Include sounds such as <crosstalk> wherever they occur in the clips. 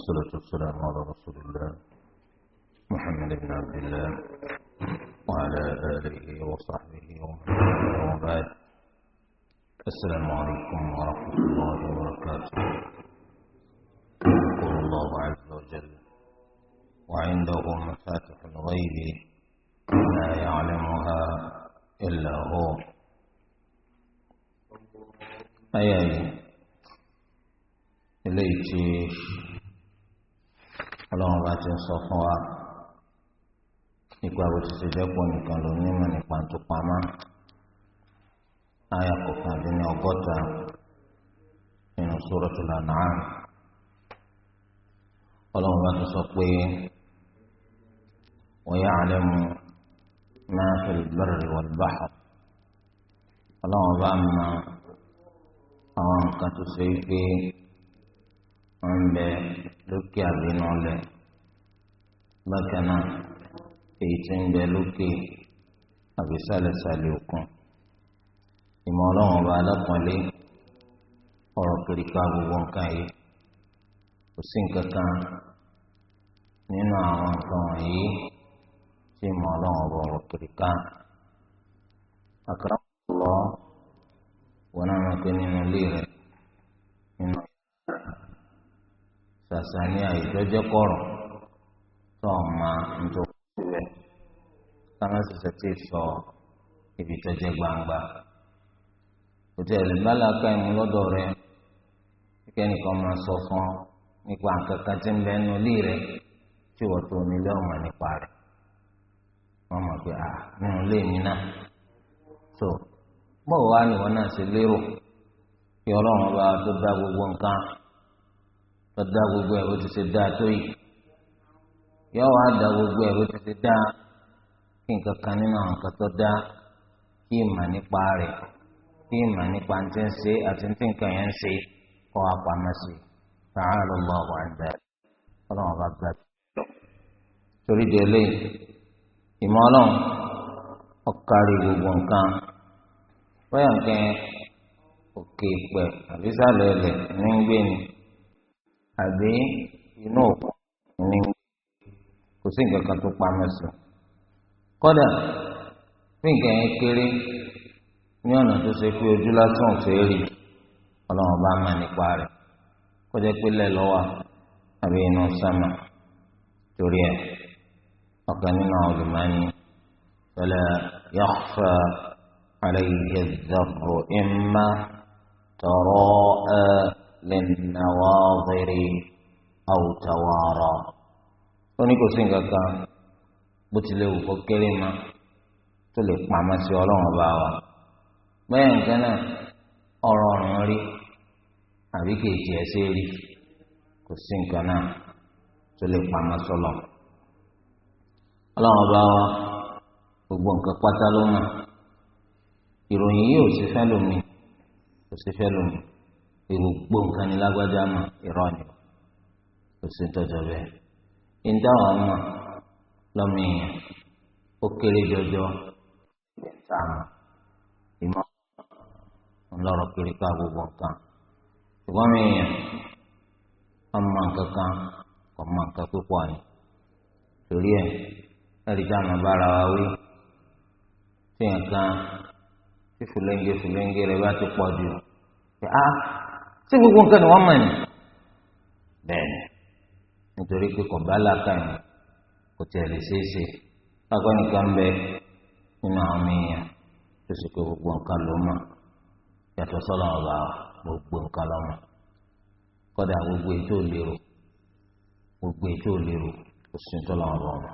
والصلاة والسلام على رسول الله محمد بن عبد الله وعلى آله وصحبه ومن وبعد السلام عليكم ورحمة الله وبركاته يقول الله عز وجل وعنده مفاتح الغيب لا يعلمها إلا هو أيها أي ọlọ́run bá ti ń sọ fún wa nípa bó ti ṣe jẹ́ pọ̀ nìkan ló nímọ̀ nípa tó pamọ́ àyà kọ̀ọ̀kan dín ní ọgọ́ta nínú Suratul An'am ọlọ́run bá ti sọ pé wa ya'lamu ma fil barri wal bahri ọlọ́run bá mọ àwọn nǹkan tó ṣe é pé. ń bẹ lókè àbínúlẹ̀ bákan náà èyí tí ń bẹ lókè àbísàlẹ̀sàlẹ̀ òkun ìmọ̀ ọlọ́run ọba alákùnlé ọ̀rọ̀ kìrìkà gbogbo nǹkan yìí kò sí nǹkan kan nínú àwọn nǹkan wọ̀nyí tí ìmọ̀ ọba ọ̀rọ̀ kìrìkà àkàrà ọ̀pọ̀lọ́ sàṣà ní àìjọjẹ kọrọ tó ọmọ nítorí rẹ káwọn ṣẹṣẹ ti sọ ibi tọjẹ gbangba kò tí ẹ lè bá làákà ìmú lọ́dọ̀ rẹ kíkẹ́ nìkan máa sọ fún ọ nípa nǹkan kan tí ń bẹ nínú ilé rẹ tí wọ́n tó nílé ọmọ nípa rẹ wọ́n mọ̀ pé à nínú ilé mi náà tó bọ́ọ̀ wá ni wọ́n náà ṣe lérò kí ọlọ́run bá tó dá gbogbo nǹkan ọ̀dà gbogbo ẹ̀ bó ti ṣe dáa tó yìí yọ wá da gbogbo ẹ̀ bó ti ṣe dáa kí nǹkan kan nínú àwọn nǹkan tó dáa kí ìmọ̀ nípa rẹ̀ kí ìmọ̀ nípa ń ti ń ṣe àti ń ti nǹkan yẹn ń ṣe kọ́ apamọ́ sí i sàárà lọ́wọ́ àwọn àgbà ọlọ́run bá gbà tó. torí di eléyìí ìmọ̀ ọlọ́run ọ̀kárí gbogbo nǹkan bóyá nǹkan òkè pẹ̀ àbísàlẹ̀ ẹ̀lẹ̀ ní ń gbé ni. àbí inú òkun ní kò sí nǹkan kan tó pamọ́ sí i kódà bí nǹkan yẹn kéré ní ọ̀nà tó ṣe pé ojú lásán ò ọlọ́run bá máa nípa rẹ̀ kó jẹ́ pé lẹ́lọ́wà àbí inú sámà torí ẹ̀ ọ̀kan nínú àwọn lẹ́nàwọ́ọ̀rẹ́rẹ́ àwùtàwọ̀rọ̀ ó ní kò sí nǹkan kan bó tilẹ̀ wù kó kéré ma tó lè pamọ́ sí ọlọ́run ọba wa bẹ́ẹ̀ nǹkan ọrụ nri, ma rí àbí ọlọ́run ọba wa gbogbo nǹkan pátá ló mọ̀ ìròyìn yìí ò sí fẹ́ gbogbo nǹkan ní lágbájá mọ irọ́ ni kò sí tọ́jọ́ bẹ́ẹ̀. ìdáhùn ọmọ lọ́mọ èèyàn ó kéré jọjọ ìgbẹ̀ta mọ́ ìmọ̀ ńlọrọ̀ kiri ká gbogbo nǹkan. ṣùgbọ́n mi èèyàn ọmọ nǹkan kan kò mọ nǹkan púpọ̀ ni torí ẹ̀ ẹ̀rí tá a mọ̀ bára wa wí tí nǹkan tí fúlẹ́ńgé fúlẹ́ńgé rẹ̀ bá ti pọ̀ jù ah, tí gbogbo nǹkan ni wọ́n mọ̀ ní. bẹ́ẹ̀ni nítorí pé kò bá làákàyè kò tiẹ̀ lè ṣeé ṣe lágbọ́n nìkan bẹ nínú àwọn èèyàn tó sì pé gbogbo nǹkan ló mọ̀ yàtọ̀ sọ́lá ọ̀la gbogbo nǹkan ló mọ̀ kọ́dà gbogbo ètò ìlérò gbogbo ètò ìlérò kò sí ní tọ́lá ọ̀la ọ̀la.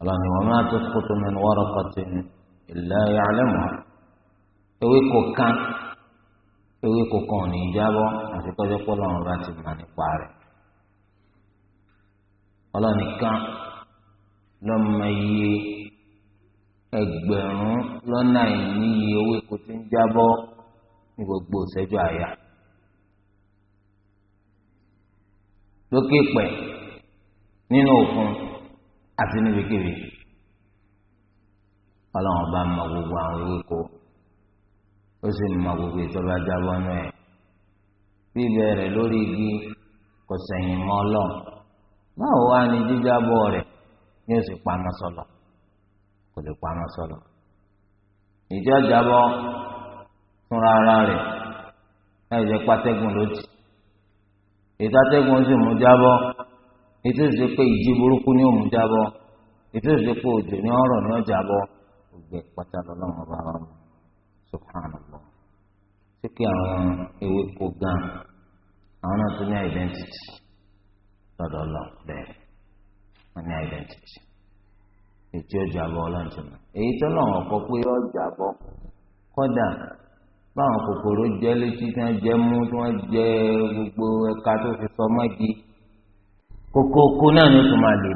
ọlọ́ni máa tó kótó mi wọ́rọ̀ kọ́tì ilẹ̀ ayé alẹ́ mọ́ ewé kò ewéko kan ò ní jábọ́ àti tọ́jọ́ pọ́ lọ́run bá ti mọ̀ nípa rẹ̀ ọlọ́nìkan lọ́mọ iye ẹgbẹ̀rún lọ́nà ìníye ewéko tí ń jábọ́ ní gbogbo ìṣẹ́jú àyà lókè pẹ̀ nínú òkun àti níbikíbi ọlọ́run bá mọ̀ gbogbo àwọn ewéko. ó sì mọ gbogbo ìtọ́ba jábọ́nú ẹ̀ bíbẹ̀rẹ̀ lórí igi kò sẹ̀yìn mọ́ ọlọ́run báwo wá ní jíjábọ̀ rẹ̀ ní ó sì pamọ́ sọ̀lọ̀ kò lè pamọ́ sọ̀lọ̀ ìjọ jábọ́ fúnra ara rẹ̀ láì jẹ́ pátẹ́gùn lójì ìtàtẹ́gùn sì mú jábọ́ ètò ìṣe pé ìjì burúkú ni ó mú jábọ́ ètò ìṣe pé òjò ní ọ̀rọ̀ ní ọjà bọ́ gbogbo ẹ̀ pátá lọ́lọ́mọba wa mú subhanallah ṣé kí àwọn ewéko gan àwọn náà tún ní identity lọ́dọ̀ lọ bẹ́ẹ̀ wọ́n ní identity ètí ọjà bọ́ ọlọ́ọ̀túnmọ̀ èyí tó lọ́wọ́ kọ́ pé ọjà bọ́ kọ́dà báwọn kòkòrò jẹ́ létí tí wọ́n jẹ́ mú tí wọ́n jẹ́ gbogbo ẹ̀ka tó fi sọ mọ́gi kókókó náà ni ó tún máa lè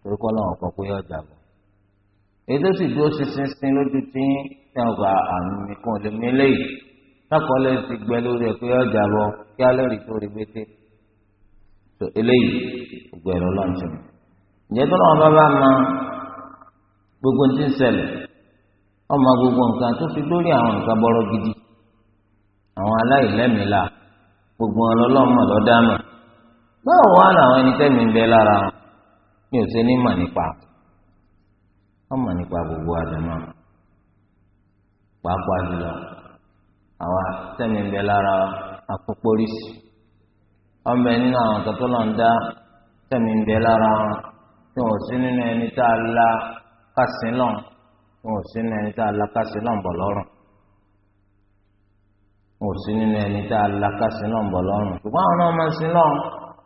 torí kọ́ lọ́wọ́ kọ́ pé ọjà bọ́ èyí tó sì dúró ṣinṣin lójú tí tí wọn gba àmì mi kún lè mí léyìí lákọọlẹ ti gbẹ lórí ẹ pé ọjà bọ kí alẹ́rìí tó rí bété tó eléyìí gbogbo ẹ̀rọ lọ́njọ́ ìjẹ́ tó náà bá ma gbogbo ti ń ṣẹlẹ̀ ọmọ gbogbo nǹkan tó fi lórí àwọn nǹkan gidi àwọn aláìlẹ́mìíla gbogbo ọlọ́lọ́mọ lọ́dáàmà báwo wá làwọn ẹni tẹ́mi ń bẹ lára wọn mi ò nípa gbogbo pàápàá jùlọ àwa sẹ́mi ń bẹ lára àpòpórísì ọmọ ẹ̀ nínú àwọn tọ́tọ́ lọ́n dá sẹ́mi ń bẹ lára wọn tí wọ́n sí nínú ẹni tá a la kásìn lọ́n tí wọ́n sí nínú ẹni tá a la kásìn lọ́n bọ̀ lọ́rùn wọ́n sí nínú ẹni tá a la kásìn lọ́n bọ̀ lọ́rùn ṣùgbọ́n àwọn náà máa sin lọ́n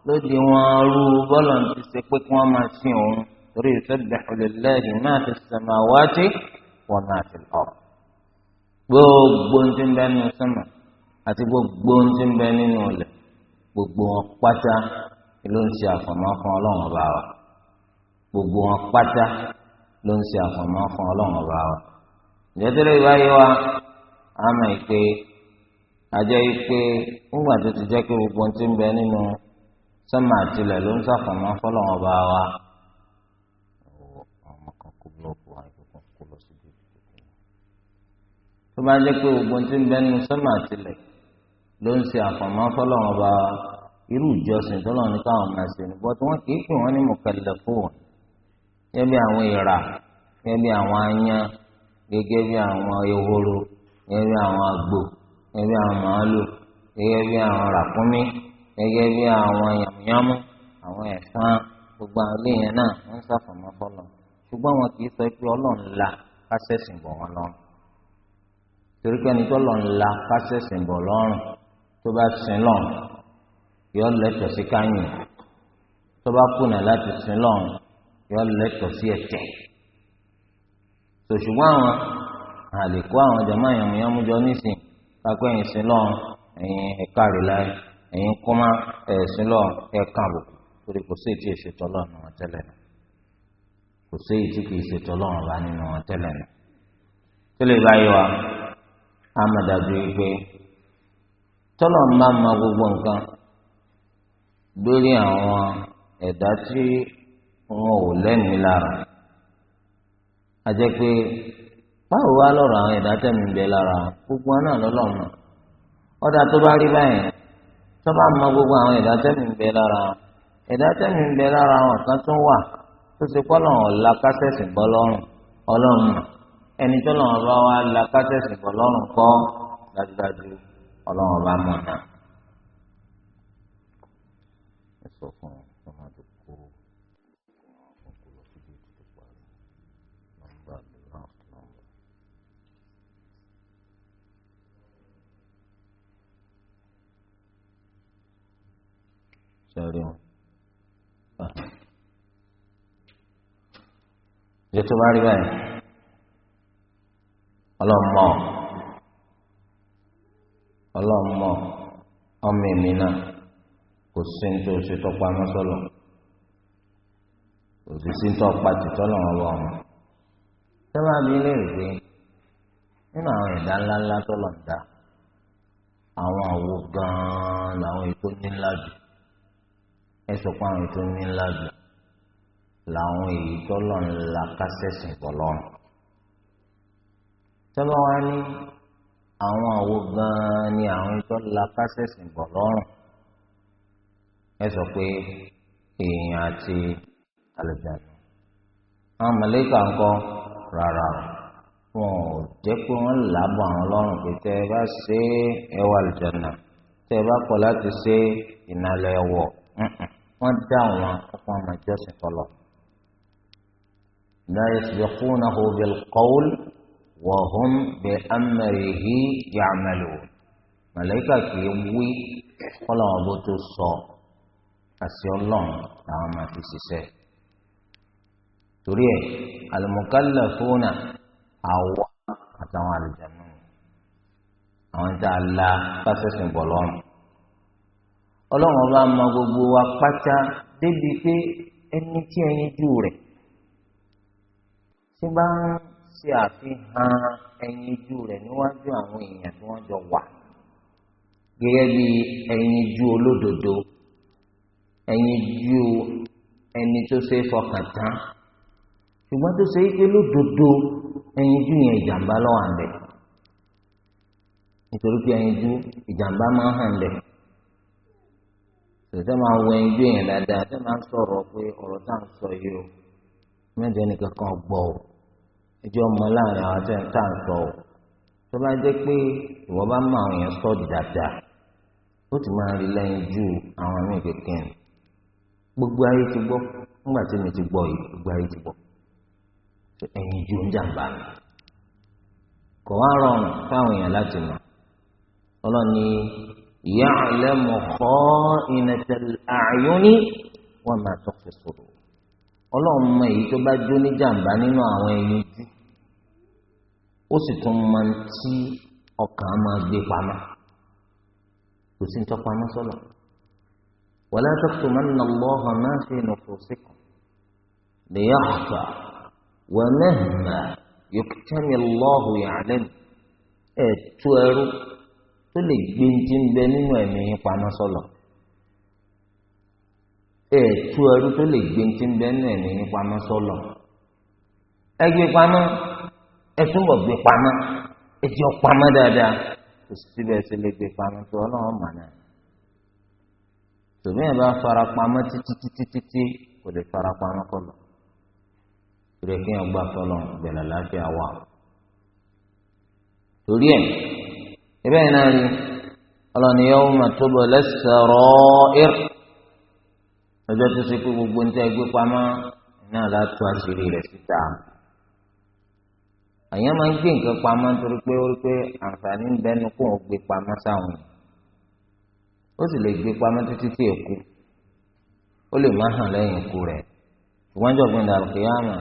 lóde wọn rú bọ́ọ̀lù ti ṣe pé kí wọ́n máa sin òun torí ìfẹ́ bẹ̀rẹ̀ lẹ́yìn náà ti sàmáwájú wọn náà ti lọ́rùn gbogbo ń ti bẹ nínú sánmà àti gbogbo ń ti bẹ nínú ilẹ̀ gbogbo wọn pátá ló ń ṣe àfọ̀mọ́ fún ọlọ́run ọba wa gbogbo wọn pátá ló ń ṣe àfọ̀mọ́ fún ọlọ́run ọba wa ìjẹ́tẹ́lẹ́ ìwáyé wa a mọ̀ pé àjẹ́ pé ńgbà tó ti jẹ́ pé gbogbo ń ti bẹ nínú sánmà àti ló ń ṣàfọ̀mọ́ fún ọlọ́run ọba wa. tó bá jẹ́ pé ogun tí ń bẹ nínú sọ́mà tilẹ̀ ló ń ṣe àfọ̀mọ́ fọlọ́run ọba irú ìjọsìn tó lọ́run ní máa ṣe ni bọ́tú wọn kì í pè wọ́n ní mukallafun gẹ́gẹ́ bí àwọn ìrà gẹ́gẹ́ bí àwọn aáyán gẹ́gẹ́ bí àwọn ehoro gẹ́gẹ́ bí àwọn àgbò gẹ́gẹ́ bí àwọn màálù gẹ́gẹ́ bí àwọn ràkúnmí gẹ́gẹ́ bí àwọn yàmùyàmù àwọn ẹ̀sán gbogbo àwọn eléyẹn náà wọ́n ń ṣàfọ̀mọ́ fọlọ́run ṣùgbọ́n wọn kì í sọ pé ọlọ́run la kásẹ̀sìn bọ̀ wọn lọ́rùn torí pé ẹni tó lọ ńlá kásẹ̀sì ń bọ̀ lọ́rùn tó bá sin lọ́n yọ lẹ́tọ̀ sí káyìn tó bá kùnà láti sin lọ́n yọ lẹ́tọ̀ sí ẹ̀tẹ̀ tòṣùgbọ́n àwọn àlèkó àwọn jàmá yàmúyàmújọ nísìn kápẹ́ ẹ̀yìn sin lọ́n ẹ̀yìn ẹ̀ka rẹ̀ láì ẹ̀yìn kọ́má ẹ̀sìn lọ́n ẹ̀ka bò torí kò sí ètí ìṣètò ọlọ́run wọn tẹ́lẹ̀ kò sí èyí tí amadadu yìí pé tọ́lọ̀ mma mma gbogbo nǹkan lórí àwọn ẹ̀dá tí wọn ò lẹ́mìí lára a jẹ́ pé báwo wá àwọn ẹ̀dá lára gbogbo náà lọ́lọ́mọ ọ̀dà tó bá rí báyìí gbogbo àwọn lára wà tó ti kọ́ bọ́ ẹni tó lọ́n bá wa la kásẹ̀sì bọ̀ lọ́rùn kọ́ dájúdájú ọlọ́run bá mọ̀ náà. ẹ sọ fún ọ fún ọ tó kó ọkùnrin tó dé tó parí nọ́mbà lọ́wọ́ ah. bá rí báyìí ọlọ́mọ ọlọ́mọ ọmọ èmi náà kò sí ní tó ṣe tọpa mọ́sọ́lọ̀ kò sí sí tó pa tìtọ́ lọ́wọ́ wọn. sábà bí léèrè pé nínú àwọn ẹ̀dá ńláńlá tó lọ ń dá àwọn àwo gan-an làwọn ètò ńlá jù ẹ sọ pé àwọn ètò ńlá jù làwọn èyí tó lọ ń la kásẹ̀sìn lọ́rùn tọ́lọ́ wa ní àwọn àwo gan-an ni àwọn ìjọ la kásẹ̀sì bọ̀ lọ́rùn ẹ sọ pé èèyàn àti àlùjáde àwọn mọ̀lẹ́kà ń kọ́ rárá wọn ò jẹ́ pé wọ́n làbọ̀ àwọn lọ́rùn pé tẹ́ ẹ bá ṣe ẹ wà àlùjáde tẹ́ ẹ bá kọ̀ láti ṣe ìnàlẹ̀ ẹ̀wọ̀ wọ́n dá àwọn ọkọ̀ ọmọ ìjọsìn tọ́lọ̀. لا يسبقونه بالقول wọ̀hún bẹ amẹ̀rẹ̀hí yàmẹ̀lò màlẹ́kà kì í wí kọ́lọ́wọ́ bó tó sọ àti ọlọ́run làwọn máa fi ṣiṣẹ́ torí ẹ àlùmọ́kálẹ̀ fúnà àwọ̀ àtàwọn àlùjánu àwọn tá a la fásẹ̀sìn bọ̀ lọ́rùn ọlọ́run ọba mọ gbogbo wa pátá débi pé ẹni tí ẹyin jù rẹ̀ tí bá ń. ṣe àfihàn ẹyinjú rẹ̀ níwájú àwọn èèyàn tí wọ́n jọ wà gẹ́gẹ́ bí ẹyinjú olódodo ẹyinjú ẹni tó ṣe fọkàn tán ṣùgbọ́n tó ṣe pé lódodo ẹyinjú yẹn ìjàmbá lọ́wọ́ àbẹ̀ nítorí pé ẹyinjú ìjàmbá máa hàn máa wọ yẹn ẹjọ́ mọ láàrin àwọn tẹ́ ń tà ń sọ ọ́ tó bá jẹ́ pé ìwọ bá mọ àwọn èèyàn sọ́ọ̀dì dáadáa ó ti máa rí lẹ́yìn ju àwọn míì kékeré gbogbo ayé ti gbọ́ nígbà tí mi ti gbọ́ yìí gbogbo ayé ti gbọ́ ẹ̀yìn ju oúnjàmbá mi kò wá rọrùn fáwọn èèyàn láti mọ̀ ọlọ́ni ìyá àlẹ́ kọ́ ìnẹ̀tẹ̀ àyóní wọ́n máa tọ́ fi sọ̀rọ̀. ọlọ́run mọ èyí tó bá jó ní jàǹbá nínú àwọn ẹyin ojú ó sì tún máa ń tí ọkàn máa gbé pamọ́ kò sí ń tọ́ pamọ́ ma fi nufusikum liyakhfa wa mahma yuktami Allahu ya'lam ẹ̀ tú ẹrú tó lè gbé ti ń bẹ nínú ẹ̀mí pamọ́ ẹ tú ẹrú tó lè gbé ti ń bẹ ní pamọ́ sọlọ ẹ gbé pamọ́ ẹ túbọ̀ gbé pamọ́ ẹ pamọ́ dáadáa kò ṣe lè gbé pamọ́ tó Ọlọ́run náà bá fara pamọ́ títí títí títí kò lè fara pamọ́ kọlọ ìrẹ̀kẹ́ ọgbà tọlọ gbẹlẹ láfíà wà torí ẹ bẹ́ẹ̀ náà lọ́jọ́ tó ṣe pé gbogbo níta ẹgbẹ́ pamọ́ náà látú àṣírí rẹ̀ síta. àyàn máa ń gbé nǹkan pamọ́ nítorí pé ó rí pé àǹfààní ń bẹnu kó òun gbé pamọ́ sáwọn yìí ó sì lè gbé pamọ́ títí tí èkú ó lè má hàn lẹ́yìn ikú rẹ̀ ṣùgbọ́n jọ̀gbọ́n ní alùpùpù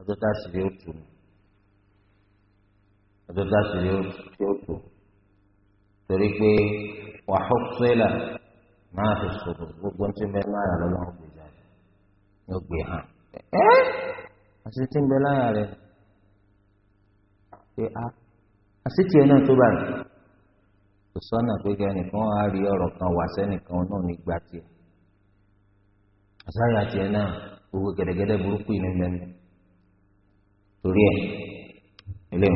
ọjọ́ tá a sì rí ó tù ọjọ́ tá a ó tù torí pé wàhálà máa fi sòrò gbogbo tí ń bẹ láyà rẹ lọ́wọ́ gbé jáde gbé a àti tiẹ̀ náà tó báyìí kò sọ́nà pé kí ẹnìkan á rí kan wà sẹ́nìkan náà ní gba tiẹ̀ àsáyà tiẹ̀ náà gbogbo gẹ́dẹ́gẹ́dẹ́ burúkú yìí ní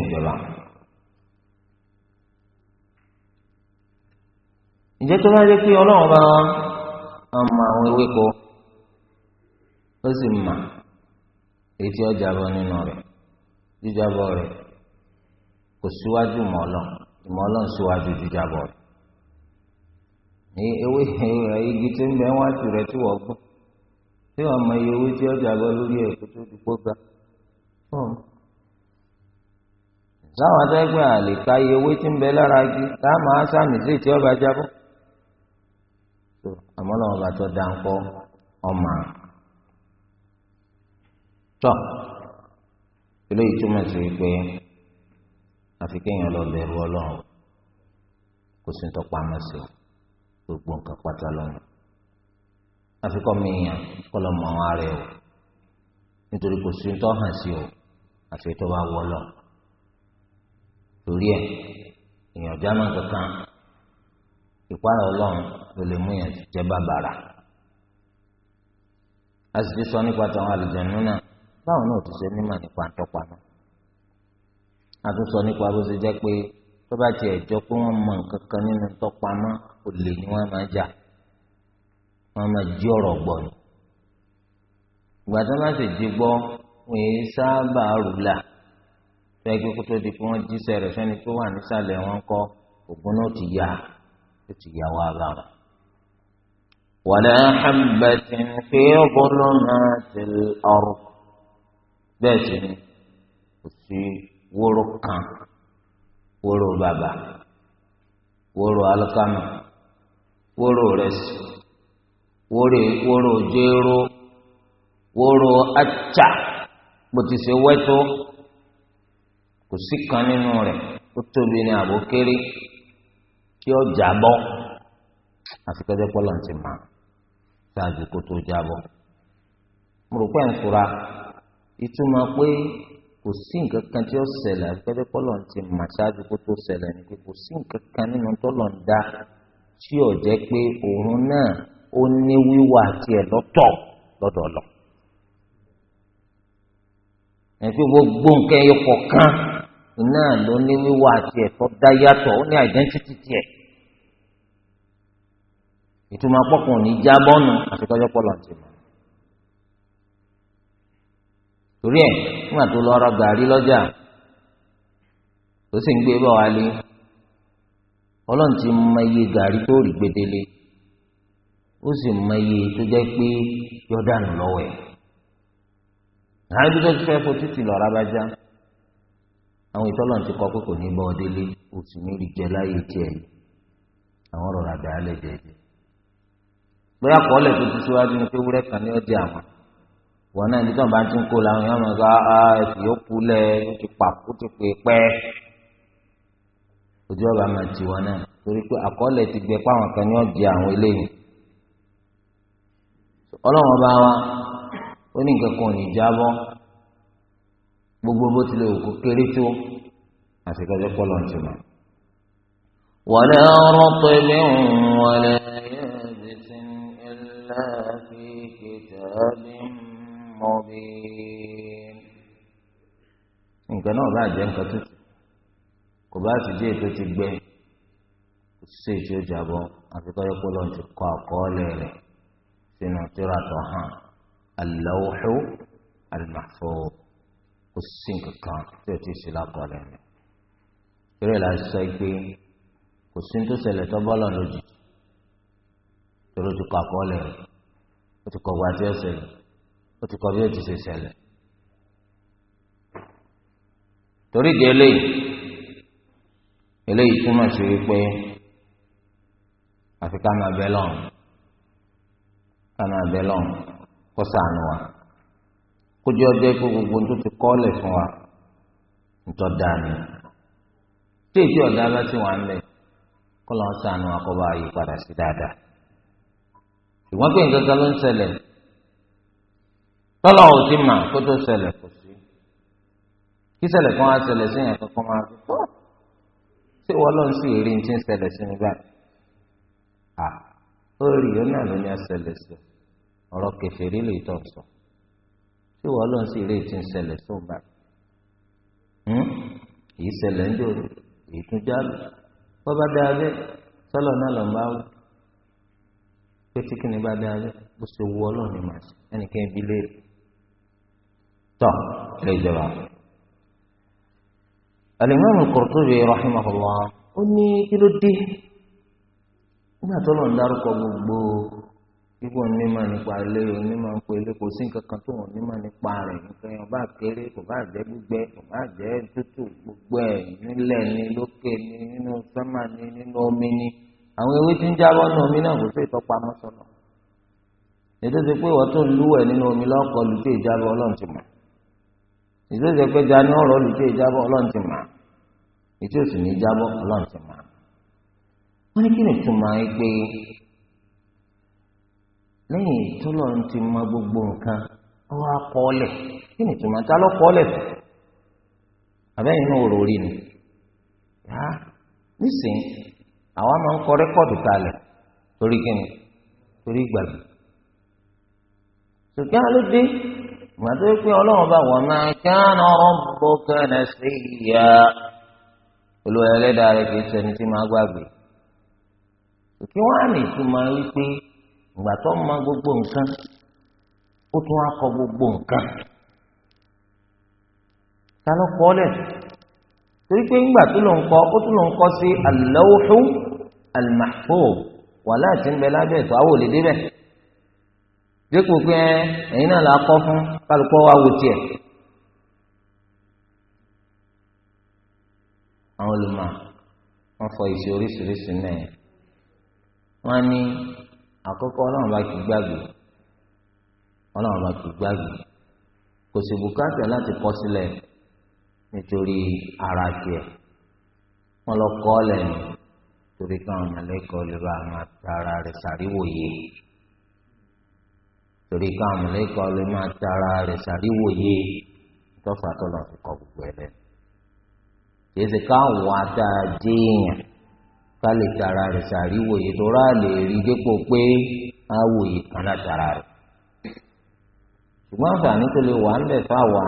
ìjẹ́ tó bá yẹ pé ọlọ́run bá wa àmọ́ àwọn ewéko ó sì mà ètí ọjà bọ nínú rẹ̀ jíjábọ̀ rẹ̀ kò síwájú ìmọ̀ ọlọ́run ìmọ̀ ọlọ́run síwájú jíjábọ̀ rẹ̀ ní ewé igi tó ń bẹ wájú rẹ̀ tí wọ́n gbọ́ tí wọ́n mọ iye owó tí ọjà bọ lórí ẹ̀kọ́ tó gbà hmm. sáwọn ka iye owó tí ń bẹ lára igi ọba àmọ́ lọ́wọ́ bá tó dá ń kọ́ ọmọ tọ́ eléyìí túmọ̀ sí pé àfi kéèyàn lọ bẹ̀rù ọlọ́run kò sí tọ́pọ̀ àmọ́sí gbogbo nǹkan pátá lọ́nà àfi mi yàn kọ́ lọ́ mọ o nítorí ìpara ọlọ́run ló lè mú yẹn jẹ bàbàrà a sì ti sọ nípa tàwọn àlùjẹ̀nu náà báwọn náà ti ṣe nímọ̀ nípa àtọ́pamọ́ a tún sọ nípa bó ṣe jẹ́ pé tó bá tiẹ̀ jọ pé wọ́n mọ nǹkan kan nínú tọ́pamọ́ olè ni wọ́n máa jà wọ́n máa jí ọ̀rọ̀ gbọ́ ni ìgbà tó má sì jí gbọ́ wọ́n èé sábà rúlà tó ẹgbẹ́ kó tó di pé wọ́n jíṣẹ́ rẹ̀ sẹ́ni tó wà nísàlẹ̀ wọn kọ́ ògùn náà ti yá ó ti yà wá bá wọn. wàlẹ́ hàmbẹ́tì fi gbọ́dọ̀ náà ti ọrùn bẹ́ẹ̀ sì ni kò sí wóró kan wóró bàbà wóró alikama wóró rẹsì wóró wóró jéró wóró atsa bó ti ṣe wẹ́tó kò sí kan nínú rẹ̀ ó tóbi ní àbókéré tí ó jábọ́ àti pẹ́ẹ́dẹ́ pọ́lọ́ ti mà ṣáàjú kó tó jábọ́. mo rò pé ń fura ìtumọ̀ pé kò sí nǹkan kan tí ó ṣẹlẹ̀ àti pẹ́ẹ́dẹ́ pọ́lọ́ ti mà ṣáàjú kó tó ṣẹlẹ̀ ni pé kò sí nǹkan kan nínú tọ́lọ̀ ń dá tí ò jẹ́ pé òun náà ó ní wíwà tiẹ̀ lọ́tọ̀ lọ́dọọlọ́ ẹ̀fí gbogbo nǹkan ẹyọ kọ̀ọ̀kan náà ló ní wíwà tiẹ̀ tó dá yàtọ̀ ó ní àìdẹ́ntítì tiẹ̀. ìtumọ̀ pọ́kùn ní já bọ́ọ̀nù àfikọ́jọ́ pọ́lọ̀ ti mọ̀. torí ẹ̀ nígbà tó lọ ra gàrí lọ́jà tó sì ń gbé bọ̀ wálé ọlọ́run ti mọ iye gàrí tó rí gbedele ó sì mọ iye tó jẹ́ pé yọ̀dánù lọ́wọ́ ẹ̀. àwọn ibi tó ọ délé rí jẹ bóyá kọ́lẹ̀ tó ti síwájú ni pé wúrẹ́ kan ní ọdẹ àwọn wọn náà nígbà bá ti ń kó làwọn yẹn wọn gba ẹsẹ̀ yóò kú lẹ̀ ó ti pa ó ti pè pẹ́ ojú ọba máa ti wọn náà torí pé àkọọ́lẹ̀ ti gbẹ pé àwọn kan ní ọdẹ àwọn eléyìí ọlọ́run ọba wa ó ní nǹkan kan ò ní jábọ́ gbogbo bó tilẹ̀ òkú kéré tó àti kọjá pọ́lọ̀ ti mọ̀ wọ́n náà yẹn. في كتاب مبين nǹkan náà bá jẹ́ nǹkan tó ti kò bá sì jẹ́ ètò ti gbẹ kò sí ètò ìjàbọ̀ àti kọ́ yọpọ̀ lọ́n ti kọ́ àkọọ́lẹ̀ rẹ̀ sínú tíra tó hàn al-lawhu al-mahfuz kò sí nǹkan kan tí o ti sì lákọọ́lẹ̀ rẹ̀ eré la sọ pé kò sí ní tó ṣẹlẹ̀ tó bọ́ lọ́n lójijì tó ló ti kọ́ àkọọ́lẹ̀ rẹ̀. ó ti kọ wá tí ó ṣẹlẹ̀ ó ti kọ bí ó ti ṣe ṣẹlẹ̀ torí di eléyìí eléyìí túmọ̀ sí wípé àfi ká máa bẹ lọ́n ká máa bẹ lọ́n kó sànù wa kójú ọjọ́ ikú gbogbo tó ti ṣùgbọ́n pé nǹkan kan ló ń ṣẹlẹ̀ tọ́lọ̀ ò ti mà kó tó ṣẹlẹ̀ kò sí kí ṣẹlẹ̀ kan á ṣẹlẹ̀ sí yẹn kankan máa fi tó ṣé wọ́n lọ́n sì rí ní ti ń ṣẹlẹ̀ sí mi à ó rí yóò náà ló ní ẹsẹ̀lẹ̀ sí ọ̀rọ̀ kẹfẹ́rí lè tọ̀ sọ ṣé wọ́n lọ́n sì rí ti ń ṣẹlẹ̀ sí òun báyìí hmm? ń jòrò èyí bọ́ bá dáa bẹ́ẹ̀ sọ́lọ̀ náà lọ́n bá wù pé tí kìnìún bá dá bó ṣe wù ọlọ́run ni màá ṣe ẹnìkan ibi léèrè tọ́ ilé ìjọba. alimami Qurtubi rahimahullah ó ní kí ló dé nígbà tó lọ́n dárúkọ gbogbo ipò onímọ̀ nípa ilé onímọ̀ nípa ilé kò sí nǹkan kan tó wọn onímọ̀ nípa rẹ̀ nǹkan yẹn ọba kéré kò bá jẹ́ gbígbẹ kò bá jẹ́ tútù gbogbo ẹ̀ nílẹ̀ ni lókè ni nínú sánmà ni nínú omi ni àwọn ewé tí ń jábọ́ nínú omi náà kò sí ìtọ́pá mọ́sọ́nà ètò ti pé wọ́n tó ń lúwẹ̀ nínú omi lọ́kọ̀ lùtẹ́ ìjábọ̀ ọlọ́run ti mọ̀ ètò ti pé jani ọ̀rọ̀ lùtẹ́ ìjábọ̀ ọlọ́run ti mọ̀ ètò sì ní ìjábọ̀ ọlọ́run ti mọ̀ wọ́n ní kí ni túmọ̀ ẹ pé lẹ́yìn tọ́lọ́run ti mọ gbogbo nǹkan ọwọ́ akọọ́lẹ̀ kí ni túmọ̀ ta ló nísìnyí àwọn máa ń kọ rẹ́kọ̀dù kalẹ̀ torí kíni torí gbàgbé ṣùgbọ́n alóde gbàdó pé ọlọ́run bá wọ́n máa kán ọ̀rọ̀ bó kẹ́nẹ̀ sí ìyá olùwà ẹlẹ́dàá rẹ̀ kì í ṣẹni tí máa gbàgbé kí wọ́n á ní ìtumọ̀ wípé ìgbà tó ń mọ gbogbo nǹkan ó tún á kọ gbogbo nǹkan ta ló kọ́ lẹ̀ torí pé ńgbà tó ló ń kọ́ ó tún ló ń kọ́ sí al-lawhu al-mahfuz wàhálà tí ń bẹ lábẹ́ ètò àwọn òlèdè bẹ̀ dípò pé ẹ̀yin náà là á kọ́ fún kálukọ́ wa wò tiẹ̀. àwọn olùmọ̀ wọ́n fọ ìṣe oríṣiríṣi náà wọ́n ní àkọ́kọ́ ọlọ́run bá kì í gbàgbé ọlọ́run bá kì í gbàgbé kò sì bùkátà láti kọ sílẹ̀ nítorí ara tiẹ̀ wọ́n lọ kọ́ ọ lẹ́nu torí káwọn mọ̀lẹ́kọ̀ọ́ lè bá máa tara rẹ̀ sàríwòye torí káwọn mọ̀lẹ́kọ̀ọ́ lè máa tara rẹ̀ sàríwòye tọ́fà tọ́lọ̀ fi kọ́ gbogbo ẹ̀ lẹ́nu. kì í ṣe a adájẹ́ èèyàn ká lè tara rẹ̀ sàríwòye tó rà lè rí dépò pé àwòye kan látara rẹ̀. ṣùgbọ́n àǹfààní tó lè wà ńlẹ̀ fáwa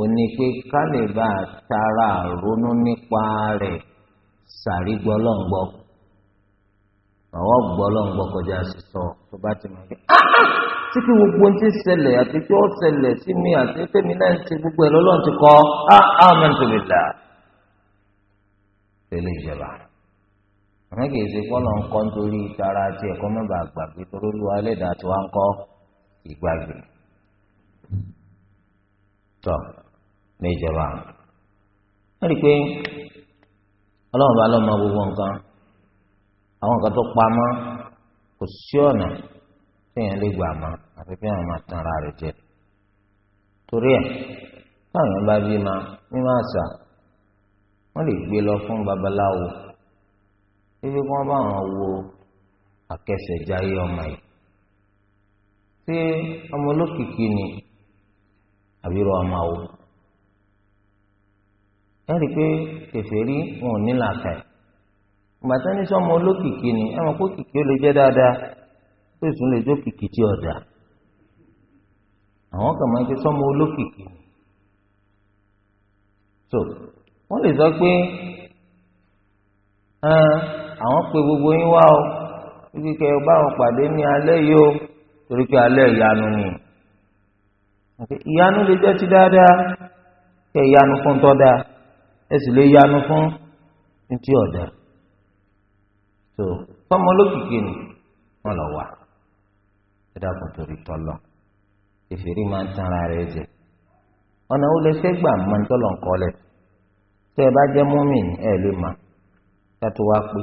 ò ní pé ká lè bá tara ronú nípa rẹ̀ sàrí gbọ́ lọ́ngbọ́ àwọn gbọ́ lọ́ngbọ́ kọjá sísọ tó bá ti máa ń gbé tí kí gbogbo ti ṣẹlẹ̀ àti tí ó ṣẹlẹ̀ sí mi àti tèmi náà ń ṣe gbogbo ẹ̀ lọ́lọ́run ti kọ́ ámẹ́ntò lè dà tẹ́lẹ̀ ìjọba àmọ́ kìí ṣe kọ́ lọ́n kọ́ nítorí tara àti ẹ̀kọ́ mẹ́ba àgbàgbé torí olúwa ẹlẹ́dàá tí wọ́n ń kọ́ ìgbàgbé tọ́ ní ìjọba wọ́n rí pé ọlọ́run bá lọ́mọ gbogbo nǹkan àwọn nǹkan tó pamọ́ kò sí ọ̀nà téèyàn lè gbà mọ́ àfi bí àwọn máa tan ara rẹ̀ jẹ torí ẹ̀ táwọn bá bí ma mímọ àṣà wọ́n lè gbé lọ fún babaláwo ibi kí wọ́n bá wọn wo àkẹsẹ̀jáyé ọmọ yìí ṣé ọmọ olókìkí ni àbí rọ ọmọ àwò ẹ rí i pé kèfèrí wọn ò ní làákà ẹ̀ gbàtà ní sọmọ olókìkí ni ẹ mọ̀ pé kìkì ó lè jẹ́ dáadáa ó sì tún lè jó kìkì tí ọ̀dà àwọn kan máa ń pe sọmọ olókìkí ni so wọ́n lè sọ pé àwọn pe gbogbo yín wá o wípé kẹ ọ bá wọn pàdé ní alẹ́ yìí o torí pé alẹ́ ìyanu ni ìyanu lè jẹ́ ti dáadáa kẹ ìyanu fún tọ́ dáa ẹ sì lè yanu fún ntí ọ̀dà tó fọmọ olókìkí ni wọn lọ wà ẹ dákun torí tọlọ ìfèrí máa ń tan ara rẹ jẹ ọ̀nà wo lè fẹ́ gbà mọ ntọ́lọ̀ nkọ́lẹ̀ tó ẹ bá jẹ́ mọ́mì ẹ lè mà kátó wá pé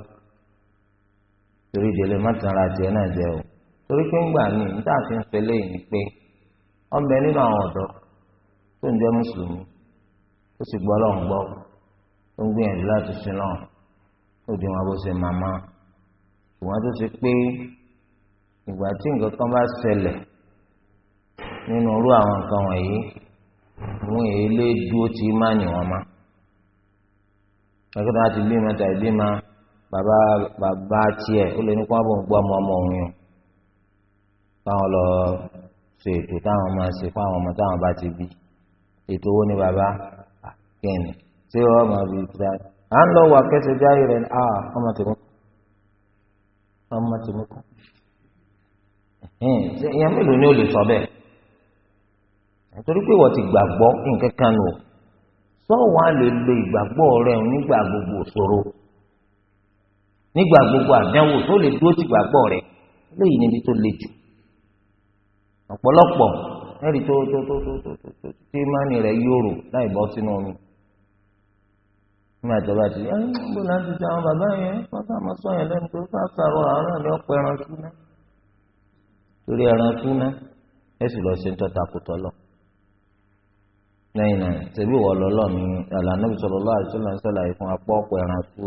torí ìdílé má tan ara jẹ náà jẹ o torí pé ńgbà míì níta fi ń fẹlẹ́ yìí ni pé ọmọ ẹ nínú àwọn ọ̀dọ́ tó ń jẹ́ mùsùlùmí ó sì gbọ́ ọlọ́run gbọ́ tó ń gbìyànjú láti sin náà ó di wọn bó ṣe màmá ìwọ́n tó ṣe pé ìgbà tí nǹkan kan bá ṣẹlẹ̀ nínú irú àwọn nǹkan wọ̀nyí wọn èyí lé dúró tí má nì wọn má ẹgbẹ́ tó bá ti bímọ tàbí bímọ bàbá bàbá tiẹ̀ ó lè ní kó wọn bò ń gbọ́ ọmọ ọmọ òun yìí táwọn lọ ṣe ètò táwọn máa ṣe fún àwọn ọmọ táwọn bá ti bí ètò owó ní bàbá kẹ́ni tí wọ́n máa bí ìgbà à ń lọ wà kẹsẹ̀ jáì rẹ̀ à ọmọ tèmi kọ́ ọmọ tèmi kọ́ ìyẹn mélòó ni ó lè sọ nítorí pé ti nǹkan kan nù lè lo nígbà gbogbo òṣòro nígbà gbogbo àdánwò tó lè dúró ti le jù tó tó tó tó tó tó tí mánì láì nígbà tó bá ti ẹ níbo là ń ti ti àwọn bàbá yẹn wọ́n sá máa sọ yẹn lẹ́nu tó bá sàrọ àárọ̀ ni ọ̀pọ̀ ẹran kú ná torí ẹran kú ná ẹ sì lọ sí ń tọ́ta kó tọ́lọ̀ lẹ́yìn náà tẹ̀bí wọ́n lọ lọ ní àlànà ìṣòro lọ́wọ́ àti ìṣòro ìṣòro àìfún apọ̀ ọ̀pọ̀ ẹran kú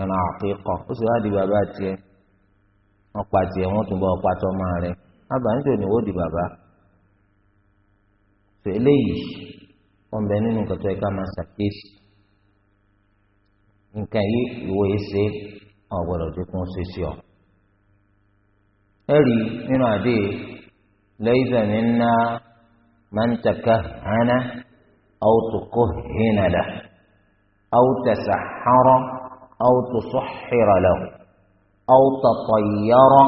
ẹran àkíkọ̀ ó sì wá di bàbá tiẹ̀ wọ́n pa tiẹ̀ wọ́n tún bọ́ ọ̀pá tọ́ máa rẹ̀ abàǹjọ ni wọ́n di bàbá tó eléyìí wọ́n bẹ nínú nǹkan nǹkan yìí ìwọ yìí ṣe ọ̀ gbọ́dọ̀ dínkù ṣe sí ọ. ẹ̀rí nínú àdé laysa minna man takahhana aw tukuhhina lahu aw tasahhara aw tusahhira lahu aw tatayyara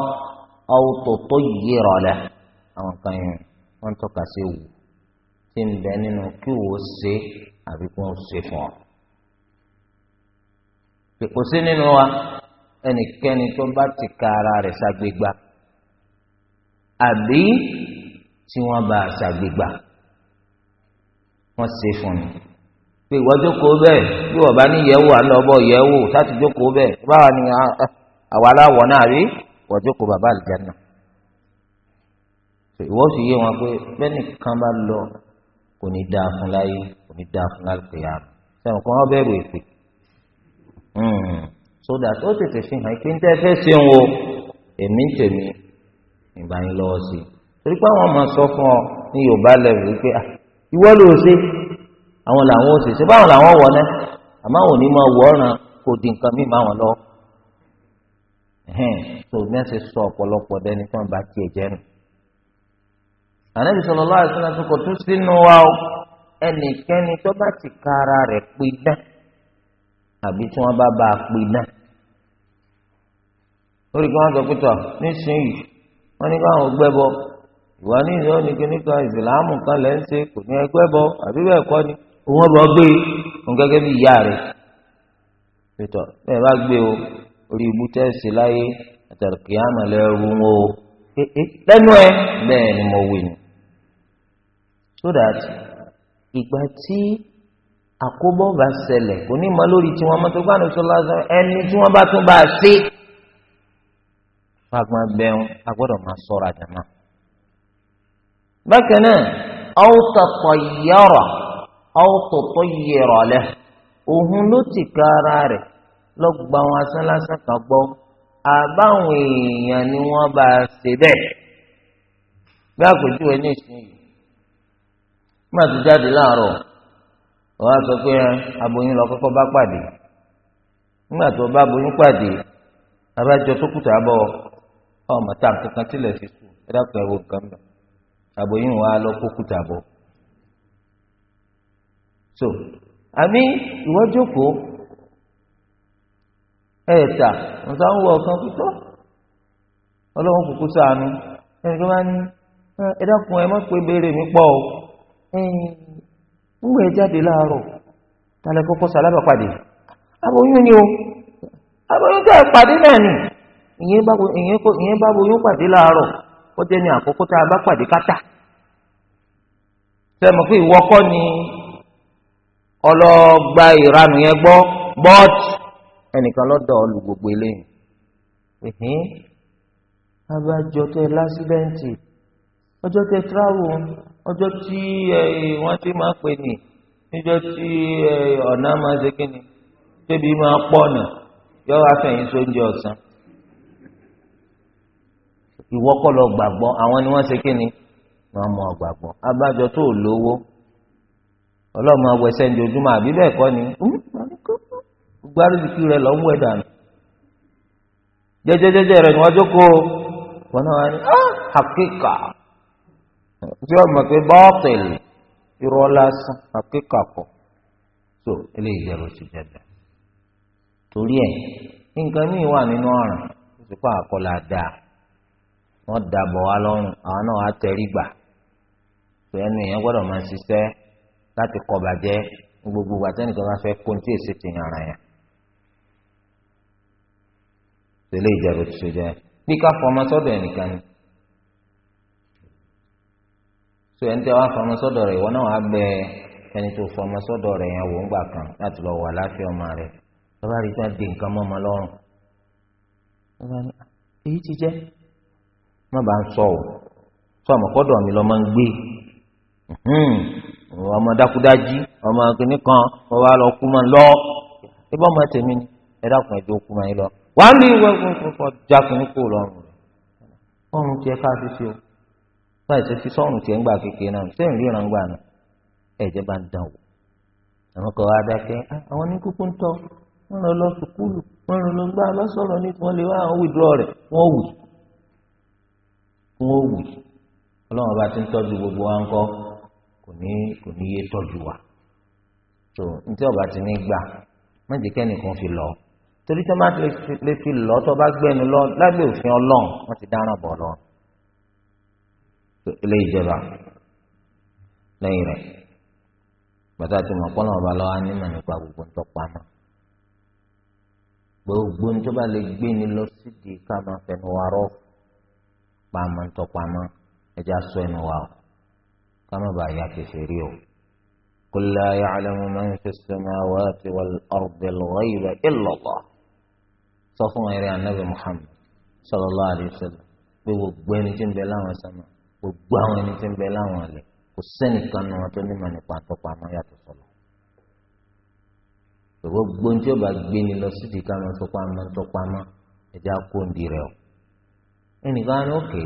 aw tutayyira lahu. àwọn kan yẹn wọ́n tọ́ka sí wù tí ń bẹ nínú kí wò ó ṣe àbí kí wọ́n ṣe fún ọ kò sí nínú wa ẹnikẹ́ni tó bá ti ka ara rẹ̀ ṣàgbégbá àbí tí wọ́n bá ṣàgbégbá wọ́n ṣe fún mi pé ìwọ jókòó bẹ́ẹ̀ bí wọ́n bá ní yẹ̀wò àlọ́bọ̀ yẹ̀wò láti jókòó bẹ́ẹ̀ báwa ni àwa aláwọ̀ náà rí wọ́n jókòó bàbá àlùjáná ìwọ sì yé wọn pé bẹ́ẹ̀ni kan bá lọ kò ní dáa fún láyé kò ní dáa fún láyé sẹ́wọ̀n kan wọ́n bẹ̀rù èpè. Hmm. sódà tó tètè fi hàn tẹ́ fẹ́ o èmi tèmi ìgbà yín lọ́wọ́ sí i torí pé àwọn sọ fún ọ ní yorùbá lẹ́rù pé ah, ìwọ ló ṣe àwọn làwọn ò ṣe ṣe báwọn làwọn wọ̀ náà àmọ́ àwọn ò máa wọ ọ̀ràn kò di nǹkan mí máa wọn lọ. tó ní ẹsẹ̀ sọ ọ̀pọ̀lọpọ̀ dẹni tí wọ́n jẹ́ nù. tó kọ̀ tó sínú wa rẹ̀ pé àbí tí wọ́n bá bá a pè náà lórí kí wọ́n sọ pé tọ nísìnyí wọ́n ní káwọn gbẹbọ ìwà nílùú ọ ní kíní kan ìsìláàmù kan lẹ́ ń ṣe kò ní ẹgbẹ́ bọ àbí bẹ́ẹ̀ kọ́ ni òun bọ gbé òun gẹ́gẹ́ bí ìyá rẹ̀ pẹ̀tọ̀ bẹ́ẹ̀ bá gbé o orí ibú tẹ́sí láyé àtàlùkì àmàlẹ́ ẹrú wọn o lẹ́nu ẹ bẹ́ẹ̀ ni mo wí ni. so that ìgbà tí àkóbọ̀ bá ṣẹlẹ̀ kò ní mọ lórí tí wọ́n mọ́tò gbàdúrà sọ lásán ẹni tí wọ́n bá tún bá a ṣe. fagbọn bẹun a gbọ́dọ̀ máa ṣọ́ra jama. bákan náà ọ̀tọ̀tọ̀ yọrọ ọ̀tọ̀tọ̀ yẹrọ lẹ òhun ló ti ka ara rẹ̀ lọ wọn asán kan gbọ́ àbáwọn èèyàn ni wọ́n bá a ṣe bẹ́ẹ̀. bí àpèjúwe ní ìsinyìí má ti jáde láàárọ̀ wọ́n á sọ pé aboyún lọ kọ́kọ́ bá pàdé nígbà tó bá aboyún pàdé abájọ tó kùtà bọ̀ ọmọ tá nǹkankan tilẹ̀ sí sùn ẹ dákun ẹ wo nǹkan mọ̀ aboyún wa lọ kó kùtà bọ̀ so àmì ìwọ jókòó ẹ̀ẹ̀ta nǹkan ń wọ ọ̀kan pípọ́ ọlọ́run kúkú sànù ẹnì kan bá pé béèrè mi pọ̀ o ńgbà ẹ jáde láàárọ̀ tálẹ̀ kọ́kọ́ sàlábà pàdé aboyún ni o aboyún tẹ̀ pàdé náà ni ìyẹn bá boyún pàdé láàárọ̀ ó jẹ́ ní àkókò tá a bá pàdé kátà sẹ́mi pé ìwọ kọ́ ni ọlọ́gba ìranù yẹn gbọ́ bọ́t ẹnìkan lọ́dọ̀ olùgbògbò eléyìí abájọ tó lásìdẹ́ǹtì ọjọ́ tẹ tíráwò ọjọ́ tí wọ́n ti máa pè ní níjọ́ tí ọ̀nà máa ṣe kí ni tóbi máa pọ̀ nà yọ afẹ́yìn sóúnjẹ ọ̀sán ìwọ kọ́ lọ gbàgbọ́ àwọn ni wọ́n ṣe kí ni wọ́n mọ̀ gbàgbọ́ abájọ tó lówó ọlọ́mọ wẹsẹ̀ ní ojúmọ́ àbí bẹ́ẹ̀ kọ́ ni gbárùkì rẹ lọ ń wẹ̀ dànù jẹjẹjẹjẹ rẹ ni wọ́n jókòó wọn náà wà ní àkíkà. Ah, tí wọ́n mọ̀ pé bọ́ọ̀tìlì irọ́ lásán àkíkàkọ̀ tó eléyìí yẹ ló ti jẹ̀dẹ̀ torí ẹ̀ nǹkan míì wà nínú ọ̀ràn ìsìnkú àkọlà dáa wọ́n dàbọ̀ wá lọ́rùn àwọn náà á tẹrí gbà tó ẹnu yẹn gbọ́dọ̀ máa ṣiṣẹ́ láti kọ bàjẹ́ gbogbo àtẹnìkan máa fẹ́ kó ní tí èsì ti yàn yẹn tẹ́lẹ̀ ìjẹ̀bù tó jẹ́ bí ká fọmọ sọ́dọ̀ ẹnìkan ni so ẹni tí wàá fọmọ sọ́dọ̀ rẹ̀ ìwọ náà wàá bẹ ẹni tó fọmọ sọ́dọ̀ rẹ̀ yẹn wò ń gbà kan láti lọ wà láfíà ọmọ rẹ̀ lọba rí i pé di nǹkan mọ́ ọmọ lọ́rùn lọba ní èyí ti jẹ́ má bàa sọ o sọ ọmọ kọ́dọ̀ mi lọ máa ń gbé ọmọ dákúdájí ọmọ akínní kan wọn wá lọ kú mọ lọ ibà ọmọ tèmi ni ẹ dákun ẹ jẹ okú mọ yín lọ wàá rí ìwé fúnfún kọ jákun kó lọ́rùn ọrùn tiẹ̀ káàfin sí o láì ṣe fi sọ́run tiẹ̀ ń gbà kékeré náà ṣé ìrírí ìran gbà náà ẹ̀jẹ̀ bá ń dàn wò. àwọn kan wá dákẹ́ ah, àwọn ní kúkú ń tọ́ wọ́n lọ lọ sùkúlù wọ́n lọ lọ gbá lọ́sọ̀rọ̀ ní wọ́n lè wá àwọn wìdúrọ̀ rẹ̀ wọ́n wù wọ́n wù ọlọ́run bá ti ń tọ́jú gbogbo wa ńkọ́ kò ní kò ní yé tọ́jú wa. tó ní tí ọba ti ní gbà má jẹ́ kẹ́nìkan fi lọ torí tí wọ́n bá lè fi lọ́ tó bá gbẹ́nu lọ lábẹ́ òfin ọlọ́run wọ́n ti dáràn bọ̀ lọ́run ilé ìjọba lẹ́yìn rẹ̀ bàtà tí mo kọ́nà ọba lọ́wọ́ nímọ̀ nípa gbogbo ń tọ́pa mọ́ gbogbo ń tó bá lè gbé ni lọ sídìí ká máa fẹnu wa rọ́ pa mọ́ ń tọ́pa mọ́ ẹja sọ ẹnu wa o ká má bàa ya kẹsẹ̀ rí o. قل لا يعلم من في السماوات والأرض الغيب إلا الله صفوة إلى النبي محمد صلى الله عليه وسلم بيقول بين جنب الله وسلم gbogbo àwọn ẹni tí ń bẹ láwọn àlẹ kò sẹ́nìkan nu wọn tó nímọ̀ nípa àtọ́pamọ́ yàtọ̀ sọ̀lọ̀ gbogbo ní tí ó bá gbé ni lọ sídìí ká máa tọpamọ́ tọpamọ́ ẹ̀jẹ̀ á kó ndì rẹ̀ o ẹnìkan ní òkè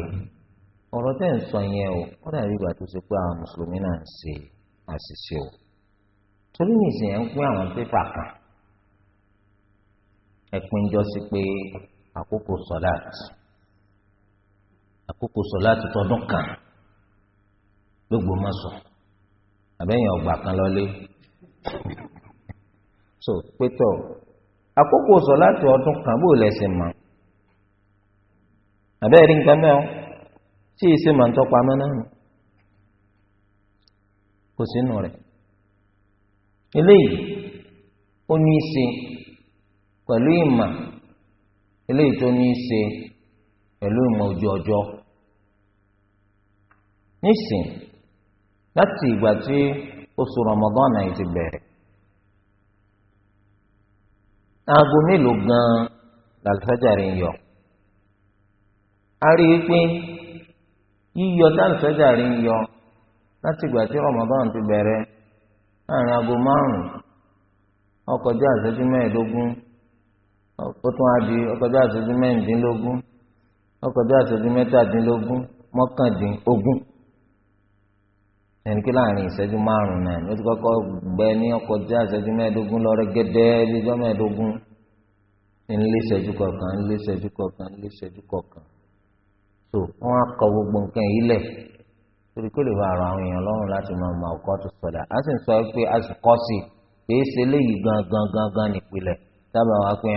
ọ̀rọ̀ tẹ́ ń sọ yẹn o ó dàbí ìgbà tó ṣe pé àwọn mùsùlùmí náà ń ṣe àṣìṣe o torí ní ìsìn yẹn ń pín àwọn pépà kan ẹ̀pin jọ sí pé àkókò sọ̀láàtì àkókò sọlá ti tọdún kan gbogbo má sọ àbẹ́yìn ọgbà kan lọlé so pétọ àkókò sọlá ti ọdún kan bó lẹ́sìn mọ́ àbẹ́rẹ́ nǹkan mẹ́wọ́ tí ìṣe máa ń tọ́pa mẹ́ná nù kò sínú rẹ̀ eléyìí ó ní í ṣe pẹ̀lú ìmọ̀ eléyìí tó ní í ṣe pẹ̀lú ìmọ̀ ojú ọjọ́ nísìn láti ìgbà tí oṣù Ramadan yìí ti bẹ̀rẹ̀ aago mélòó gan-an làlùfájàre ń yọ a rí i pé yíyọ làlùfájàre ń yọ láti ìgbà tí ti bẹ̀rẹ̀ láàrin aago márùn-ún ọkọjá àṣẹjú mẹ́ẹ̀ẹ́dógún ó tún á àṣẹjú mẹ́ẹ̀ẹ́dínlógún ọkọjá àṣẹjú ẹni pé láàrin ìṣẹ́jú márùn-ún náà ló ti kọ́kọ́ gbẹ ní ọkọ̀ já ìṣẹ́jú mẹ́ẹ̀ẹ́dógún lọ rẹ́gẹ́dẹ́ bíjọ́ mẹ́ẹ̀ẹ́dógún ńlé ìṣẹ́jú kọ̀ọ̀kan ńlé ìṣẹ́jú kọ̀ọ̀kan ńlé ìṣẹ́jú kọ̀ọ̀kan tó wọ́n á kọ gbogbo nǹkan yìí lẹ̀ torí kó lè fa àrùn àwọn èèyàn lọ́rùn láti máa mọ ọkọ̀ tó sọ̀dà á sì ń sọ pé a sì kọ́ sí kìí ṣe léyìí gangan gangan nípìnlẹ̀ sábà wá pé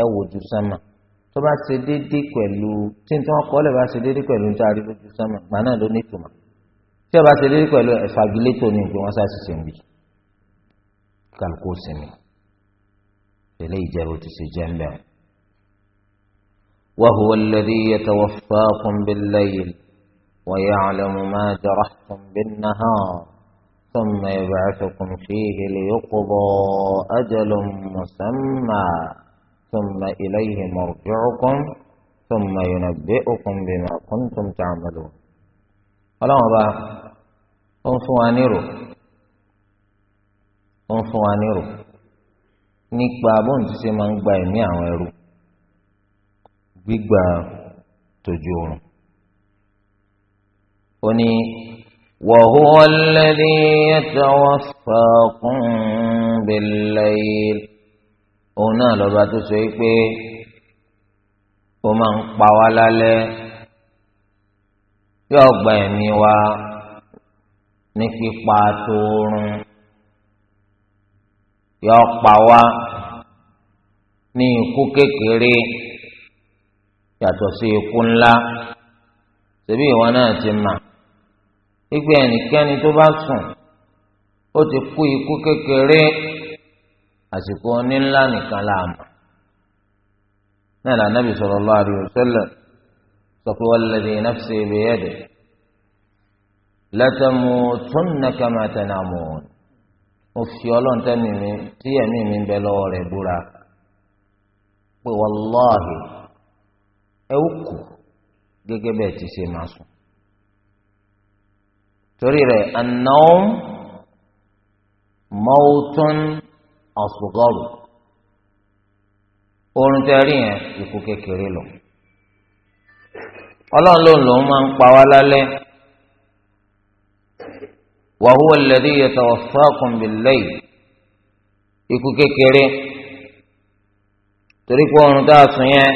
ẹ wò ju sẹ́mà tó bá ṣe déédéé pẹ̀lú tí n tí wọ́n kọ́ lẹ̀ bá ṣe déédéé pẹ̀lú nítorí àrí lójú gbà náà ló ní ìtumọ̀ tí ó bá ṣe déédéé pẹ̀lú ẹ̀fà agilétò ní ìgbé wọn sá ṣiṣẹ́ ń bì kálukú sinmi tẹ̀lé ìjẹ́rù ti ṣe jẹ́ ńlẹ̀ وهو الذي يتوفاكم بالليل ويعلم ما جرحتم بالنهار ثم يبعثكم فيه ليقضى أجل مسمى ثم إليه مرجعكم ثم ينبئكم بما كنتم تعملون ọlọ́run ọba ó ń fún wa nírò ó ń fún wa nírò nípa bóńtúnṣe máa ń gba ẹ̀mí àwọn ẹrú gbígbà tójú oorun ó ní وهو الذي يتوفاكم بالليل òun náà lọ́ba tó sọ yìí pé ó máa ń pa wá lálẹ́ yóò gba ẹ̀mí wa ní pípa tóorun yóò pa wá ní ikú kékeré yàtọ̀ sí ikú ńlá ṣebí ìwọ náà ti mà gbígbé ẹnikẹ́ni tó bá sùn ó ti kú ikú kékeré àsìkò onílà nìkan la mọ̀ náà lànàbì sallallahu alaihi wasallam sọ pé walladhi nafsi biyadihi latamutunna kama tanamun mo fi ọlọ́ntẹ́mi mi tí ẹ̀mí mi ń bẹ lọ́wọ́ rẹ̀ búra pé wàláhì ẹ ó kù gẹ́gẹ́ bẹ́ẹ̀ ti ṣe máa sùn. torí rẹ̀ anáwó mọ́wótún asugọ́rù oorun tẹ rí yẹn ikú kékeré lọ ọlọ́run ló ń lòún máa ń pa wá lálẹ́ wa huwa alladhi yatawaffakum bil-layl ikú kékeré torí pé oorun tá a yẹn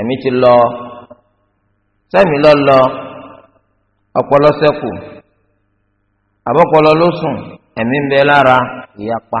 ẹ̀mí ti lọ sẹ́mi lọ lọ ọpọlọ sẹ́kù àbọ̀pọlọ ló sùn ẹ̀mí ń bẹ lára ìyapa.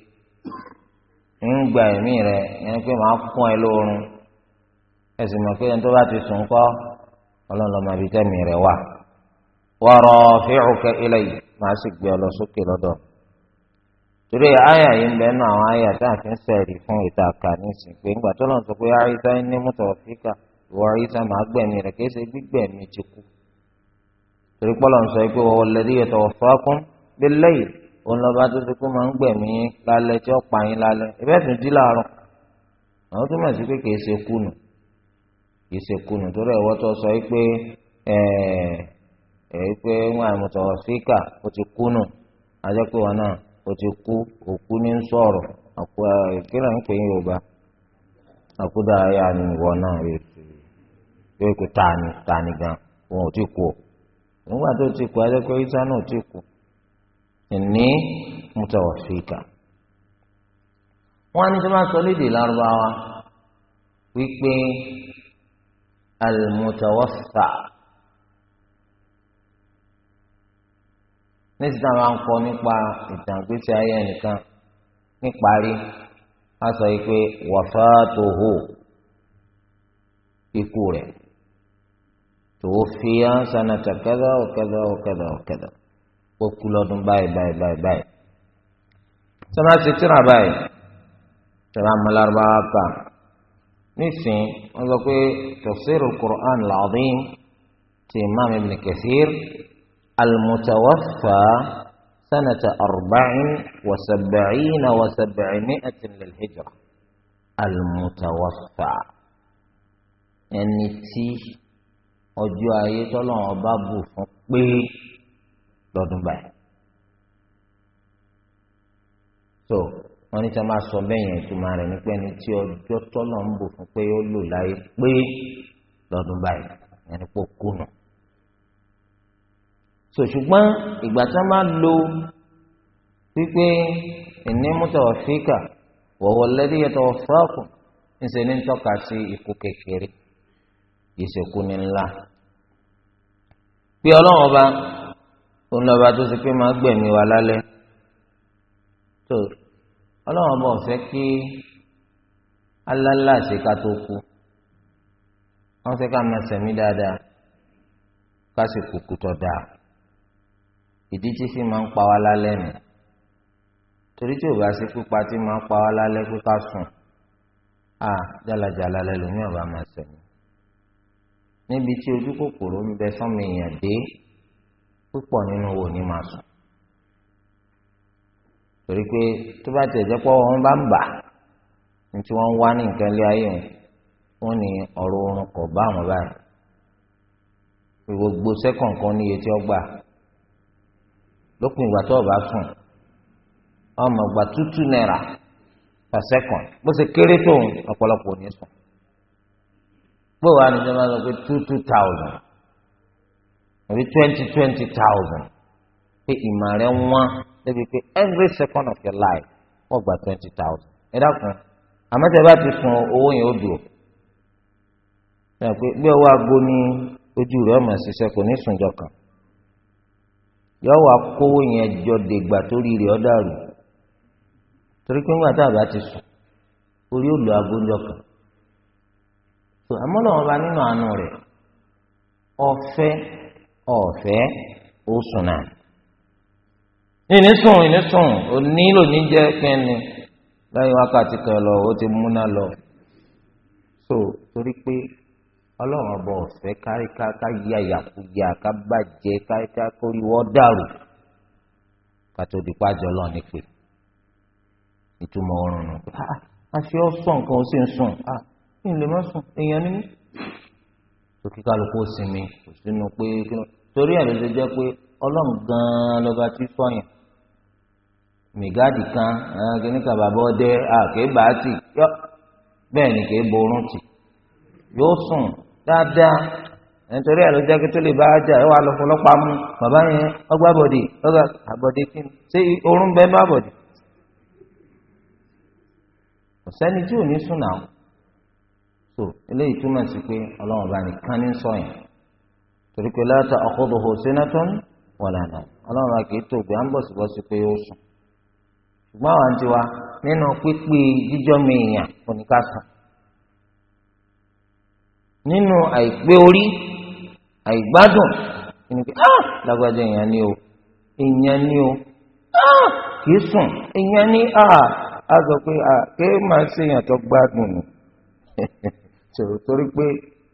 ń gba ẹ̀mí rẹ yẹn pé màá kún ẹ lóorun ẹ̀sìn mọ̀ pé ẹni tó bá ti sùn kọ́ ọlọ́run lọ́mọ àbí tẹ̀mí wà. wa rafi'uka ilayya màá sì gbé ọ lọ sókè lọ́dọ̀ torí àyà yìí ń bẹ́ẹ̀ nù àwọn àyà tá a fi ń sẹ̀rí fún ìta àkàní ìsìn pé ńgbà tó lọ́n sọ pé àríṣà ní mùtọ̀fíkà ìwọ gbẹ̀mí rẹ̀ gbígbẹ̀mí ti kú torí pọ́lọ́ òun lọ́ba tó ti kó máa ń gbẹ̀mí lálẹ́ tí ó pa yín lálẹ́ ìbẹ́ tún dí láàárọ̀ àwọn tó mọ̀ sí pé kìí ṣe kùnù kìí ṣe kùnù torí ẹ̀wọ́ sọ pé ẹ̀ẹ́ pé wọn fíkà ó ti kùnù ajẹ́ pé wọn náà ó ti kú òkú ní sọ̀rọ̀ kíra ń pè é yorùbá àkúdà ayá ni ìwọ náà yóò tani tani gan wọn ti kú nígbà tó ti kú ajẹ́ pé ìtàn náà ò ti kú. inni mutawafika. wọ́n á ní sọ máa sọ lédè lárúbáwá wípé al-mutawaffa nísìtá máa ń kọ nípa ìtàgbésí ayé ẹnìkan níparí a sọ yìí pé wàfáàtòhò ikú rẹ̀ tòwó fìyà sanata kẹdà ọkẹdà pé kú lọ́dún báyìí báyìí báyìí báyìí tí wọ́n bá ti tíra báyìí tí wọ́n bá mọ lárúbáwá bá nísìnyí wọ́n sọ pé tafsir al-Qur'an al-azim ti imam ibn kathir al sanata arba'in wa sab'ina wa sab'imi'atin lil ẹni tí ọjọ́ ayé tọ́lọ́wọ́n bá bù fún pé lọ́dún báyìí. so wọ́n ní sọ máa sọ bẹ́ẹ̀ yẹn ìtumọ̀ rẹ̀ ní pé ẹni tí ọjọ́ tọ́lọ̀ ń bò fún pé ó lò láyé pé lọ́dún báyìí ẹni pò kùnà. so ṣùgbọ́n ìgbà tí wọ́n máa lo wípé ìní mutawafika wọ̀wọ̀ lẹ́dí yatawaffakum ńṣe ní tọ́ka sí ikú kékeré ìṣèkú ni ńlá. pé ọlọ́run ọba òun lọ́ba tó ṣe pé máa gbẹ̀mí wa lálẹ́ tó ọlọ́run ọba ọ̀fẹ́ kí alálà ṣe ká tó kú wọ́n fẹ́ ká máa sẹ̀mí dáadáa ká sì kúkú tọ̀ dáa ìdí tí fi máa ń pa wá lálẹ́ nù torí tí ò bá sí pípa tí máa ń pa wá lálẹ́ pé ká sùn à jálajàla lẹ́lòmíọ̀ bá máa sẹ̀mí níbi tí ojú kòkòrò ń bẹ sọ́mi èèyàn dé púpọ̀ nínú wo ni máa sùn torí pé tó bá tẹ̀ jẹ́ pọ́ wọn bá ń bà ní tí wọ́n ń wá ní nǹkan ilé ayé wọn ní ọ̀rọ̀ oorun kò bá wọn báyìí gbogbo sẹ́kọ̀n kan ní iye tí ó gbà lópin ìgbà tó o sùn ọmọ ìgbà tútù náírà per second bó ṣe kéré tó ọ̀pọ̀lọpọ̀ ò ní sùn gbọ́dọ̀ wà ní sọ́mọ́ sọ pé two two thousand àbí twenty twenty thousand pé ìmọ̀ rẹ̀ wọ́n débi pé every second of your life wọ́n gba twenty thousand ẹ dákun àmọ́ tẹ́ bá ti sun owó yẹn ó dùn ó pé bí ọwọ́ aago ní ojú rẹ̀ ọmọ ṣiṣẹ́ kò ní sùnjọ kan yọ wá kówó yẹn jọ dègbà torí rẹ̀ ọ́ dàrú torí pé ńgbà tá a bá ti sùn orí ò lo aago ńjọ kan àmọ́ lọ́wọ́ bá nínú àánú rẹ̀ ọ̀fẹ́. ọ̀fẹ́ o suna náà ìní sùn ìní sùn òní lòní wákàtí kan lọ ó ti múná lọ so torí pé ọlọ́run ọba ọfẹ káríká ká yá yàkúyà ká bàjẹ́ káríká kó ìwọ́ dàrú kàtó dìpá lọ ní ọrùn nù. Ah, a ṣe ọ́ sọ nǹkan ó sì ń sùn a kí n lè má sùn èèyàn ni mí tó kí kálukú sinmi kò sínú pé torí ẹ̀ ló ṣe jẹ́ pé ọlọ́run gan-an lọ́ba tí sọ̀yìn mìgáàdì kan kíní kàbàbọ̀ dé àkébàátì yọ bẹ́ẹ̀ ni kì í borun tì yóò sùn dáadáa nítorí ẹ̀ ló jẹ́ kí tó lè bá a jà ẹ wà lọ fọlọ́pàá mú bàbá yẹn ọgbà bọ̀dì ọgbà àbọ̀dì kí ni ṣé orun bẹ́ẹ̀ bá bọ̀dì kò tí ò ní sùn náà so eléyìí túmọ̀ sí pé ọlọ́run ọba nìkan ní sọ̀yìn torí pé la ta'khudhuhu sinatun wala ọlọ́run ọba kìí tòògbé à ń pé ó sùn ṣùgbọ́n àwọn àti wa nínú pípé jíjọ́ nínú àìpé ah, o èèyàn o ah kìí sùn èèyàn ni ah a sọ pé ah kéèmà <laughs> tó torí pé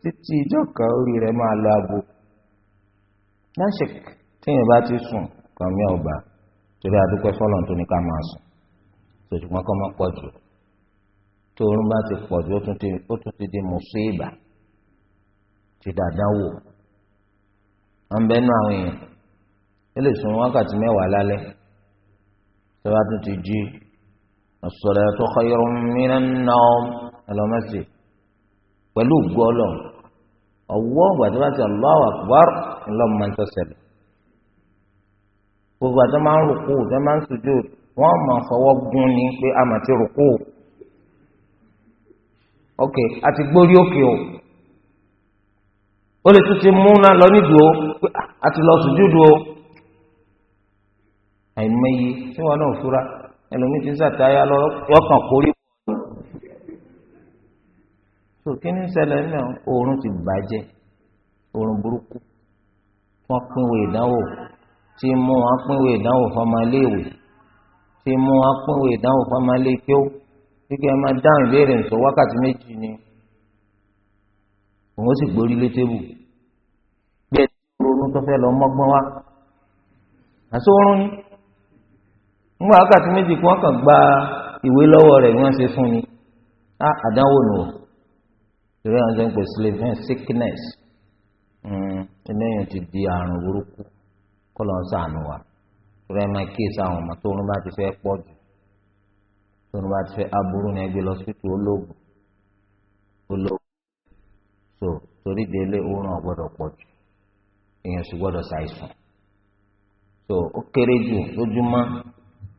títí ìjọ kan orí rẹ̀ máa lọ abo láṣẹ téèyàn bá ti sùn kàn mí ọba torí adúpẹ́ fọlọ́n tó ní ká máa sùn tòṣùgbọ́n kọ́ máa pọ̀ jù tóorun bá ti pọ̀ jù ó tún ti di mùsíbà ti dàdán wò wọn bẹ nú àwọn èèyàn ó lè sùn wákàtí mẹ́wàá lálẹ́ tó bá tún ti jí as-salatu khayrun minan nawm ẹlọ́mẹ́sì pẹ̀lú ògbó ọlọ́run ọwọ́ gbàdúrà ti Allahu Akbar ńlọ́mọ ń tọ́sẹ̀lẹ̀ gbogbo àti máa ń rúkú tó máa ń sojú wọ́n máa fọwọ́ gún ni pé a máa ti rúkú ok àti gbórí òkè o ó lè tún ti mú náà lọ nídùú pé àti lọ sojú dùú àìmọye tí wọn náà fura ẹlòmíín ti ń sàtáyà lọ yọkàn kórè so kí ni ṣẹlẹ̀ náà oorun ti bàjẹ́ oorun burúkú wọ́n pínwó ìdánwò tí mú wọn pínwó ìdánwò fọmọléèwé tí mú wọn pínwó ìdánwò fọmọléèkéwò kíkẹ́ máa dáhùn ìbéèrè nsọ wákàtí méjì ni òun ó sì gborí lé tébù bí ẹni tó ronú tó fẹ́ lọ mọ́gbọ́n wá àti oorun ni ńgbà wákàtí méjì kí wọ́n kàn gba ìwé lọ́wọ́ rẹ̀ ni wọ́n ṣe fún ni á àdánwò nù ọ́ torí àwọn sọ̀rọ̀ pé slavery eh, sickness hmm, eléyìí ti di àrùn burúkú kó lọ́n sànù wa torí ẹ máa kíyèsí àwọn ọmọ tó ń bá ti fẹ́ pọ̀ jù tó ń bá ti fẹ́ aburú ni ẹgbẹ́ lọ sípìtì olóògùn olóògùn so torí délé oorun ọ̀gbọ́dọ̀ pọ̀ jù èèyàn sì gbọ́dọ̀ ṣàìsàn so ó kéré jù lójúmọ́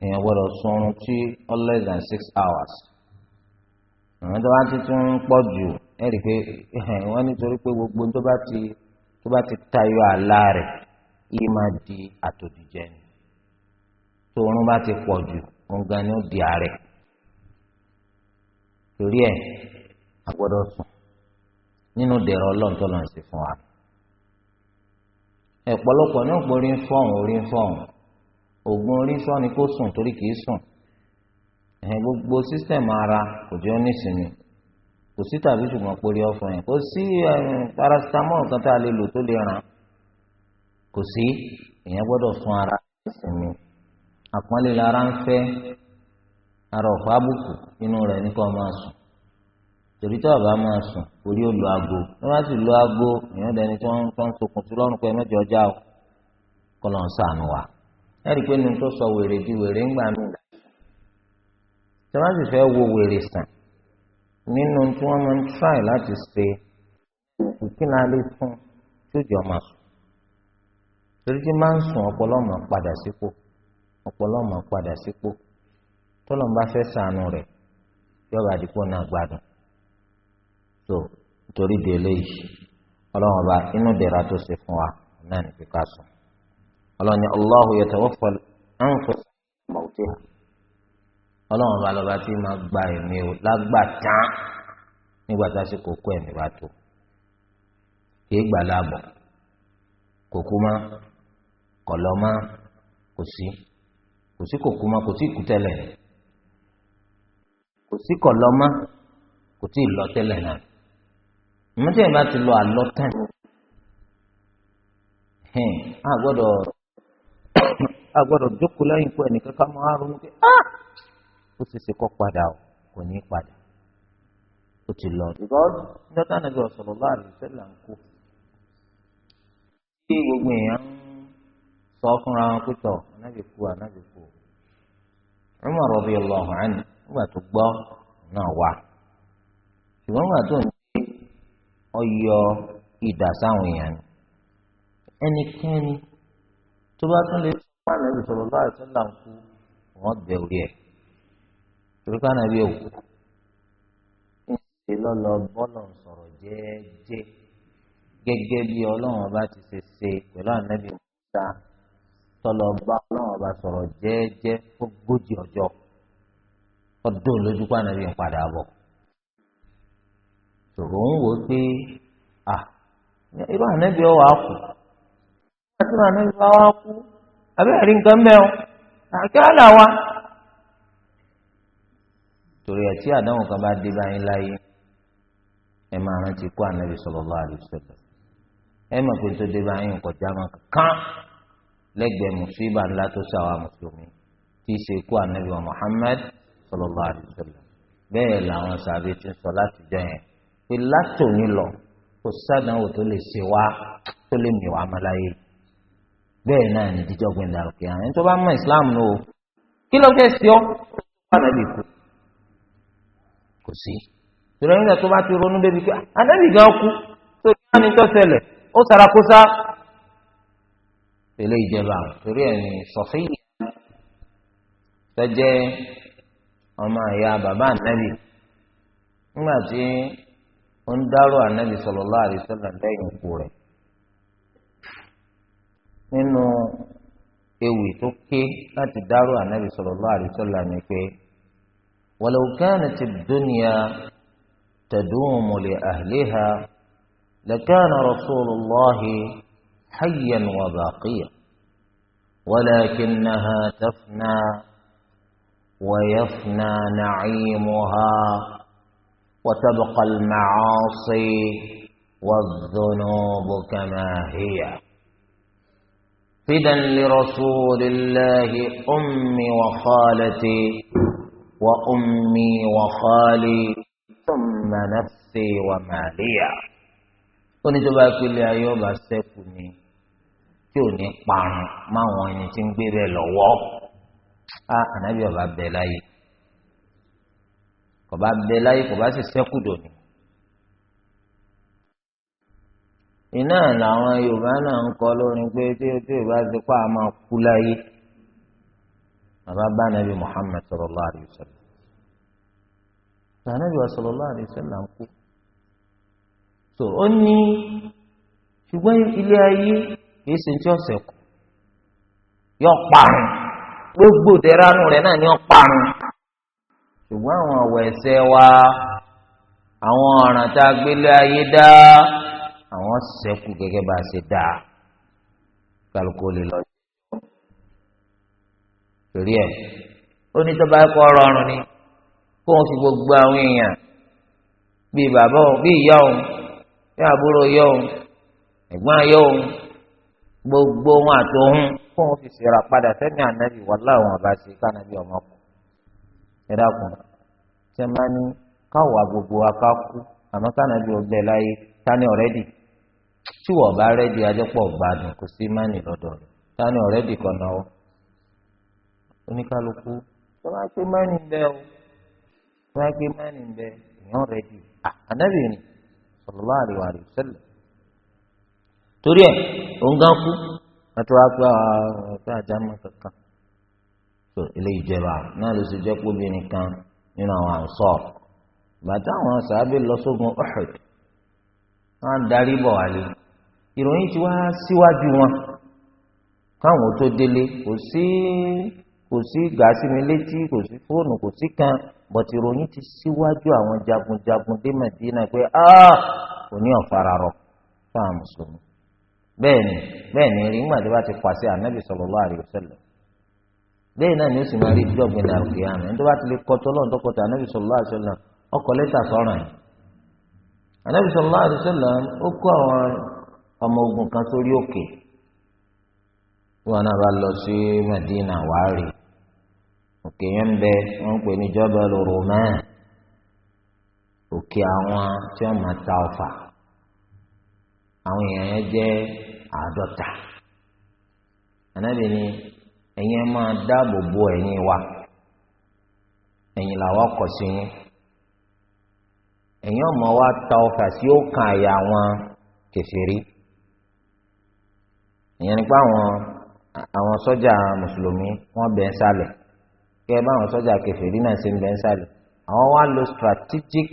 èèyàn gbọ́dọ̀ sùn oorun tí less than six hours àwọn tó bá ti tún pọ̀ jù ẹ rí i pé wọ́n nítorí pé gbogbo tó bá ti tó bá ti tayọ àlá rẹ̀ yìí máa di àtòjìjẹ ni tòun bá ti pọ̀ jù òun gan ni ó di àárẹ̀ torí ẹ̀ a gbọ́dọ̀ sùn nínú dẹ̀rọ ọlọ́ọ̀tọ́ lọ́n sì fún wa ẹ̀pọ̀lọpọ̀ ní ọ̀pọ̀ orí ń fọ̀hún orí ń fọ̀hún oògùn orí ń fọ̀hún ni kò sùn torí kìí sùn gbogbo sísẹ̀mù ara kò jẹ́ oníṣìmí kò sí tàbí ṣùgbọ́n porí ọ̀fun yẹn kò sí um, paracetamol kan tá a lè lò tó lè ràn kò sí èèyàn gbọ́dọ̀ fún ara ìsinmi àpọ́nlé lára ń fẹ́ ara ọ̀pá àbùkù inú rẹ̀ ní kó máa sùn torí tó àbá máa sùn orí ò lo aago tó bá sì lo aago èèyàn dẹni tó ń tó ń sokùn sí lọ́rùn pé mẹ́jọ já o kọ́ lọ́n sànù wa ẹ̀rí pé nu tó sọ wèrè di wèrè ń gbà mí tó bá sì fẹ́ wo wèrè sàn nínú tí wọ́n máa ń tíráì láti ṣe ìkíni fún tí ọmọ sùn torí tí máa ń sùn ọpọlọ máa padà sípò ọpọlọ máa padà sípò tọ́lọ́n bá fẹ́ sànù rẹ̀ yọba àdìpọ̀ náà gbádùn tó torí délé yìí ọba inú tó ṣe fún wa náà ní ọlọ́run bá lọ́ba tí máa gba ẹ̀mí o lágbàtà nígbà tá a ṣe kókó ẹ̀mí bá tó kìí gbà láàbọ̀ kòkó má kọ̀lọ́ má kò sí kò sí kòkó má kò tí ì kú tẹ́lẹ̀ kò sí kọ̀lọ́ má kò tí ì lọ tẹ́lẹ̀ náà ìmọ̀tí ẹ̀ bá ti lọ àlọ́ tán <coughs> a gbọ́dọ̀ jókòó lẹ́yìn kú ẹnìkan ká máa ronú pé ah! ó ti ṣe kọ́ padà o ti lọ. because nígbà Ànábì sallallahu alaihi wasallam ń kó tí gbogbo èèyàn ń sọ fúnra wọn pé tọ̀ Ànábì kú Ànábì kú Umar radiyallahu anhu nígbà tó gbọ́ náà ṣùgbọ́n nígbà tó ń gbé ọyọ ẹnikẹ́ni tó bá tún lè sọ fún ń wọ́n gbẹ orí torí ká nàbí òkú ṣe lọ́lọ́ bọ́lọ̀ sọ̀rọ̀ jẹ́ẹ́jẹ́ gẹ́gẹ́ bí ọlọ́run ọba ti ṣe ṣe pẹ̀lú ànábì Mùsá tọ́lọ̀ bá ọlọ́run ọba sọ̀rọ̀ jẹ́ẹ́jẹ́ fógójì ọjọ́ ọdún lójú pa ànábì ń padà bọ̀ ṣòro ń wò ó pé à irú ànábì ọwọ́ á kú àti ànábì ọwọ́ á kú àbẹ́rẹ́ nǹkan mẹ́ọ̀ àkẹ́rẹ́ làwa torí ẹ tí àdáhùn kan bá dé báyìí láyé ẹ máa rántí kó ànábì sallallahu alaihi wasallam ẹ mọ̀ pé tó dé báyìí nkọjá máa kán lẹ́gbẹ̀ẹ́ mùsùlùmí ńlá tó sàwà mùsùlùmí tí í ṣe kó ànábì wa Muhammad sallallahu alaihi wasallam bẹ́ẹ̀ làwọn sàbẹ̀ ti ń sọ láti jọ yẹn pé látòní lọ kò sádàáwò tó lè ṣe wá tó lè mì wá máláyé bẹ́ẹ̀ náà ní jíjọ́gbìn dàrúkẹ́ àwọn ẹni tó bá mọ ìsìláàmù náà kí ló fẹ́ ṣe ọ́ kò sí. ìrọ̀lẹ́ nígbà tó bá ti ronú débi pé ah, ànábì gan kú tó ní wọn ni tó ṣẹlẹ̀ ó sàràkóṣá. pèlè ìjẹba torí ẹ̀ ní sọ̀fíì tọ́jẹ́ ọmọ ìyá bàbá ànábì nígbà tí ó ń dárò ànábì sallallahu alaihi wasallam lẹ́yìn ikú rẹ̀ nínú ewì tó ké láti dárò ànábì sallallahu alaihi wasallam ni pé. ولو كانت الدنيا تدوم لأهلها لكان رسول الله حيا وباقيا ولكنها تفنى ويفنى نعيمها وتبقى المعاصي والذنوب كما هي فدا لرسول الله امي وخالتي وأمي وخالي ثم نفسي وماليا oníjọba ìpínlẹ̀ ayọba ṣẹ́kù ni tí ò ní parun máwọn ẹni tí ń gbé bẹ lọ́wọ́ á ànábì ọba bẹ láyé kò bá bẹ láyé kò bá sì ṣẹ́kù dòní. iná làwọn yorùbá náà ń kọ lórin pé tí ó tí ò bá ti pa àmọ́ kú láyé bàbá bá nàbí Muhammad sallallahu alayhi wa sallam sànàbí wa sallallahu alayhi wa sallam kú so ó ní ṣùgbọ́n ilé ayé kìí ṣe tí ọ̀sẹ̀ kù yọ parun gbogbo ìdẹ́ranu rẹ̀ náà ni ọ parun ṣùgbọ́n àwọn ọ̀wọ̀ ẹ̀ṣẹ̀ wa àwọn ọ̀ràn tá a gbélé ayé dá àwọn ṣẹ́kù gẹ́gẹ́ bá a ṣe dá kálukú lè lọ torí ẹ̀ ó ní tọ́ba kọ́ rọrùn ni kó wọn fi gbogbo àwọn èèyàn bíi bàbá òun bíi ìyá òun bíi àbúrò ìyá òun ẹ̀gbọ́n ìyá òun gbogbo wọn àtòhún kó wọn fi ṣèrà padà sẹ́mi ànábì wà láwọn ọba ṣe kánábì ọmọkùn ẹ ṣe máa ní káwọ gbogbo aká àmọ́ kánábì ọgbẹ́ láyé tani ọ̀rẹ́dì tí wọ́n bá rẹ́dì ajẹ́pọ̀ gbádùn kò sí mánì lọ́dọ̀ rẹ̀ tani ọ̀rẹ́dì kan náà oníkálukú tó bá pé mánì bẹ o tó bá pé mánì bẹ èèyàn rẹ di ànábìrin sallallahu alaihi wa sallam torí ẹ òǹgá kú àti wàá pé ọ̀gá àjámọ́ kankan tó eléyìí jẹba náà ló sì jẹ́ pé obìnrin kan nínú àwọn ànsọ́ọ̀ bàtà àwọn sàábẹ̀ lọ sógun Uhud wọn á darí bọ̀ wálé ìròyìn ti wá síwájú wọn káwọn tó délé kò sí kò sí gàásìmí létí kò sí fóònù kò sí kan bọ̀tì ròyìn ti síwájú àwọn jagunjagun dé Mẹdínà pé ah, kò ní ọ̀fararọ̀ fún àwọn mùsùlùmí bẹ́ẹ̀ ni bẹ́ẹ̀ ni rí nígbà tí ti pàṣẹ ànábì bẹ́ẹ̀ náà ni ó sì máa rí ìjọ gbẹ̀dẹ̀ àrùkè àmì ẹni tó bá ti lè kọ́tọ́ lọ́n tọkọtà ànábì sallallahu alaihi ọkọ̀ lẹ́tà sọ̀rọ̀ yìí ànábì ó kó àwọn ọmọ ogun kan òkè yẹn ń bẹ wọn ń pè ní Jabalu Rumman òkè àwọn tí wọn máa ta ọfà àwọn èèyàn yẹn jẹ àádọ́ta ànábì ni ẹ̀yin máa dáàbò bo ẹ̀yin wa ẹ̀yin làwọn kọ̀ sí yín ẹ̀yin wa ta ọfà sí ó kan àyà àwọn kèfèrí ìyẹn ni pé àwọn àwọn sọ́jà mùsùlùmí kí ẹ báwọn sọ́jà kẹfìrí náà ṣe ń bẹ́ ń sálẹ̀ àwọn wá lo strategic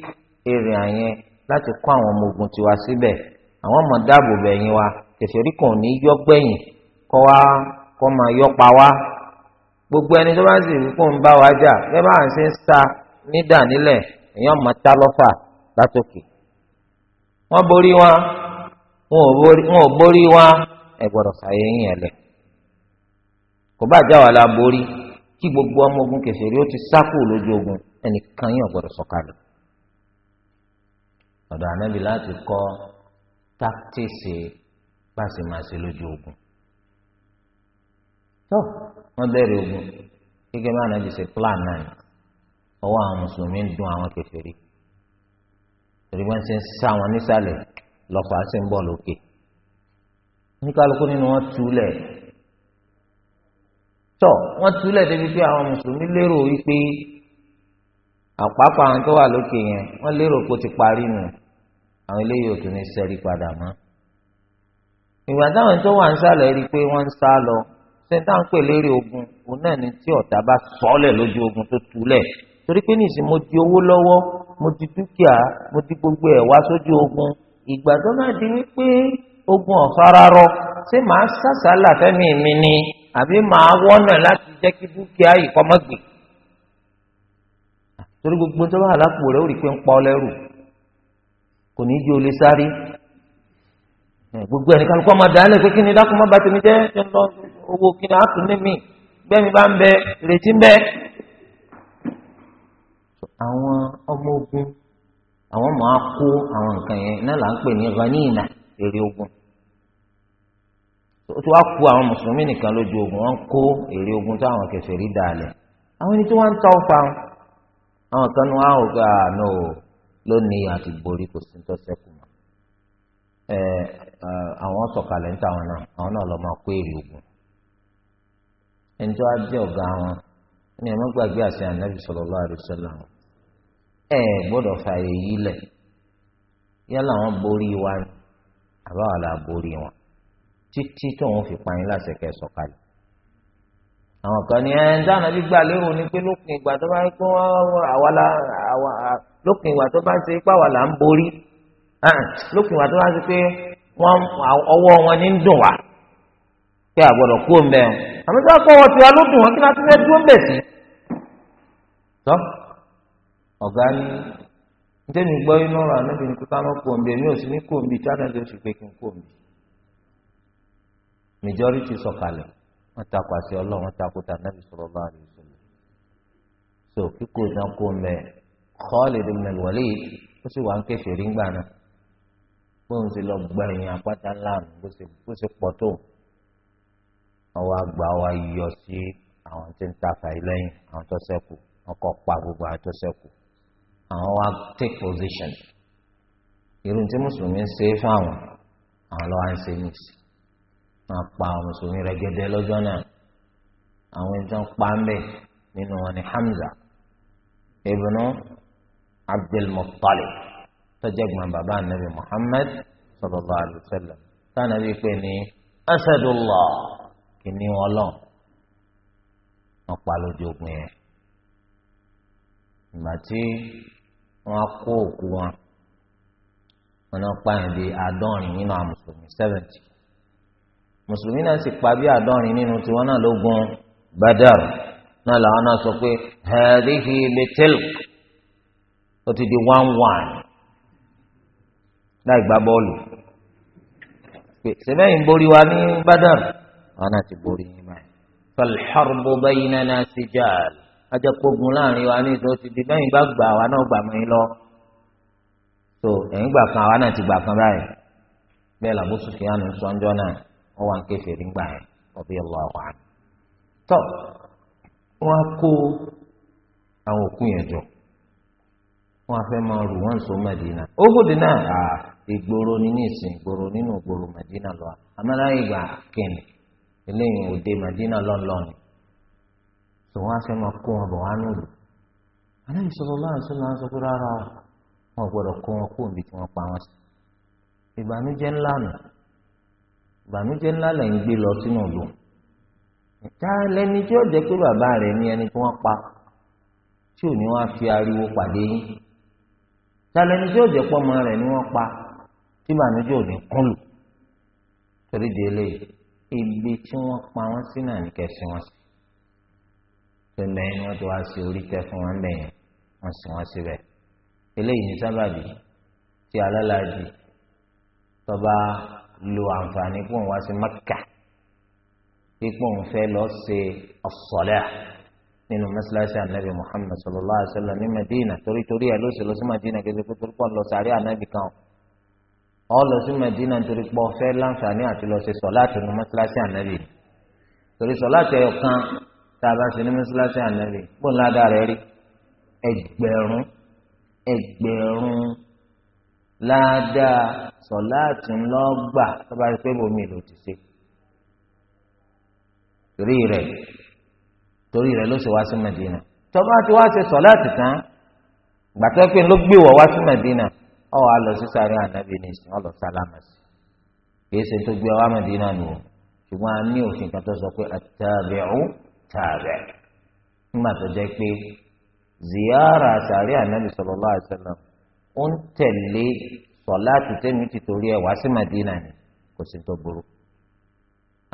area yẹn láti kó àwọn ọmọ ogun tiwa síbẹ̀ àwọn ọmọ dáàbò bẹ̀yìn wa kẹfìrí kan ò ní yọ gbẹ̀yìn kọ́ wa kọ́ máa yọ pa wa gbogbo ẹni tó bá sì rí kó ń bá wa jà ẹ bá ń ṣe ń sa nídà nílẹ̀ èèyàn máa ta lọ́fà látòkè wọ́n borí wọn wọn ò borí wọn ẹ gbọ́dọ̀ sàyẹ̀yìn ẹ̀ lẹ̀ kò bá jà wà la borí kí gbogbo ọmọ ogun kèfèrí ó ti sákò lójú ogun ẹnìkan yín ọ̀gbọ́dọ̀ sọ̀kalẹ̀ ọ̀dọ̀ ànábì láti kọ́ táktíìsì pàṣẹmáṣe lójú ogun tó wọ́n bẹ̀rẹ̀ ogun gẹ́gẹ́ bí ànábì ṣe plan náà ọwọ́ àwọn mùsùlùmí ń dun àwọn kèfèrí torí wọ́n ti ń sá wọn nísàlẹ̀ lọ́pàá sì ń bọ̀ lókè oníkálukú nínú wọn túlẹ̀ tọ wọn túlẹ̀ débi pé àwọn mùsùlùmí lérò wípé àpapọ̀ àwọn tó wà lókè yẹn wọ́n lérò kó ti parí nù àwọn eléyìí ò tún ní sẹ́rí padà mọ́. ìgbà táwọn tó wà ń sálẹ̀ rí i pé wọ́n ń sá lọ ṣé táwọn pè lérè ogun òun náà ni tí ọ̀tá bá sọ́ọ̀lẹ̀ lójú ogun tó túlẹ̀ torí pé nìsí mo di owó lọ́wọ́ mo di dúkìá mo di gbogbo ẹ̀ wá sójú ogun ìgbà tó náà di wípé ogun ọ̀fararọ ṣé màá sàṣàlà fẹ́mi mi ni àbí màá wọ́nà láti jẹ́ kí dúkìá torí gbogbo tó pé ń pa ọ lẹ́rù kò ní í sáré gbogbo ẹni kálukọ́ máa dà pé kí ni dákun má bà tèmi jẹ́ ṣe ń lọ owó kí ni àtún ní mi bá ń bẹ ìrètí ń bẹ. àwọn ọmọ ogun àwọn máa ó ti wá ku àwọn mùsùlùmí nìkan lójú ogun wọn kó èrè ogun táwọn kẹsẹ̀ rí dalẹ̀ àwọn ẹni tí wọ́n ń tọ́ fa àwọn kan ní wọn àánú ah, o lónìí àti borí kò sí tọ́sẹ̀ kù mọ́ ẹ àwọn sọ̀kalẹ̀ ń táwọn náà àwọn náà lọ́ọ́ máa kó èrè ogun ẹni tó wá jẹ́ ọ̀gá wọn ní ẹ̀ má gbàgbé àṣẹ ànábì sallallahu wọn wa títí tóun fi pa yín láṣẹ kẹ́ sọ̀kalẹ̀ àwọn kan ní ẹ ń dáná gbígbà lérò ni pé lópin ìgbà tó bá ń pín àwa la àwa lópin ìgbà tó bá ń ṣe ipá wa là ń borí lópin ìgbà tó bá ń ṣe pé ọwọ́ wọn ní ń dùn wá pé àgbọ̀dọ̀ kú òun bẹ́ẹ̀ àmì tó bá kọ́ wọn tiwa ló dùn wọn kí wọ́n ti fẹ́ dúró bẹ̀ sí. tọ́ ọ̀gá ni ntẹ́mi gbọ́ inú ọ̀rọ̀ ànábìrin kó ká lọ́ kó òun bẹ́ẹ̀ mi ò sì ní kó òun bíi tí àtàkùn ti fi pé kí n kó òun bíi majority sọ̀kalẹ̀ wọ́n takò àti ọlọ́run wọ́n takò tà nàbì sallallahu alaihi wasallam. so kíkó ìdánkò mẹ Khalid ibn al-Walid ó sì wà ń kéfì rí ngbà náà bóun ti lọ gba ẹ̀yìn àpáta ńlá bó ṣe pọ̀ tó ọwọ́ àgbà wa yọ sí àwọn tí ń takà lẹ́yìn àwọn tó ṣẹ́kù ọkọ̀ pa gbogbo àwọn tó ṣẹ́kù àwọn wa take position irun tí mùsùlùmí ń ṣe fáwọn àwọn lọ́wọ́ ń ṣe nìyí wọn pa àwọn mùsùlùmí rẹ̀gẹ̀dẹ̀ lọ́jọ́ náà àwọn ẹni tó ń pa ń bẹ nínú wọn ni Hamza ibnu Abdul Muttalib tọjẹgbọn bàbá anabi Muhammad sallallahu alaihi wasallam tànàbí pé ní asadullah kìnìún Ọlọ́run wọn pa lójú ogun yẹn ìgbà tí wọn kó òkú wọn wọn náà pààyàn bíi àádọ́rin nínú àwọn mùsùlùmí seventy mùsùlùmí náà sì pa bí àádọ́rin nínú tiwọn náà lógun badar náà làwọn náà sọ pé hadihi betelk ó ti di one one láì gbá bọ́ọ̀lù pé sẹ́mẹ́yìn borí wa ní badar àwọn náà ti borí yín báyìí falḥarbu baynana sijaal ajakogun láàrin wa ní ìṣó ti di bẹ́yìn bá gbà wa náà gbà mí lọ tó ẹ̀yìn gbà kan àwa náà ti gbà kan báyìí bẹ́ẹ̀ làbó sùfìyàn sọ ọjọ́ náà. wọn nke ké fèrè ńgbà yẹn ọbẹ lọ àwọn àná tọ wọn kó àwọn òkú yẹn jọ wọn fẹ́ máa rù wọn sọ Madina ogode náà à ìgboro ní nísìn ìgboro nínú ìgboro Madina lọ amáláyé gbà kínní eléyìí òde Madina wọn fẹ́ máa kó wọn wọn sọlọ sọlọ wọn kó wọn kó níbi tí wọn pa wọn sí ìbànújẹ́ ńlá lẹ̀ ń gbé lọ sínú ìlú ìta lẹni tí ó jẹ́ pé bàbá rẹ̀ ní ẹni tí wọ́n pa tí ò ní wọ́n fi ariwo pàdé yín ìta lẹni tí ó jẹ́ pọ́mọ rẹ̀ ni wọ́n pa tí ìbànújẹ́ ò ní kún lù torí di eléyìí ibi tí wọ́n pa wọ́n sí náà ní kẹsàn-án wọn sí tẹ́lẹ̀ ni wọ́n ti wá sí orí tẹ́ fún wọn lẹ́yìn wọ́n sì wọ́n síbẹ̀ eléyìí ní sábàbí tí alálàájì tọ́ba lo àǹfààní pé òun wá sí Mẹ́kà pípọ̀ òun fẹ́ lọ ṣe ọ̀sọ̀lẹ́ nínú mẹ́sàlásì ànábì Muhammad sallallahu alaihi wasallam ní Medina torí torí ẹ̀ ló ṣe lọ sí Medina kí ẹ pé torí pọ̀ lọ sàárẹ̀ ànábì kan ọ lọ sí Medina torí pọ̀ fẹ́ láǹfààní àti lọ ṣe sọ̀láàtì nínú mẹ́sàlásì ànábì torí sọ̀láàtì ẹ̀yọ̀ kan tá a bá ṣe ní mẹ́sàlásì ànábì gbọ́n ládàá rẹ̀ rí ẹgbẹ̀rún ẹgbẹ̀rún ládàá sọ̀láàtì ńlọ́gbà tó bá rí pé bòmí ló ti ṣe torí rẹ̀ torí rẹ̀ ló sì wá sí Madina tó bá ti wá ṣe sọ̀láàtì tán gbàtọ́ ló gbé wọ̀ wá sí ọ̀ wá lọ sí sáré ànábì o ṣùgbọ́n a ní òfin kan tó sọ pé ziyara sáré ànábì sallallahu alaihi ó ń tẹ̀lé sọ̀láàtì tẹ́mi ti torí ẹ̀ wá sí Madina ni kò sí tó burú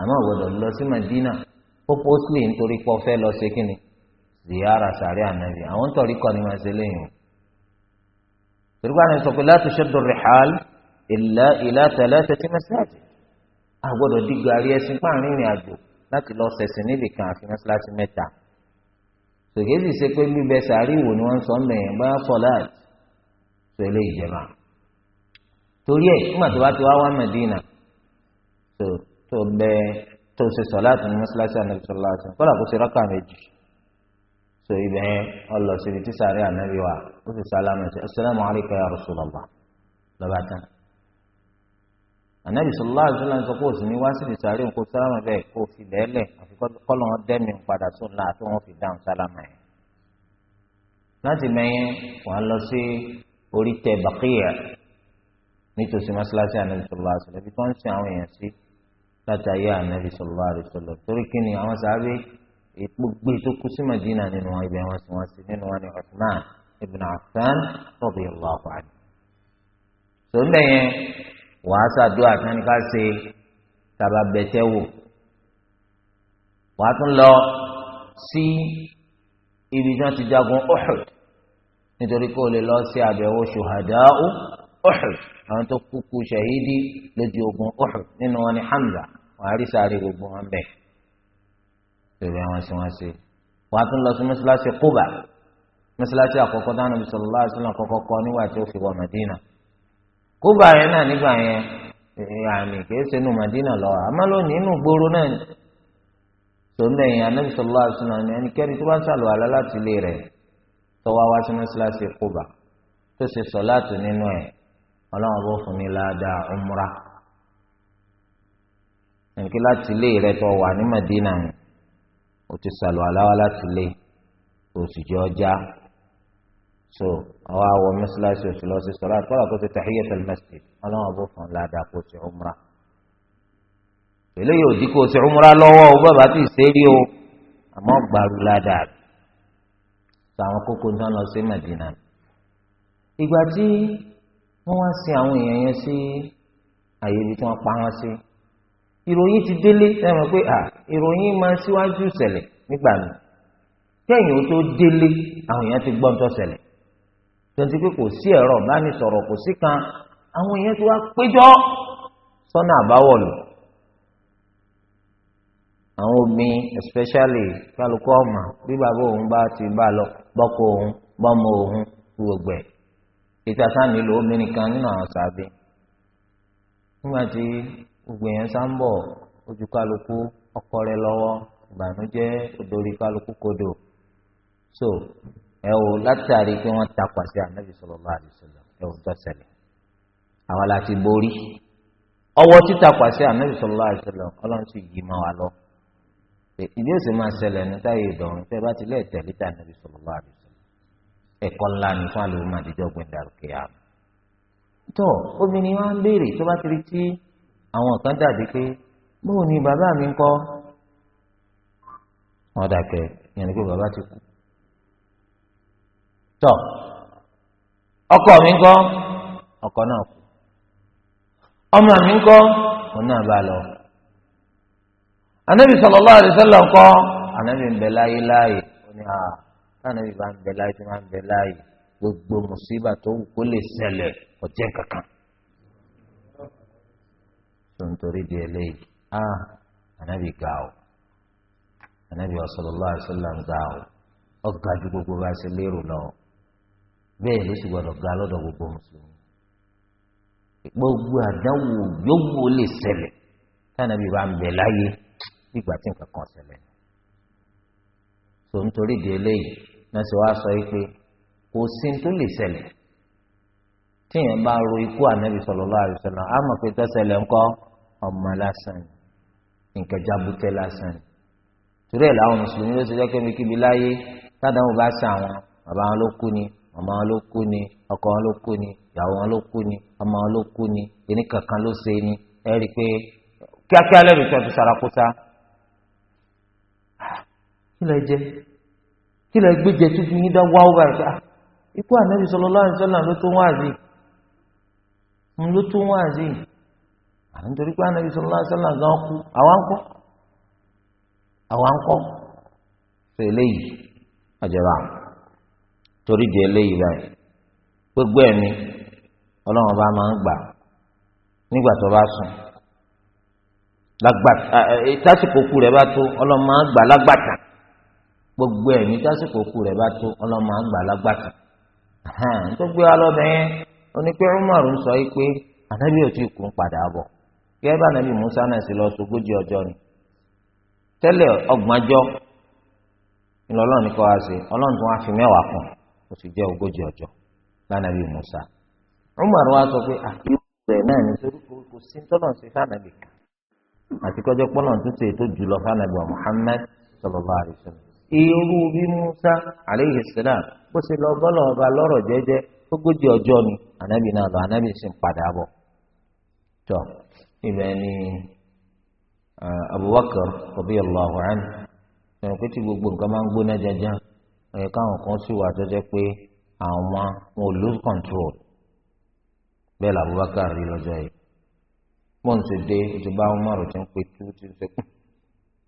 àmọ́ ọ̀gbọ́dọ̀ lọ sí Madina purposely nítorí pé ó fẹ́ lọ sí kíni ziyara sàrí ànábì àwọn tọ̀rí kọ́ ni wọ́n ṣe lẹ́yìn o tìrúkọ́ àná sọ pé la tushaddu rihal illa ila thalathati masajid àgbọ̀dọ̀ dìgbò àrí ẹṣin páàrin ìrìn àjò láti lọ sẹ̀sìn níbìkan àfi mọ́ṣáláṣí mẹ́ta tòkè sì ṣe pé bíbẹ sàárì wò ni wọ́n sọ mẹ́yìn bá fọláàtì sọ eléyìí jẹ máa torí ẹ nígbà tó bá ti wá wá Mẹdínà tó tó bẹ tó ṣe sọ láti ní mọ́ṣáláṣí ànábi sọ láti ní kọ́lá kó ṣe rákà méjì tó ibẹ̀ yẹn ọ lọ síbi tí sàárẹ̀ ànábi wà ó sì sálámù ẹ̀sẹ̀ assalamu alayka ya Rasulullah lọ́ba tán ànábi sọ láti sọ láti sọ kó o sì ní wá síbi sàárẹ̀ nǹkó sálámù bẹ́ẹ̀ kó fi lẹ́lẹ̀ àfi kọ́lọ́ dẹ́mi padà sóun náà àti wọn fi dáhùn sálámù yẹn láti mẹ́yìn wà lọ sí orí tẹ bàkìyà nítòsí masalasi anabi sallallahu alaihi wasallam ibi tó ń sin àwọn èèyàn sí látàyè anabi sallallahu alaihi wasallam torí kí ni àwọn sábẹ gbogbo tó kú sí madina nínú wọn ibi àwọn sì wọn sí nínú wọn ni Uthman ibn Affan radiyallahu anhu. sọ́ńdẹ̀ yẹn wàá sàdúrà tán ṣe tàbá bẹ̀tẹ̀ wò wàá tún lọ sí ibi tí wọ́n ti jagun Uhud nítorí kó o lè lọ sí àbẹ̀wò ṣùhàdáù Uhud àwọn tó kúkú ṣàhídì lójú ogun Uhud nínú wọn ni Hamza wọn á rí sáré gbogbo wọn bẹ̀. torí àwọn sì wọn ṣe wọn á tún lọ sí mọ́ṣáláṣí Quba mọ́ṣáláṣí àkọ́kọ́ táwọn Nabi sallallahu alaihi wasallam àkọ́kọ́ kọ́ nígbà tí ó fi wọ Madina Quba yẹn náà nígbà yẹn àmì kìí ṣe nu Madina lọ àmọ́ lónìí inú gbòòrò náà tòun lẹ́yìn Nabi sallallahu alaihi ẹnikẹ́ni tó bá ń sàlùwàlá láti ilé rẹ̀ tọ́wá wá sí mọ́ṣáláṣí Kúbà tó ṣe sọ̀láàtù nínú ẹ̀ ọlọ́run bó fún ni ládàá umra nǹkí láti ilé rẹ tó wà ní Madina o ti sàlù aláwa láti ilé o sì jọ ọjà so ọwọ́ àwọ̀ mọ́ṣáláṣí o sì lọ sí sọ̀láàtù kọ́lá tó ti tahiyyatul masjid ọlọ́run bó fún ládàá kó ti umra eléyìí ò dín kó ti umra lọ́wọ́ o bàbá ti ṣe o àmọ́ gbàrú ládàá rẹ̀ àtàwọn kókó tí wọ́n lọ sí Madina ìgbà tí wọ́n wá sí àwọn èèyàn yẹn sí àyè ibi tí wọ́n pa wọ́n sí ìròyìn ti délé ẹ mọ̀ pé à ìròyìn máa síwájú ìṣẹ̀lẹ̀ nígbà mi kẹ́yìn ó tó délé àwọn èèyàn ti gbọ́n tó ṣẹlẹ̀ pé kò sí ẹ̀rọ ìbánisọ̀rọ̀ kò sí kan àwọn èèyàn ti wá péjọ sọ́nà àbáwọ̀lù àwọn obìnrin especially kálukú ọmọ bí bàbá òun bá ti bá lọ bọ́kọ òun bọ́mọ òun gbogbo ẹ̀ ètò àṣà nílò obìnrin kan nínú àwọn sàbẹ̀ nígbà tí gbogbo èèyàn sá ń bọ̀ ojú kálukú ọkọ rẹ lọ́wọ́ ìbànújẹ́ odori kálukú kodò so ẹ wò látàrí pé wọ́n takwa sí ànábì sallallahu alaihi wasallam ẹ wò dọ́sẹ̀lẹ̀ àwa la ti borí ọwọ́ títakwa sí ànábì sallallahu alaihi wasallam ọlọ́run sì yí ma wa lọ ìdí òsì máa ṣẹlẹ̀ ní táyé ìdọ̀rùn tẹ́ bá ti lé ẹ̀tẹ̀lé tà níbi sọ̀rọ̀ bá rí sọ ẹ̀kọ́ ńlá ni fún àlùmọ́ àdìjọ́ gbẹ̀dàrúkẹ́ yà mọ́. tó obìnrin wa ń béèrè tó bá ti rí tí àwọn kan dàbí pé bóun ni bàbá mi ń kọ́ wọn dàkẹ́ ìyẹn ni pé bàbá ti kú. tó ọkọ mi ń kọ́ ọkọ náà kú ọmọ mi ń kọ́ òun náà anabi sallallahu alaihi wasallam ńkọ́ anabi ń bẹ láyé láyé ó ní ah, àá anabi bá ń bẹ láyé tó máa ń bẹ láyé gbogbo mùsíbà tó wù kó lè ṣẹlẹ̀ kò jẹ́ kankan. tó ń torí di eléyìí a ah, anabi ga o anabi sallallahu alaihi wasallam ga o ọ̀gá ju gbogbo bá ṣe lérò lọ bẹ́ẹ̀ ló sì gbọdọ̀ ga lọ́dọ̀ gbogbo mùsùlùmí gbogbo àdáwò yòówù ó lè ṣẹlẹ̀ tànàbí bá ń bẹ láyé bí ìgbà tí nǹkan kan ṣẹlẹ̀ so nítorí di eléyìí náà sì wá sọ yìí pé kò sí tó lè ṣẹlẹ̀ tíyẹn bá ro ikú ànábì sallallahu alaihi wasallam á mọ̀ pé tó ṣẹlẹ̀ ńkọ́ ọmọ lásán nǹkan jábútẹ lásán torí ẹ̀ làwọn mùsùlùmí ló ti jẹ́ kébi kíbi láyé tádàmú bá ṣe àwọn bàbá wọn ló kú ni màmá wọn ló kú ni ọkọ wọn ló kú ni ìyàwó wọn ló kú ni ọmọ wọn ló kú ni ẹnì kankan ló ṣe ni ẹ rí i pé kíákíá lẹ́nu tó ti sara kó kí lẹ jẹ kí lẹ gbé jẹ tuntun yín dá wáwó báyìí ká ah, ikú ànábì sallallahu alaihi wasallam ló tó wá àzì ló tó wá àzì àwọn nítorí pé ànábì sallallahu alaihi wasallam gan kú àwa ń kọ́ àwa ń kọ́ sọ eléyìí àjẹbà torí di eléyìí báyìí gbogbo ẹ̀mí ọlọ́run bá máa ń gbà nígbà tó bá sùn lágbàtà ẹ eh, eh, tásìkò kú rẹ bá tó ọlọ́run máa ń gbà lágbàtà gbogbo ẹ̀mí tásìkò kù rẹ̀ bá tó ọlọ́mọ àgbàlagbàkà tó gbé wa lọ́bẹ̀ yẹn onípẹ́ Umar ń sọ pé ànábì ò tí kú ń padà bọ̀ gẹ́gẹ́ bá ànábì Musa náà sì lọ sógójì ọjọ́ ni tẹ́lẹ̀ ọgbọ̀njọ́ ńlọlọ́ọ̀ni kọ́ wa ṣe ọlọ́run tó wá fi mẹ́wàá kàn sì jẹ́ ogójì ọjọ́ lánàbì Musa Umar wa sọ pé àkíyèsí rẹ̀ náà kò sí àti kọjọ́ pọ́nà tó ètò jùlọ irú bí Musa aleyhi salam bó ṣe lọ bọ́lọ̀ ọba lọ́rọ̀ jẹ́jẹ́ ogójì ọjọ́ ni anabi náà lọ anabi sì ń padà bọ̀ tó ibẹ̀ ni Abubakar radiyallahu anhu ẹ̀rọ pé tí gbogbo nǹkan máa ń gbóná jẹjẹ́ ẹ̀ káwọn kan sì wà tó jẹ́ pé àwọn wọn ò lose control bẹ́ẹ̀ la Abubakar rí lọ́jọ́ yìí pọ́ǹsì dé ìjọba Umaru ti ń pe tú ti ń sẹ́kù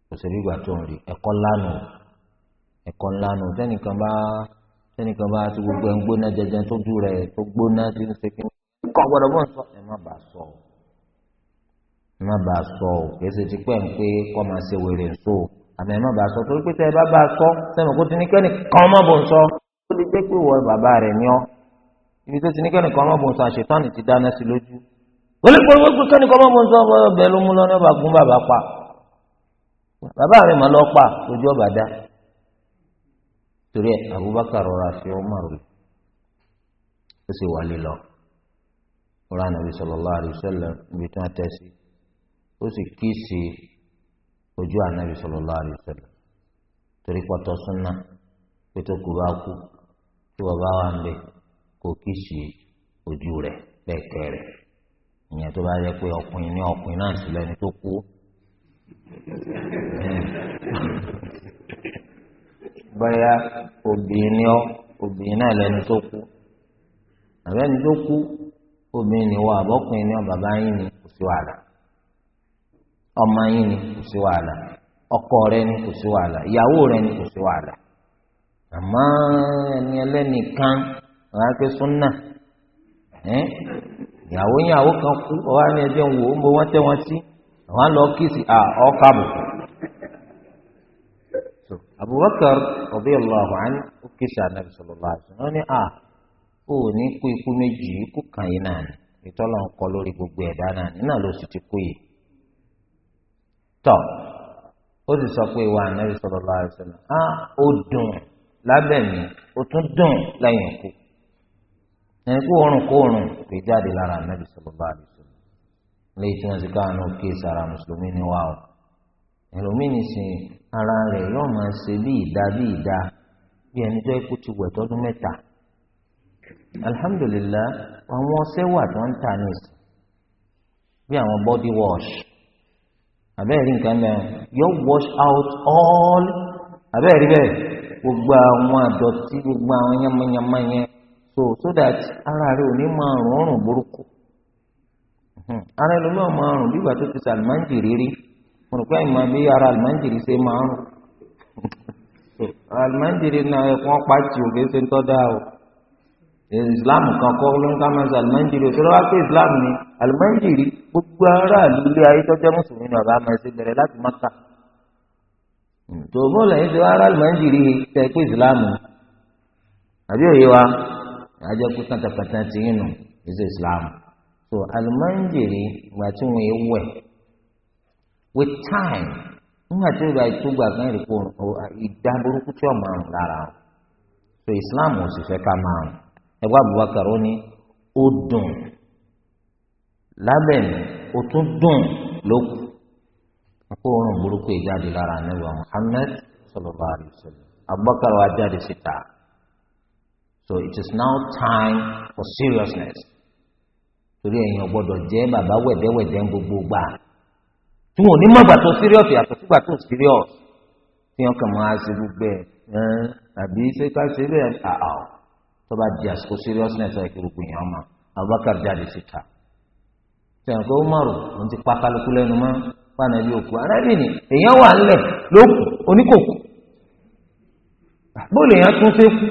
kò sí bí ìgbà tó ń rí ẹ̀kọ́ lánàá ẹ̀kọ́ ńlá nù tẹ́nìkan bá tẹ́nìkan bá ti gbogbo ẹ̀ ń gbóná jẹjẹ tójú rẹ̀ tó gbóná ti ń ṣe kí n kọ́ gbọ́dọ̀ bọ́ ń sọ ẹ má bàa sọ ọ ẹ má bàa sọ ọ kìí ṣe ti pẹ́ ń pé kọ́ máa ṣe wèrè ń sọ àmì ẹ má bàa sọ torí pé tẹ́ ẹ bá bàa sọ sẹ́mi kó ti ní kẹ́ni kan má bò ń sọ ó lè jẹ́ pé wọ bàbá rẹ̀ ni ọ́ ibi tó ti ní kẹ́ni kan má bò ń sọ àṣetánì ti dáná sí lójú ó torí ẹ Abubakar rọra fi Umar rẹ ó sì wálé lọ ọ̀rọ̀ ànàbì sallallahu alaihi wasallam ibi tí wọ́n tẹ́ sí ó sì kíìsì ojú ànàbì sallallahu alaihi wasallam torí pọtọ súnà pé tó kú bá kú tí wọ́n bá wà ń bẹ kó kíìsì ojú rẹ̀ bẹ́ẹ̀ kẹrẹ̀ ìyẹn tó bá yẹ pé ọkùnrin ní ọkùnrin náà sílẹ̀ ní tó kú. báyà obìnrin ọ obìnrin náà lẹni tó kú àbẹ́ni tó kú obìnrin ni wọ́n àbọ́kùnrin ni ọ bàbá yín ni kò sí wàhálà ọmọ yín ni kò sí wàhálà ọkọ rẹ ni kò sí wàhálà ìyàwó rẹ ni kò sí wàhálà àmọ́ ẹni ẹlẹ́nìkan ọ̀rá pé súnà ìyàwó yín abubakar radiyallahu anhu ó ké sí anabi a ó ní kú ikú méjì ikú kan yìí náà ni ìtọ́lọ̀ gbogbo ẹ̀dá náà ni náà ló sì ti yìí tọ́ ó sọ pé ìwà a ah, ó dùn lábẹ́ mi ó tún dùn lẹ́yìn ikú ẹni kó oorun kó oorun pè jáde lára anabi lẹ́yìn tí wọ́n ti káwọn náà ké sára mùsùlùmí ni wà ó ẹlòmíì ara rẹ̀ yóò máa ṣe bí ìdá bí ìdá bí ẹni tó kú ti wẹ̀ tọ́dún mẹ́ta alhamdulillah àwọn ọṣẹ wà tó ń tà ní ìsìn bí àwọn body wash àbẹ́ẹ̀rí nǹkan mẹ́rin yóò wash out all àbẹ́ẹ̀rí bẹ́ẹ̀ gbogbo àwọn àdọ̀tí gbogbo àwọn yamayama yẹn so so that ara rẹ̀ ò ní máa rùn rùn burúkú ara ẹlòmíràn máa rùn bí ìgbà tó ti sàlùmáǹdì rírí mo rò pé ìmọ̀ bí ara àlùmọ́ǹdìrì ṣe máa ń rùn àlùmọ́ǹdìrì náà ẹ̀kọ́ pàtì òkè ṣe ń tọ́da o islam kan kọ́ ló ń ká máa ṣe àlùmọ́ǹdìrì òṣèré wá pé islam ni àlùmọ́ǹdìrì gbogbo aráàlú ilé ayé tọ́jọ́ mùsùlùmí ni ọ̀bá máa ṣe bẹ̀rẹ̀ láti Mákà tòbó lẹ́yìn tí wàá rálùmọ́ ń jìrì tẹ pé ìsìláàmù àbí òye wa àjẹ pé kàtàkàtà ti yín nù ìṣe ìsìláàmù tó àlùmọ́ ìgbà tí wọ́n wẹ̀ with time nígbà tí ìgbà ìtúgbà kan rí kó ìdá burúkú tí ọmọ lára so islam ò sì fẹ́ ká máa rùn ẹgbẹ́ abubakar ó ní ó dùn lábẹ́ mi ó tún dùn lókù so it is now time for seriousness torí ẹ̀yin ò jẹ́ bàbá wẹ̀dẹ́wẹ̀dẹ́ tí wọn ò ní mọ̀gbà tó serious yàtọ̀ sígbà tó serious tí wọn kàn máa ṣe gbogbo ẹ̀ tàbí ṣé ká ṣe bẹ́ẹ̀ àà tó bá di àsìkò seriousness ẹ̀ kúrò gbìyànjú ọmọ Abubakar jáde síta sẹ̀ǹkó Umaru ló ti pa kálukú lẹ́nu mọ́ fáànà bí òkú arábìnrin ni èèyàn wà ńlẹ̀ lókù oníkòkù bóòlù èèyàn tún ṣe kú.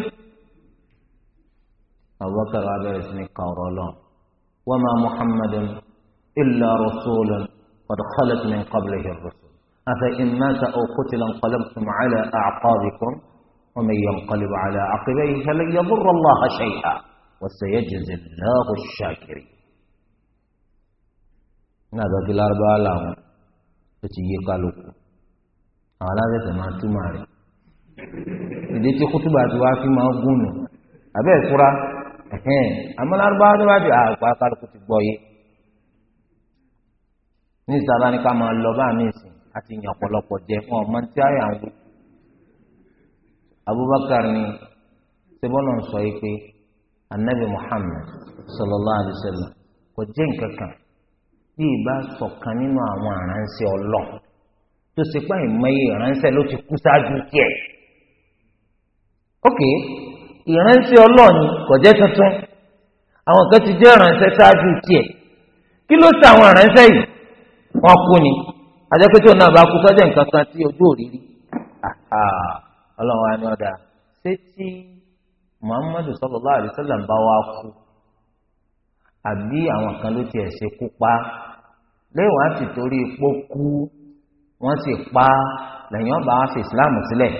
Abubakar wa bẹ̀rẹ̀ sí ni kàwọ́rọ́ lọ wọ́n máa Muhammadun illa rasulun. قد خلت من قبله الرسل أفإن مات أو قتل انقلبتم على أعقابكم ومن ينقلب على عقبيه فلن يضر الله شيئا وسيجزي الله الشاكرين هذا في الأربعة لهم تتيجي قالوا على ذلك ما تماري إذا ti àgbà kálukú ما waa fi maa أما nu abe ifura amo larubawa to ní ìtara ni ká máa lọ bá mi sìn àti yàn ọ̀pọ̀lọpọ̀ jẹ fún Abubakar ni sebọ́nà sọ yìí pé anabi Muhammad sallallahu alayhi wa sallam kò jẹ́ nǹkan kan bí ìbá sọ̀kan nínú àwọn àránṣẹ́ ọlọ́ tó ṣe pé ìmọ̀ye ìránṣẹ́ ló ti kú ṣáájú tiẹ̀. ok ìránṣẹ́ ni kò jẹ́ tuntun àwọn kan ti jẹ́ ìránṣẹ́ ṣáájú tiẹ̀ kí ló ṣe àwọn ìránṣẹ́ yìí. wọ́n kú ni àjẹpẹtẹ òun náà bá kú sọjẹ nǹkan kan tí ojú òrìrì Ọlọ́run àni ọdà ṣé tí Muhammadu sallallahu alaihi wasallam ń bá wa kú àbí àwọn kan ló tiẹ̀ ṣe kú pa léèwọ̀n á sì torí ipò kú wọ́n sì pa lẹ́yìn ọba wa fi Islam sílẹ̀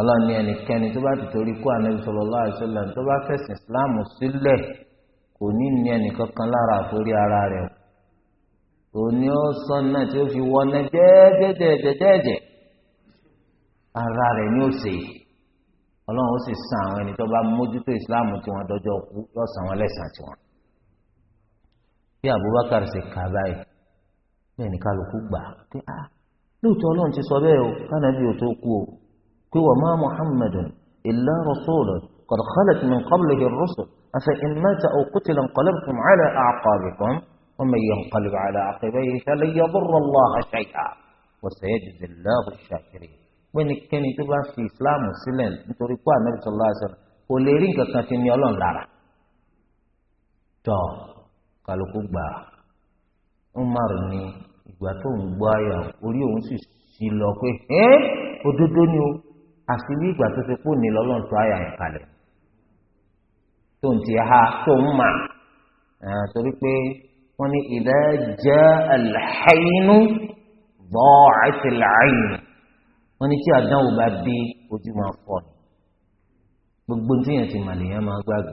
Ọlọ́run ní ẹnikẹ́ni tó bá ti torí kú Ànábì sallallahu alaihi wasallam tó bá fẹ̀sìn Islam sílẹ̀. kò ní ní ẹnìkan kan lára àforí ara rẹ o òní ó sọ náà tí ó fi wọlé jẹ́ẹ́jẹ́jẹ́jẹ́jẹ́ ara rẹ ni ó sè ọlọ́run ó sì san àwọn ẹni tó bá mójútó ìsìláàmù tí wọ́n dọ́jọ́ wọn lẹ́sàn bí Abubakar ṣe kà báyìí bẹ́ẹ̀ ni kálukú gbà pé sọ bẹ́ẹ̀ o ò tó kú o pé Muhammadun قد خلت من قبله الرسل أفإن مات أو قتل انقلبتم على أعقابكم ومن ينقلب على عقبيه فلن يضر الله شيئا وسيجزي الله الشاكرين وين كان يتبع في إسلام وسلم أنتم ركوا النبي صلى الله عليه وسلم ولرين كتاتين يالون لارا تو قالوا كبا أمرني ìgbà tó ń gbọ àyà orí òun sì sí lọ pé ẹ òdodo ni o àfi wí ìgbà tó fi kú ni lọlọ́run tó àyà ẹ̀ kalẹ̀ tó ń ti ha tó ń mà torí pé wọ́n ní idha jaa al-haynu da'at al-'ayn wọ́n ní tí àdánwò bá dé ojú máa fọ́ ni gbogbo tí yẹn ti mà lèèyàn máa gbàgbé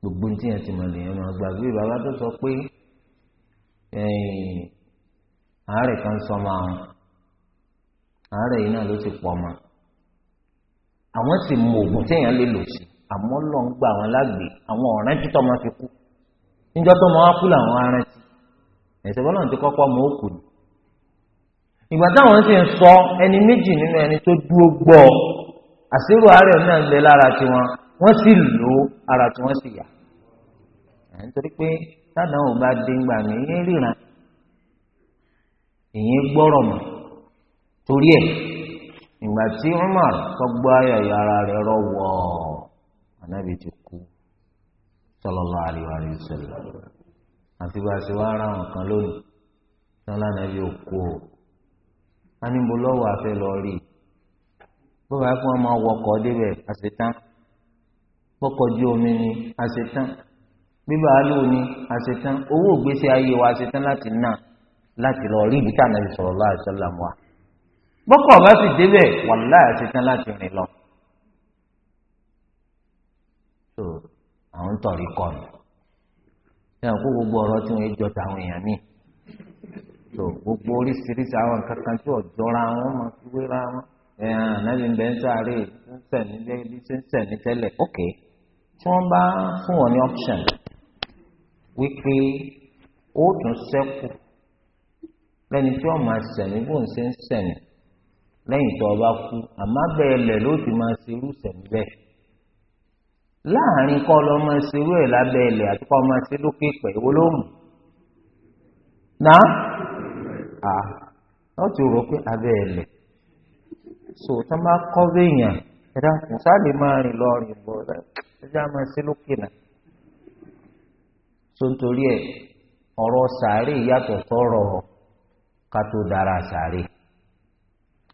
gbogbo tí yẹn ti mà lèèyàn máa gbàgbé bàbá tó sọ pé àárẹ̀ kan sọmọ àwọn àárẹ̀ yìí náà ló ti pọ̀ mọ́ àwọn sì mọ òògùn téèyàn lè lò sí i àmọ́ lọ ń gba àwọn lágbè àwọn ọ̀ràn tí tọmọ fi kú níjọ́ tọmọ wá kú làwọn aràn ti ẹ̀sẹ̀ bọ́lá ti kọ́kọ́ mọ òkú ni. ìgbà táwọn sì ń sọ ẹni méjì nínú ẹni tó dúró gbọ́ àṣírò àárẹ̀ náà lẹ lára tiwọn wọ́n sì lò ó ara tiwọn sì yà. nítorí pé tádàn ò bá dé ńgbà mí ìyẹn ríran ìyẹn gbọ́rọ̀ mọ̀ torí ẹ̀ ìgbà tí Umar tọgbọ́ ayọ̀ ara rẹ̀ rọ̀ wọ̀ọ́ ànábì ti kú sallallahu alaihi wa sallam àti bá a ṣe wá ara wọn kan lónìí sọlá ànábì ò kú o a ní mo lọ́wọ́ afẹ́ lọ rí i bó bá kí wọ́n máa wọkọ̀ débẹ̀ àṣetán bọ́kọ̀ ju omi ni àṣetán bíbá àlù ni àṣetán owó ìgbésí ayé wa àṣetán láti nà láti lọ rí ibi tí ànábì sallallahu alaihi wa sallam wà bọ́kọ̀ bá sì débẹ̀ wàláhì àṣetán láti rìn lọ. àwọn ń tọ̀rí kọ́ ni ẹ̀hún kó gbogbo ọ̀rọ̀ tí wọ́n jọ tàwọn èèyàn míì tó gbogbo oríṣiríṣi àwọn nǹkan kan tí ọ̀jọ́ra wọn máa fi wéra wọn ẹ̀hún ànábì ń bẹ́ ń sáré ń sẹ̀ nílé bí ṣe ń sẹ̀ ní tẹ́lẹ̀ ok tí wọ́n bá fún wọn ní option wípé ó tún sẹ́kù lẹ́ni tí wọ́n máa sẹ̀mí bó ń ṣe ń sẹ̀mí lẹ́yìn tó o bá kú àmọ́ ló ti máa ṣe irú sẹ̀mí bẹ́ẹ̀. láàrin kọ́ lọ máa ṣe irú ẹ̀ lábẹ́ ilẹ̀ àti kọ́ máa ṣe lókè pẹ̀ ìwọ ló mú ti rò pé abẹ́ ilẹ̀ so máa kọ́ béèyàn ẹ̀dá kò sáàlì máa rìn lọ rìn bọ̀ ẹ̀dá máa ṣe so nítorí ẹ̀ ọ̀rọ̀ sàárè yàtọ̀ sọ̀rọ̀ ká tó dára sàárè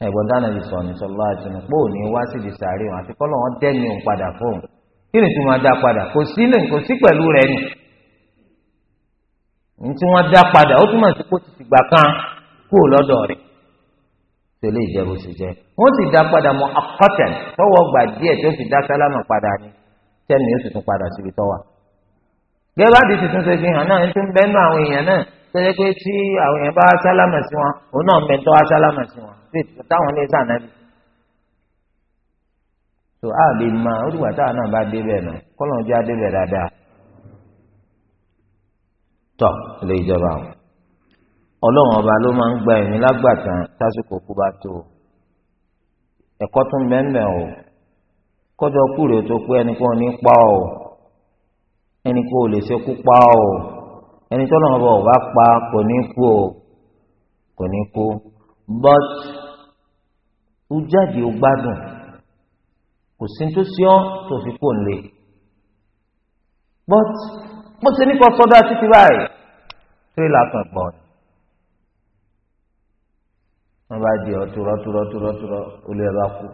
ẹ̀gbọ́n sọ̀ ní sọ́lá àti ní wá sàárè wọn kí ni tí wọ́n dá padà kò sí lè kò sí pẹ̀lú rẹ̀ ni ntí wọ́n dá padà ó túmọ̀ sí kó ti fìgbà kan kú lọ́dọ̀ rẹ̀ tẹ̀lé ìjẹ́bù sì jẹ́ wọ́n sì dá padà mọ́ akọ́tẹ̀n tọwọ́ gbà díẹ̀ tí ó fi dá sálámà padà ni tẹ́ni ó sì tún padà síbi tọ́wà. gẹ́gẹ́ bá di tuntun ṣe fi hàn náà ntí ń bẹ́nu àwọn èèyàn náà tẹ́lẹ̀ pé tí àwọn èèyàn bá sálámà sí wọn òun náà mẹ́tọ́ sálámà sí wọn táwọn tó a lè ma ó dìgbà táwọn náà bá débẹ̀ nù kọ́lọ̀ ń jẹ́ adébẹ̀ dáadáa tọ́ ilé ìjọba o ọlọ́run ọba ló máa ń gba ẹ̀mí lágbàtàn sásìkò kú bá tó ẹ̀kọ́ tún bẹ́ẹ̀ o kọ́jọ kú rèé tó pé ẹnì kan ní pa o ẹnì kan ò lè ṣekú pa o ẹni tó lọ́wọ́ bọ̀ bá pa kò ní kú o kò ní kú but ó jáde ó gbádùn kò sí tó sí ọ tó fi kó nílé but bó ṣe ní kọ sọdọ títí báyìí tírélà kan gbọ ni wọn bá di ọ tùrọ tùrọ tùrọ tùrọ olè bá kú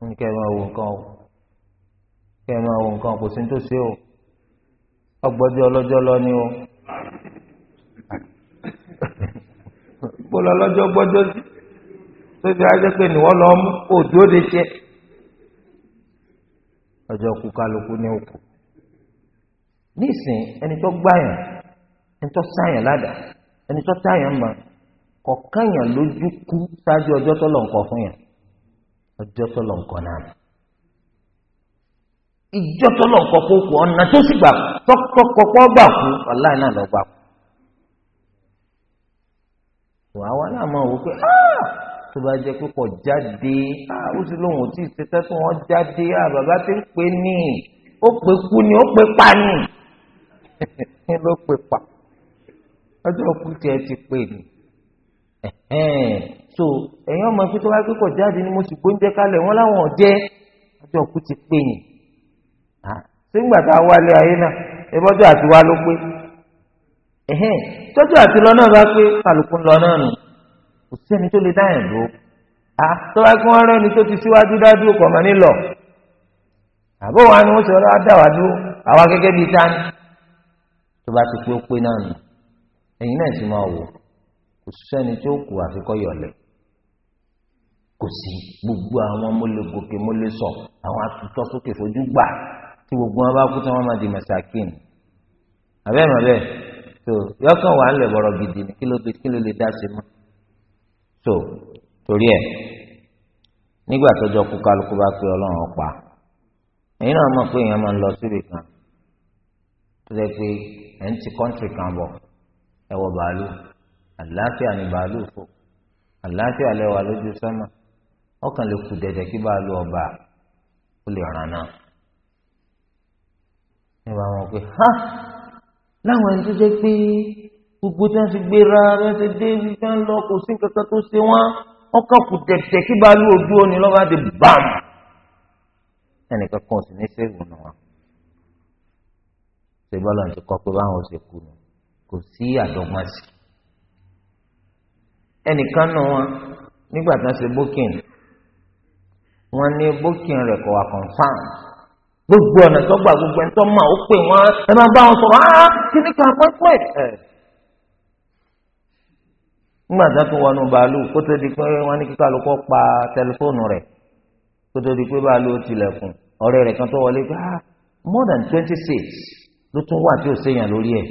wọn kẹ máa wo nǹkan o kẹ máa wo nǹkan kò sí tó sí o ọgbọdẹ ọlọ́jọ́ lọ ni o kó <laughs> lọ lọ́jọ́ gbọ́dọ̀ sí tó fi ajẹ pé nìwọ lọ mú òdúró de tiẹ̀ ọjọ́ kú kálukú ní òkú nísìn ẹni tó gbàyàn ẹni tó sáyàn ládàá ẹni tó táyàn mọ kọkànyàn lójú kú ṣáájú ọjọ́ tó lọ nǹkan fún yàn ọjọ́ tó lọ nǹkan náà ìjọ tó lọ nǹkan kó kú ọ̀nà tó sì gbà tọkọkọ gbà kú wàláì náà lọ gbà kú. wàá wà láàmú àwọn òkú ẹ́ tó bá jẹ́ pé kò jáde ó sì lóun ò tí ì ṣe tẹ́tù wọn jáde bàbá tí ń pè ní ó pè kú ni ó pè pa ni ní <laughs> ló pè pa ọjọ́ òkú tiẹ̀ ti pè ní so ẹ̀yin ọmọ pé tó bá pé kò jáde ni mo sì gbóúnjẹ kalẹ̀ wọn láwọn ọ̀jẹ́ ọjọ́ òkú ti pè ní sígbà tá a wálé ayé náà ẹbọ́jọ́ àti wá ló pé tọ́jú àti lọ bá pé kálukú ń lọ náà nù kò sẹ́ni tó lè dáyàn dúró à tó bá kí wọ́n rẹ́ni tó ti síwájú dájú kọ̀ mọ́ nílọ àbó wa ni wọ́n sọ ọ́ dáwà dúró àwa gẹ́gẹ́ bíi tani tó bá ti pé ó pé náà nù ẹ̀yin náà sì máa wò kò sẹ́ni tó kù àfikọ́ yọ̀lẹ̀ kò sí gbogbo àwọn mọ́lẹ́gòkè mọ́lẹ́sọ̀ àwọn atutọ́sókè fojú gbà tí gbogbo wọn bá kú tí wọn máa di masakin àbẹ́rẹ́ àbẹ́rẹ́ tó yọkàn wà ń lẹ̀ bọ̀rọ̀ gidi ni kí ló lè dá sí mọ́ tó torí ẹ̀ nígbà tọ́jọ́ kú kálukú bá pé ọlọ́run ọ̀pá èyí náà mọ̀ pé èèyàn máa ń lọ síbi kan tó jẹ́ pé ẹ̀ ń ti kọ́ńtì kan bọ̀ ẹ wọ bàálù àlàáfíà ni bàálù fò àlàáfíà lẹ́wà lójú sánmà ọkàn lè kù dẹ̀dẹ̀ kí bàálù ọba ó lè ràn náà nígbà wọn pé ha láwọn ẹni tó jẹ́ pé gbogbo tí wọ́n ti gbéra tí wọ́n ti dé ibi tí wọ́n lọ kò sí kankan tó ṣe wọ́n wọ́n kàn kù dẹ̀dẹ̀ kí bàálù ojú òní lọ́ba di bam ẹnìkan kan sì ní sẹ́gun náà ṣe bọ́lá ti kọ́ pé báwọn ṣe kú ni kò sí àdọ́gbọ́n sí ẹnìkan náà wọn nígbà tí wọ́n ṣe bókìn wọ́n ní bókìn rẹ̀ kọ̀ wá confam gbogbo ọ̀nà tó gbà gbogbo ẹni tó mọ̀ ó pè wọ́n ẹ máa bá wọn sọ̀rọ̀ á ah, kíní kan pẹ́pẹ́ ẹ̀ nígbà tí wọ́n tún wọnú bàálù kó tó di pé wọ́n ní kíkà lóko pa tẹlifóònù rẹ̀ kó tó di pé bàálù ó tilẹ̀kùn ọ̀rẹ́ rẹ̀ kan tó wọlé pé ah more than twenty six ló tún wà tí ò séyàn lórí ẹ̀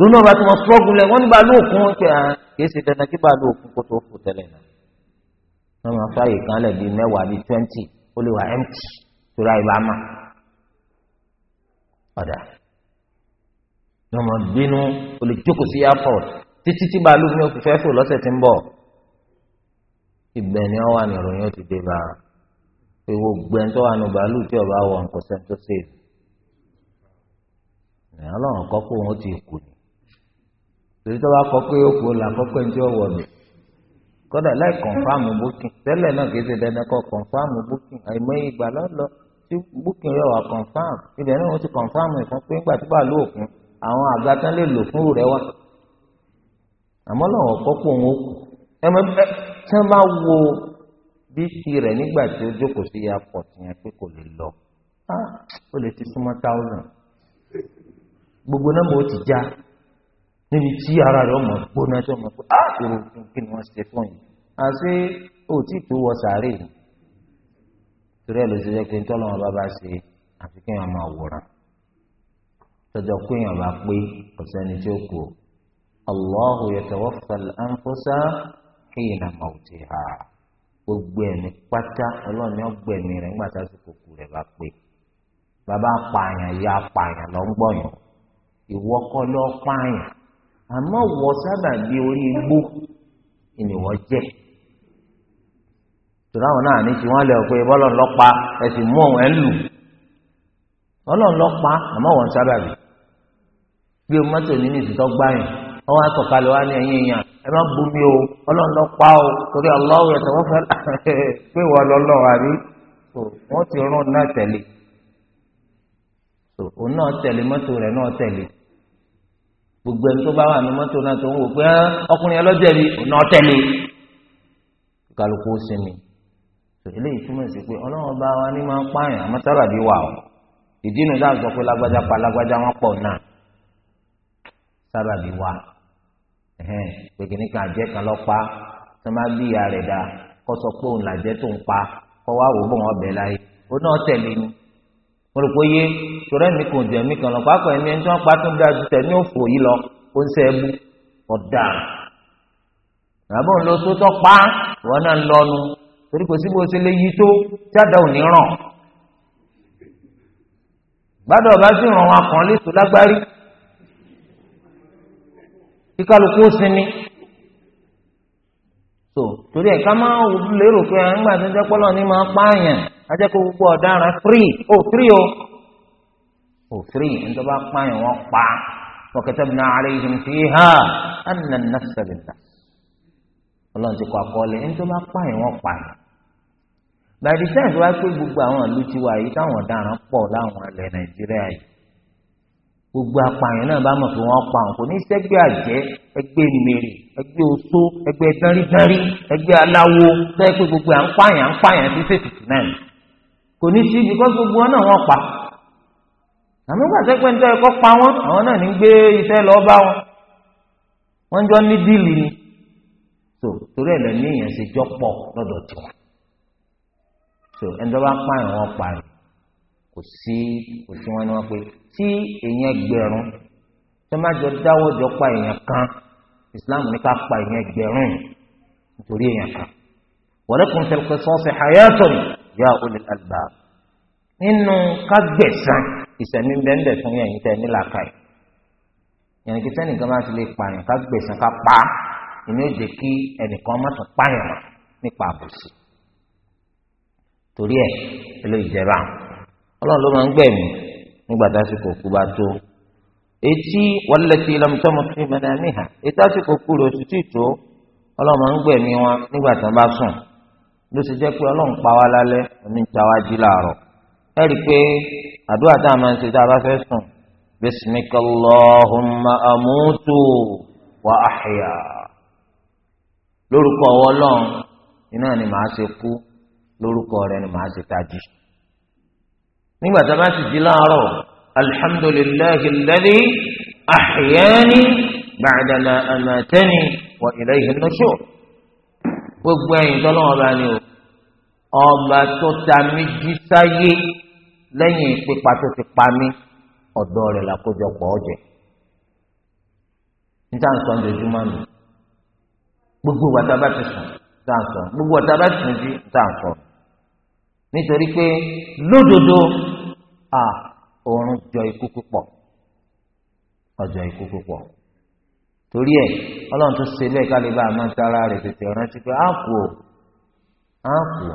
lónà ọba tí wọ́n struggle ẹ̀ wọ́n ní bàálù òkun pé ah kìí ṣe dandan kí bàálù òkun kó tó fò tẹ́lẹ̀ náà wọ́n máa fáyè kan lẹ̀ bíi mẹ́wàá bíi twenty ó lè wà empty torí àyíbá mà ọ̀dà wọ́n máa bínú ó lè jókòó sí airport títí tí bàálù mi ò fi fẹ́ fò lọ́sẹ̀ tí ń bọ̀ ibẹ̀ ni wọ́n wà ní ìròyìn ó ti dé bá ewu gbẹ́n tó wà ní bàálù tí ọba wọ̀ nǹkan sẹ́n tó ṣe ní ọlọ́run kọ́ pé òun ti kù ní torí tó bá kọ́ pé ó kù là kọ́ pé ní tí ó wọ̀ mí kódà láì kọ̀nfàmù búkìn tẹ́lẹ̀ náà kì í ṣe dandan kọ́ kọ̀nfàmù búkìn àìmọye ìgbà lọ́lọ́ tí búkìn rẹ̀ wà kọ̀nfàmù ibẹ̀ náà ti kọ̀nfàmù ìfún pé tí bàálù òkun àwọn àga tán lè lò fún rẹ̀ àmọ́ náà ọ̀pọ̀ pò ń wò ẹ mọ ẹ tí wọ́n bá wo bíìsì rẹ̀ nígbà tí ó jókòó sí airport yẹn pé kò lè lọ ó lè ti súnmọ́ thousand gbogbo nọ́mbà ó ti já níbi tí ara rẹ̀ ọmọ gbóná tí ọmọ pé á èrò kí ni wọ́n ṣe fún yìí àti òtí tó wọ sàárè yìí torí ẹ ló ṣe jẹ́ pé ntọ́lọ́wọ́n bá bá ṣe àfi kéèyàn máa wòran tọjọ́ kéèyàn bá pé ọ̀sẹ́ni tí ó kù o. الله يتوفى الأنفس حين موتها. mawtiha gbogbo ẹ̀mí pátá ọlọ́ọ̀ni ọgbẹ̀mí rẹ̀ ńgbà tásìkò kù rẹ̀ bá pé bàbá apààyàn ya apààyàn lọ ń gbọ̀yàn ìwọ kọ́ lọ pààyàn àmọ́ wọ sábà bí orí igbó ìnìwọ́ jẹ́ tòun àwọn náà ní tí wọ́n lẹ̀ bọ́lọ̀ lọ́pa ẹ̀sìn mú ọ̀hún ẹ̀ ń lù bọ́lọ̀ lọ́pa àmọ́ wọ́n sábà bí bí o mọ́tò nínú ìsìtọ́ gbáyàn àwọn asọ̀kalẹ̀ wa ní ẹ̀yìn èèyàn ẹ má bu mi o ọlọ́run lọ pa o torí Allahu yatawaffa <laughs> pé wọ́n lọ lọ wà rí wọ́n ti rún náà tẹ̀lé òun náà tẹ̀lé mọ́tò rẹ̀ náà tẹ̀lé gbogbo ẹni tó bá wà ní mọ́tò náà tó ń wò pé ah, ọkùnrin ẹlọ́jẹ̀bi òun náà tẹ̀lé kálukú sinmi eléyìí túmọ̀ sí pé ọlọ́run bá wa ní máa ń pààyàn àmọ́ sábàbí wà o ìdí inú dáhùn sọ pé lágbájá pa lágbájá wọn pọ̀ náà sábàbí wà o gbẹ̀gìnì kan àjẹ́ kan lọ pa tó máa bí ìyá rẹ̀ dá kó sọ pé òun làjẹ́ tó ń pa kó wá wò bọ̀ wọn bẹ̀ láyé ó náà tẹ̀lé ni mo rò pé yé sọ̀rọ̀ ẹ̀mí kan jù ẹ̀mí kan lọ pàápàá ẹ̀mí ẹni tí wọ́n pa tó dáa ju tẹ̀mí òfò yìí lọ ó ń sẹ́ ẹbú ọ̀dà bàbá òun lọ sótọ́ pa ìwọ náà ń lọnu torí kò sí bó ṣe lè yí tó tí àdá ò ní ràn gbádùn ọba sì ràn wọn àkànlé tó lágbárí kí sinmi so torí ẹ ká máa lérò pé àgbà tó jẹ́ pọ́lọ́ ní máa pààyàn ajẹ́ kó gbogbo oh, free o ó oh, free ẹni tó bá pààyàn wọ́n pa wa katabna alayhim anna an-nafsa bin-nafs ọlọ́run ti kọ́ akọ́lẹ̀ ẹni tó bá pààyàn wọ́n pé gbogbo àwọn ìlú tiwa yìí táwọn ọ̀daràn pọ̀ láwọn Nàìjíríà yìí gbogbo apààyàn náà bá mọ̀ pé wọ́n pa òun kò ní sẹ́gbẹ́ àjẹ́ ẹgbẹ́ mèrè ẹgbẹ́ oṣó ẹgbẹ́ dánrídánrí ẹgbẹ́ aláwo bẹ́ẹ̀ pé gbogbo à ń pààyàn à ń pààyàn ti ṣe tìtì náà kò ní sí ibi kọ́ gbogbo wọn náà wọ́n pa àmọ́ gbà sẹ́pẹ́ ń ẹ̀kọ́ pa wọ́n àwọn náà ní gbé iṣẹ́ lọ bá wọn wọ́n jọ ní díìlì ni tó torí ẹ̀ lẹ́ni èèyàn ṣe jọ́pọ̀ lọ́dọ̀ tiwọn tó ẹni kò sí òsì wọn ni wọn pe tí èèyàn gbẹ̀rún tó má jọ dáwọ́ jọ pa èèyàn kan islam ní ká pa èèyàn gbẹ̀rún nítorí èèyàn kan walakum fil qisasi hayatun ya ulil albab nínú kágbẹ̀sán ìsẹ̀mí bẹ́ẹ̀ fún yẹn tẹ ní làákàyè yẹn kí sẹ́nìkan bá ti lè pààyàn kágbẹ̀sán ká pa ìní ó jẹ́ kí ẹnìkan má tún pààyàn nípa àbòsí torí ẹ̀ eléyìí jẹ́ báwọn ọlọ́run ló máa ń gbẹ̀mí nígbà tásìkò kú bá tó etí wọlẹ́tì lọ́mùtọ́mùtì mẹ́nàmí hà etí àsìkò kú rẹ̀ oṣù tí tó ọlọ́run máa ń gbẹ̀mí wọn nígbà tán bá sùn ló sì jẹ́ pé ọlọ́run pa wá lálẹ́ òní ń ta wá jí làárọ̀ ẹ rí i pé àdúrà tá a máa ń ṣe tá a bá fẹ́ sùn bisimikallahumma amutu wa ahya lórúkọ ọwọ́ ọlọ́run iná ni màá ṣe kú lórúkọ rẹ ni màá ṣe tají nígbà tá a bá sì di láàárọ̀ alhamdulillahi alladhi ahyani ba'da ma amatani wa ilayhi nushur gbogbo ẹ̀yin tọ́lọ́wọ́n bá ní o ọba tó ta mí jí sáyé lẹ́yìn pípa tó ti pa mí ọ̀dọ̀ rẹ̀ làkójọpọ̀ ọ̀jẹ̀ níta ń sọ ojoojúmọ́ mi gbogbo wàtá bá ti sùn níta ń sọ gbogbo wàtá bá ti sùn jí níta ń sọ nítorí pé lódodo. a oorun jọ ikú púpọ̀ ọjọ́ ikú púpọ̀ torí ẹ ọlọ́run tó ṣe bẹ́ẹ̀ kálí bá a máa ń tara rẹ̀ tètè pé a kù a kù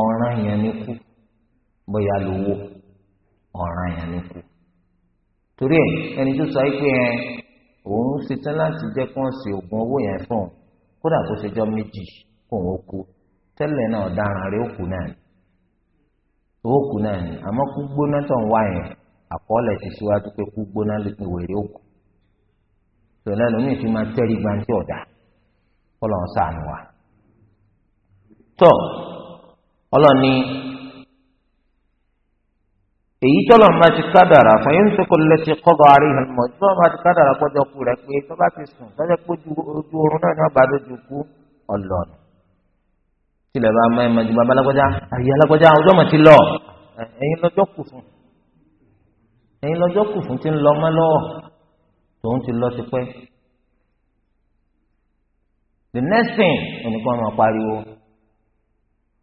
ọ̀ràn yẹn ní kú bóyá ọ̀ràn yẹn ní kú torí ẹni tó sọ pé ẹ òun ṣetán láti jẹ́ oògùn owó yẹn fún un kódà kó owó kù náà ni àmọ́ kú gbóná tó ń wá yẹn àkọọ́lẹ̀ ti síwájú pé kú gbóná ló ti wèrè òkú tòlẹ́ lómi fi máa tẹ́rí gbanti ọ̀dà kọ́lọ̀ ń sànù wa. tọ́ ọlọ́ni èyí tọ́lọ̀ máa ti kádàrà fún yín tó kọ́ lẹ́sí kọ́gọ́ àárín ìhàn mọ́ tí wọ́n máa ti kádàrà kọjọ́ kú rẹ̀ pé tó bá ti sùn tọ́jọ́ pé ojú oorun náà ni wọ́n bá lójú kú ọlọ́ni tilẹ̀ bá mọ ẹ̀mọ́ ju bàbá alágbọ́já àyè alágbọ́já ọjọ́ mọ̀ ti lọ ẹ̀yin lọ́jọ́ kù fún ẹ̀yin lọ́jọ́ kù fún ti ń lọ mọ́ lọ́wọ́ tòun ti lọ tipẹ́ the next thing oníkan máa pariwo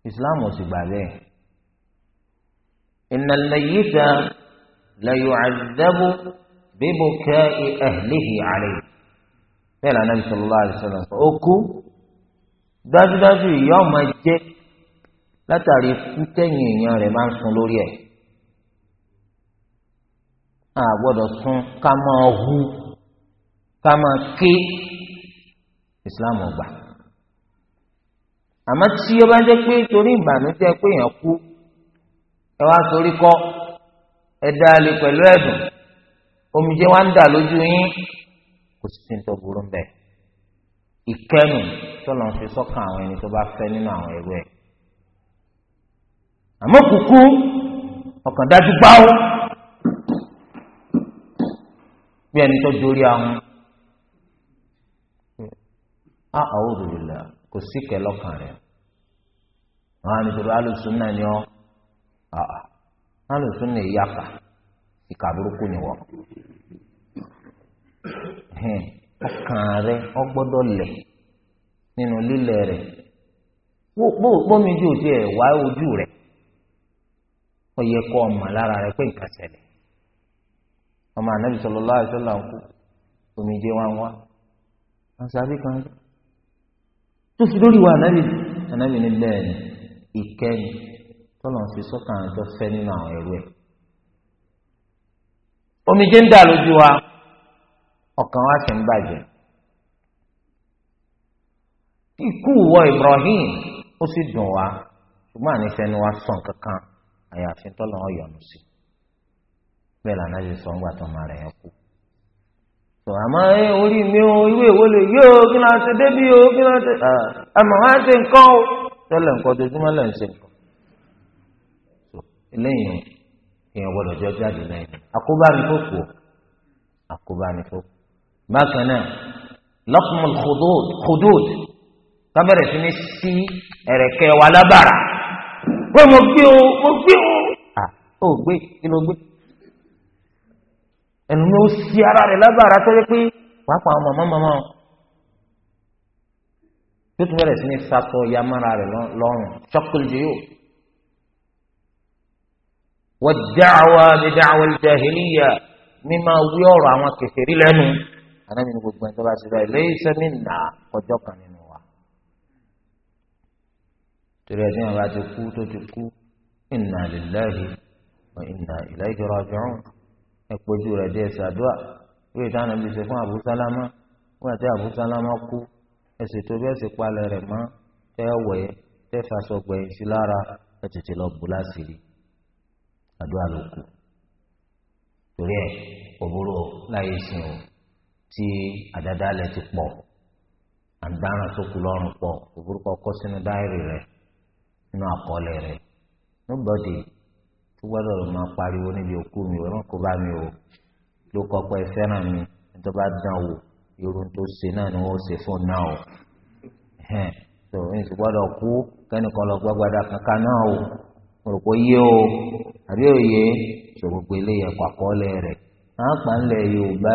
Islam ò sì gbà bẹ́ẹ̀ innal mayyita la yu'adhabu bi buka'i ahlihi alayhi bẹ́ẹ̀ lànà Nabi sallallahu alaihi wasallam kú dájúdájú ìyá ọmọ jẹ látàrí ikú tẹ̀yìn èèyàn rẹ̀ máa ń sun lórí ẹ̀ a gbọ́dọ̀ sun ká máa hu ká máa ké islam ọgbà àmọ́ tí ó bá jẹ́ pé torí ìbànújẹ́ pé èèyàn kú ẹ wá sórí kọ́ ẹ dá a lè pẹ̀lú ẹ̀dùn omijé wa ń dà lójú yín kò sí ti ń tọ́ burú bẹ́ẹ̀. ìkẹ́nu tọ́lọ̀ ń fi sọ́kàn àwọn ẹni tó bá fẹ́ nínú àwọn ẹ̀wẹ́ àmọ́ kúkú ọkàn dájú gbáwó bí ẹni tó dorí àwọn a ah, a'udhu billah kò sí kẹlọ́kàn rẹ̀ wọn á ní tó alùsùn náà ni ọ́ alùsùn náà yàkà ni ọkàn rẹ gbọdọ lẹ nínú lílẹ̀ rẹ̀ bómi ju ti ẹ̀ wá ojú rẹ̀ ó yẹ kó ọmọ lára rẹ̀ pé nǹkan ọmọ anabi sọlọ alaihi wasallam ń kú wá ń wá wọn kan tó fi anabi anabi ní ni ìkẹyìn ń fi àjọ nínú ọkàn wa sì ń bàjẹ́. ikú wọ Ibrahim ó sì dùn wá ṣùgbọ́n àníṣẹ́ni wa sàn kankan àyàfi tọ́lọ̀ ọ̀yọ̀nù sí bẹ́ẹ̀ lànà ṣe sọ ńgbà tó máa rẹ̀ yẹn kú. sọ àmọ́ ẹ orí mi ò irú èwo lè yí o kí náà ṣe débí o kí náà ṣe àmọ́ ah, wá ṣe nǹkan o tọ́lẹ̀ nǹkan ojoojúmọ́ lẹ̀ ń ṣe nǹkan. eléyìí èèyàn gbọ́dọ̀ jọ jáde lẹ́yìn àkóbá ni fò kù ni fò bákan náà lọ́kùnmù kòdòd kábẹ̀rẹ̀ sí ní sí ẹ̀rẹ̀kẹ́ wa lábàrà wọ́n mo gbé o mo gbé o à ó gbé kí ló gbé ẹnu ló sí ara rẹ̀ lábàrà tẹ́lẹ̀ pé pàápàá àwọn màmá màmá tó tún bẹ̀rẹ̀ sí ní sátọ yamára rẹ̀ lọ́rùn ṣọ́kùlù yóò. wọ́n dáwà bí dáwà jahiliya mímá wí ọ̀rọ̀ àwọn lẹ́nu anábì ní gbogbo ẹni tó bá ti rẹ laysa minna ọjọ́ kan nínú wa torí ẹni wọn bá ti kú tó ti kú inna lillahi wa inna ilayhi raji'un ẹ pọ̀jù rẹ̀ díẹ̀ sàdúà wíwèé táwọn ẹbí ṣe fún Abu Salama wọ́n àti kú ẹsẹ̀ tó bẹ́ẹ̀ sì palẹ̀ rẹ̀ mọ́ tẹ́ wẹ̀ tẹ́ fasọ̀gbẹ̀ sí lára ẹ tètè lọ bù láṣìírí àdúrà ló kù torí ẹ òbúrò láyé sìn o tí àdádálẹ̀ ti pọ̀ àgbáràn tó kù lọ́rùn pọ̀ òfurufú kọ́ sínú dáìrì rẹ̀ nínú àkọọ́lẹ̀ rẹ̀ nobody tó gbọ́dọ̀ lọ máa pariwo níbi òkú mi ò rán kó bá mi o ló kọ́ pé fẹ́ràn mi tó bá dán wò irun tó ṣe náà ni wọ́n ṣe fún náà o tó ń sì gbọ́dọ̀ kú kẹ́nìkan lọ gbàgbàdà kankan náà o mo rò pé yé o àbí òye ṣòro pé ilé ẹ̀kọ́ àkọọ́lẹ̀ rẹ̀ máa pa ńlẹ̀ Yorùbá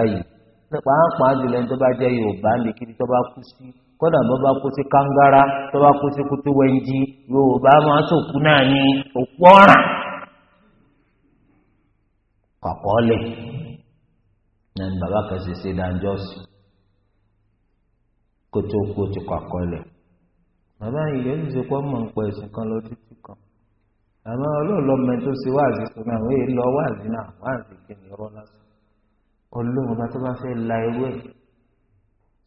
pàápàá jùlọ ẹni tó bá jẹ́ yorùbá níbikíbi tó bá kú sí kódà bó bá kú sí kàngárá tó bá kú sí kútúwẹ́ńjì yorùbá máa sòkú náà ní òkú ọ̀ràn kọ̀kọ́ lẹ̀ náà ní bàbá kan ṣe ṣe sí kótó kó ti kọ̀kọ́ bàbá yìí yẹn ṣe kó mọ̀ ń pọ̀ ẹ̀sìn kan lọ títí kan àmọ́ ọlọ́ọ̀lọ́mọ tó ṣe wáàzì fún mi àwọn èèyàn lọ wáàzì náà wáàzì kìnìún rọ́ lásán ọlọ́run ọba tó bá fẹ́ la ewu ẹ̀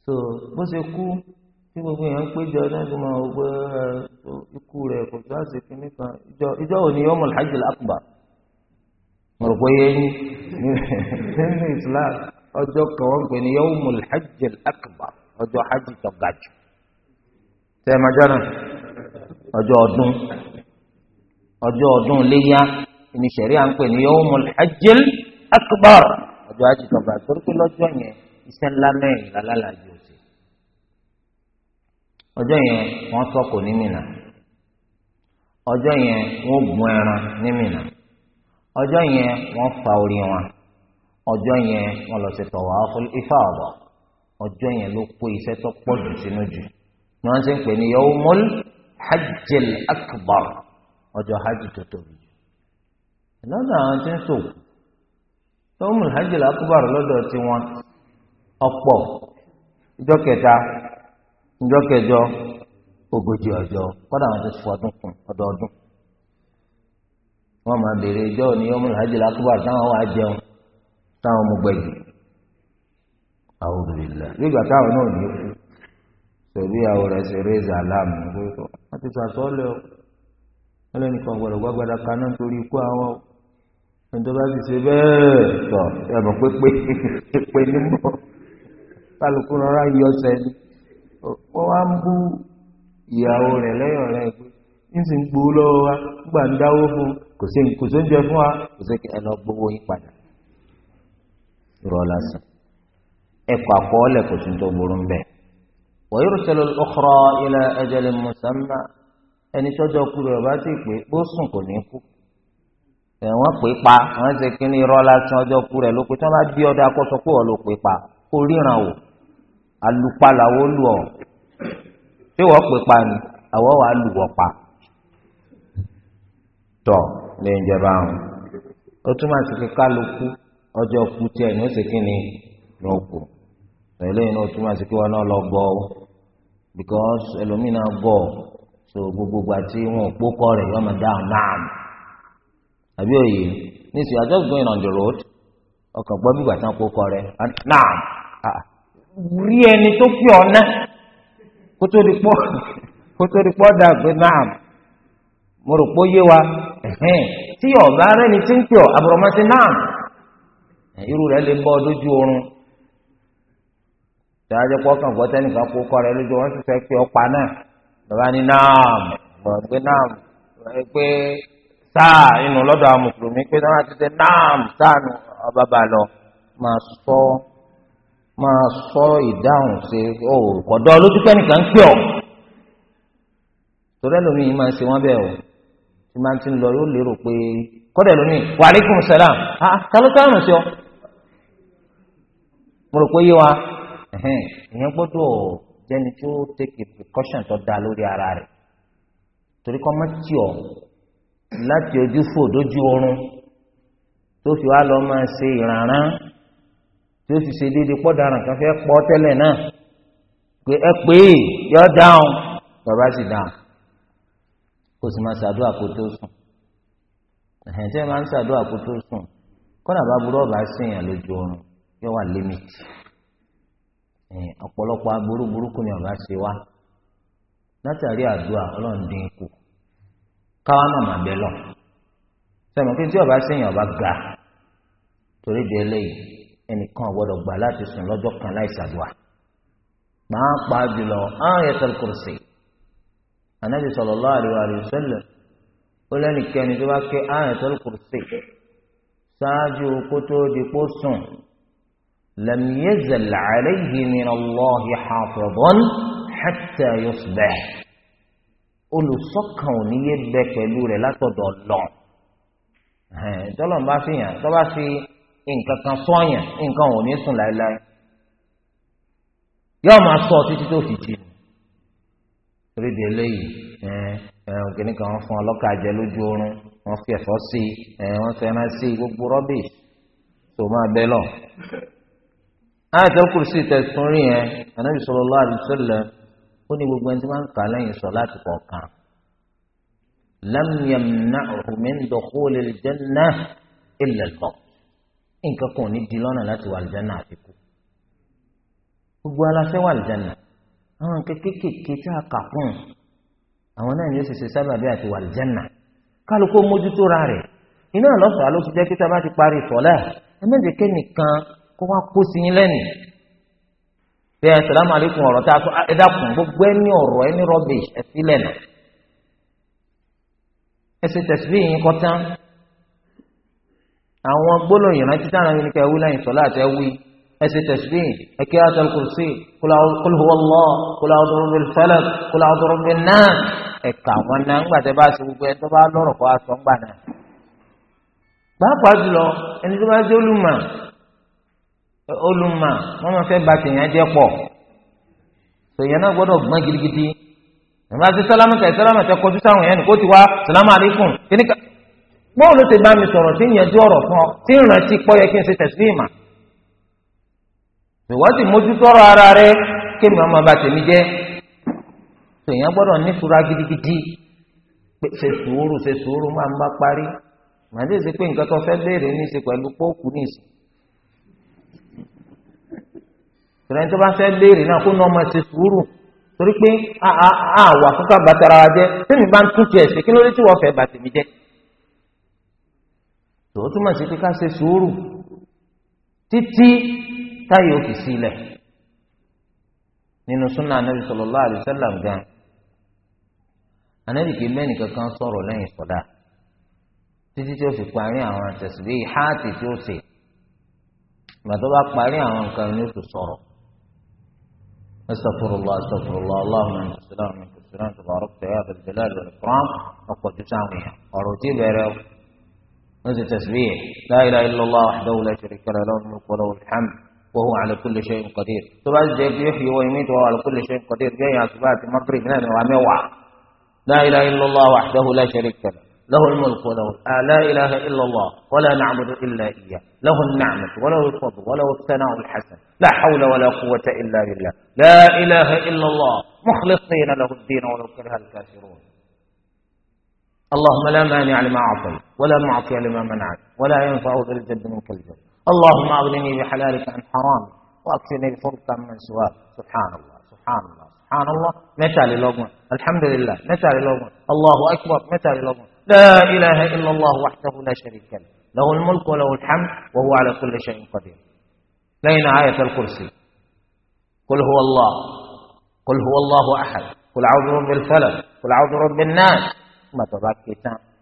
so bó ṣe kú tí gbogbo èèyàn ń péjọ lẹ́nu mọ́ ọgbẹ́ ikú rẹ̀ kò tó àṣẹ kínní kan ìjọ ìjọ òní yọmọ alhaji akbar mo rò pé yẹn <laughs> nínú islam ọjọ́ kan wọ́n pè ní yọmọ alhaji akbar ọjọ́ hajj tó tẹ́ ẹ máa jọ́nà ọjọ́ ọdún ọjọ́ ọdún léyà ìníṣẹ̀rí à ń pè ní yọmọ alhaji akbar àjọ àjìtọ̀gbà torí pé lọ́jọ́ yẹn iṣẹ́ ńlá mẹ́rin lálàjò ṣe ọjọ́ yẹn wọ́n sọ̀kò ní mìnà ọjọ́ yẹn wọ́n gun ẹran ní mìnà ọjọ́ yẹn wọ́n fa orí wọn ọjọ́ yẹn wọ́n lọ sí tọ̀wá ifá ọ̀bọ̀ ọjọ́ yẹn ló kó iṣẹ́ tó pọ̀ jù sínú jù ni wọ́n ti ń pè ní yawmul hajjil akbar ọjọ́ hajj tó tóbi lọ́dọ̀ àwọn tí ń sòkù ọmọ hajjil akubar lọ́dọ̀ tí wọ́n ọ̀pọ̀ ìjọ kẹta ìjọ kẹjọ ogójì ọjọ́ kọ́dà wọn ti fọdún kún ọdọọdún wọ́n máa béèrè ìjọ ní ọmọ hajjil akubar táwọn wá jẹun táwọn mú gbẹ̀gì àwọn nígbà táwọn náà ní kú tòbí àwọn rẹ ṣe rẹzà aláàmù gbogbo ti ọ gbọ́dọ̀ ntọ́ba ti ṣe bẹ́ẹ̀ tọ̀ ẹ̀bùn pépé pépé nímọ̀ kálukú rọra yọ sẹ́ni wọ́n wá ń bú ìyàwó rẹ̀ lẹ́yìn ọ̀rẹ́ ẹ̀ pé ń sì ń gbowó lọ́wọ́ wa gbà ń dáwó fún kò sí kò sí oúnjẹ fún wa kò sí ẹ lọ gbowó yín padà rọ lásán ẹ̀kọ́ àkọọ́lẹ̀ kò sí tó burú ń bẹ̀. wọ́n yóò ṣẹlẹ̀ ọkọ̀rọ̀ ilẹ̀ ẹ̀jẹ̀ lè mùsàmá ẹni tọ́jọ́ kúrò ọ̀bá ti pé ó sùn kò ní kú wọ́n pè pa wọ́n ṣe kí ni irọ́ lásán ọjọ́ kú rẹ̀ ló pé tí wọ́n bá bí ọdọ akọ́sọ pé wọ́n ló pè pa kó ríran o alùpàlà wo lù ọ́ ṣé wọ́n pè pa ni àwọ̀ wàá lù wọ́ pa tọ̀ lè ń jẹba àwọn ó túmọ̀ sí pé kálukú ọjọ́ kú tiẹ̀ ní ó ṣe kí ni ló kù pẹ̀lú ìnáwó túmọ̀ sí pé wọn náà lọ gbọ́ ọ because ẹlòmínà gbọ́ ọ so gbogbo àti wọn ò pókọ rẹ̀ yọmọ náà. àbí òye nísìnyí you are just going on the road ọkàn gbọ́ bí gbàtàn kó kọ rẹ náà ah, rí ẹni tó kó tó di pọ́ wa tí ọ̀gá rẹ ni tí ń pè ọ́ àbùrọ̀mọ́sí náà irú rẹ lè bọ́ lójú oorun pọ́ kàn gbọ́ tẹ́nìkan kó rẹ lójú wọn sì fẹ́ sáà inú lọ́dọ̀ àwọn mùsùlùmí pé táwọn ti tẹ náàm sáànù ọba bá lọ máa sọ máa sọ ìdáhùn ṣe ó kọ̀dọ̀ lójú pé nìkan ń pè ọ́ torí ẹlòmíì máa ń ṣe wọ́n bẹ́ẹ̀ o tí máa ti ń lọ yóò lérò pé kọ́dọ̀ ẹlòmíì wa alaikum salam ah ta ló sáànù sí ọ mo rò pé yé wa ìyẹn gbọ́dọ̀ jẹ́ni tó take a precaution tó da lórí ara rẹ̀ torí kọ́ mọ́ tí ọ. láti ojú fò dójú oorun tó fi wá lọ máa ṣe ìrànràn tí ó sì ṣe déédéé pọ́daràn kan fẹ́ pọ́ tẹ́lẹ̀ náà pé ẹ pé yọ dáhùn bàbá sì dáhùn kò sì máa tó sùn ẹ̀hìn tí wọ́n máa ń ṣàdúrà kó sùn kọ́nà bá burú ọ̀bá ṣèyàn lójú oorun yóò wà límìtì ọ̀pọ̀lọpọ̀ aburú burúkú ni ọ̀bá ṣe wá látàrí àdúrà ọlọ́run dín kù káwa náà mà bẹ lọ sẹmọ kí tí ọba sẹyìn ọba ga torí di eléyìí ẹnìkan gbọ́dọ̀ gbà láti sùn lọ́jọ́ kan láì ṣàdùà máa pa jùlọ ayatul kursi anabi sallallahu alaihi wa sallam ó lẹ́nìkẹ́ni tó bá ké ayatul kursi ṣáájú kótó dipó sùn lam yazal alayhi min Allahi hafizun hatta yusbih olùsọ́kàn ò ní yé bẹ pẹ̀lú rẹ̀ látọ̀dọ̀ lọ. tọ́lọ̀ ń bá fi yàn tọ́ bá fi nǹkan kan sọ́yàn nǹkan ò ní sùn láéláé. yóò máa sọ títí tó fi jì. torí di eléyìí ògìní kan fún ọlọ́kà jẹ lójú oorun wọ́n fi ẹ̀fọ́ sí i wọ́n fẹ́ràn sí i gbogbo rọ́bì tó máa bẹ́ lọ. àìsàn kùrùsì tẹ̀sán rí yẹn ànábì sallallahu alaihi ó ní gbogbo ẹni tí wọ́n ń kà lẹ́yìn sọ láti kọ̀ọ̀kan lam yamna'hu min dukhul al-jannah illa al-maut nǹkan kan ò ní di lọ́nà láti wà àlùjáná àfikún gbogbo aláfẹ́ wà àlùjáná àwọn kékèké tí a kà fún àwọn náà ni ó sì ṣe sábàbí àti wà àlùjáná kálukú mójútó ra rẹ̀ iná lọ́fàá ló ti jẹ́ kí tá a bá ti parí sọ́lá ẹ méje kẹ́nìkan kó wá kó sí yín lẹ́nu bẹ́ẹ̀ assalamu alaikum ọ̀rọ̀ tá a sọ ah, ẹ dákun gbogbo ẹni ọ̀rọ̀ ẹni rubbish ẹ sílẹ̀ nà ẹ ṣe tẹ̀síbí yín kọ́ tán àwọn gbólóyìn rántí táwọn ẹni kẹ́ wí lẹ́yìn sọ́lá àti ẹwí ẹ ṣe tẹ̀síbí ẹ kí àti al-kursi qul huwa Allah qul a'udhu wọn náà ńgbà bá ṣe gbogbo ẹ tó bá lọ́rọ̀ kó a ńgbà náà. pàápàá jùlọ ẹni tó bá jẹ́ olùmọ̀ olùmọ̀ wọ́n máa fẹ́ ba tèèyàn jẹ́ pọ̀ tèèyàn náà gbọ́dọ̀ gbọ́n gidigidi ìmọ̀ àti sálámù tẹ̀ sálámù tẹ̀ kọjú sáwọn yẹn kó ti wá sálámù àlékún kíníkà bóun ló ti bá mi sọ̀rọ̀ tí ìyẹn dúró ọ̀rọ̀ fún ọ tí ń rántí pọ́ yẹ kí n ṣe tẹ̀sí ìmọ̀ ìwọ́n ti mójútó ọ̀rọ̀ ara rẹ kí ni wọ́n máa ba tèmi jẹ́ tèèyàn gbọ́dọ̀ nífura gidigidi ṣe sùúrù ṣe sùúrù máa má parí màdé ṣe pé nǹkan tó tẹ̀lé tó bá fẹ́ léèrè náà kó ní ọmọ ṣe sùúrù torí pé àwà fúnka bàtàrà wa jẹ tẹ́mi bá ń tún tiẹ̀ ṣe kí ló dé tí wọ́n fẹ́ bàtì mi jẹ. tòun túmọ̀ sí pé ká ṣe sùúrù títí táyà òkè sílẹ̀ nínú súnà anábì sallallahu alaihi wasallam gan anábì kì í mẹ́nì kankan sọ̀rọ̀ lẹ́yìn sọ̀dá títí tí ó fi parí àwọn àtẹ̀síbí háàtì tí ó ṣe ìgbà tó bá parí àwọn nǹkan ni ó sọ̀rọ̀ استغفر الله استغفر الله اللهم انت السلام منك السلام تباركت يا ذا الجلال والاكرام وقد تسامح اروتي بيرو هذا تسبيح لا اله الا الله وحده لا شريك له له الملك وله الحمد وهو على كل شيء قدير تبع يحيي ويميت وهو على كل شيء قدير جاي على سبات المغرب هنا نعم، يوعى لا اله الا الله وحده لا شريك له له الملك وله آه لا إله إلا الله ولا نعبد إلا إياه له النعمة وله الفضل وله الثناء الحسن لا حول ولا قوة إلا بالله لا إله إلا الله مخلصين له الدين ولو كره الكافرون اللهم لا مانع لما أعطيت ولا معطي لما منعت ولا ينفع ذا الجد منك الجد اللهم أغنني بحلالك عن حرامك وأكفني بفضلك من سواك سبحان الله سبحان الله سبحان الله متى للغم الحمد لله متى للغم الله أكبر متى للغم لا إله إلا الله وحده لا شريك له له الملك وله الحمد وهو على كل شيء قدير لين آية الكرسي قل هو الله قل هو الله أحد قل أعوذ رب الفلق قل أعوذ رب الناس ما تبكي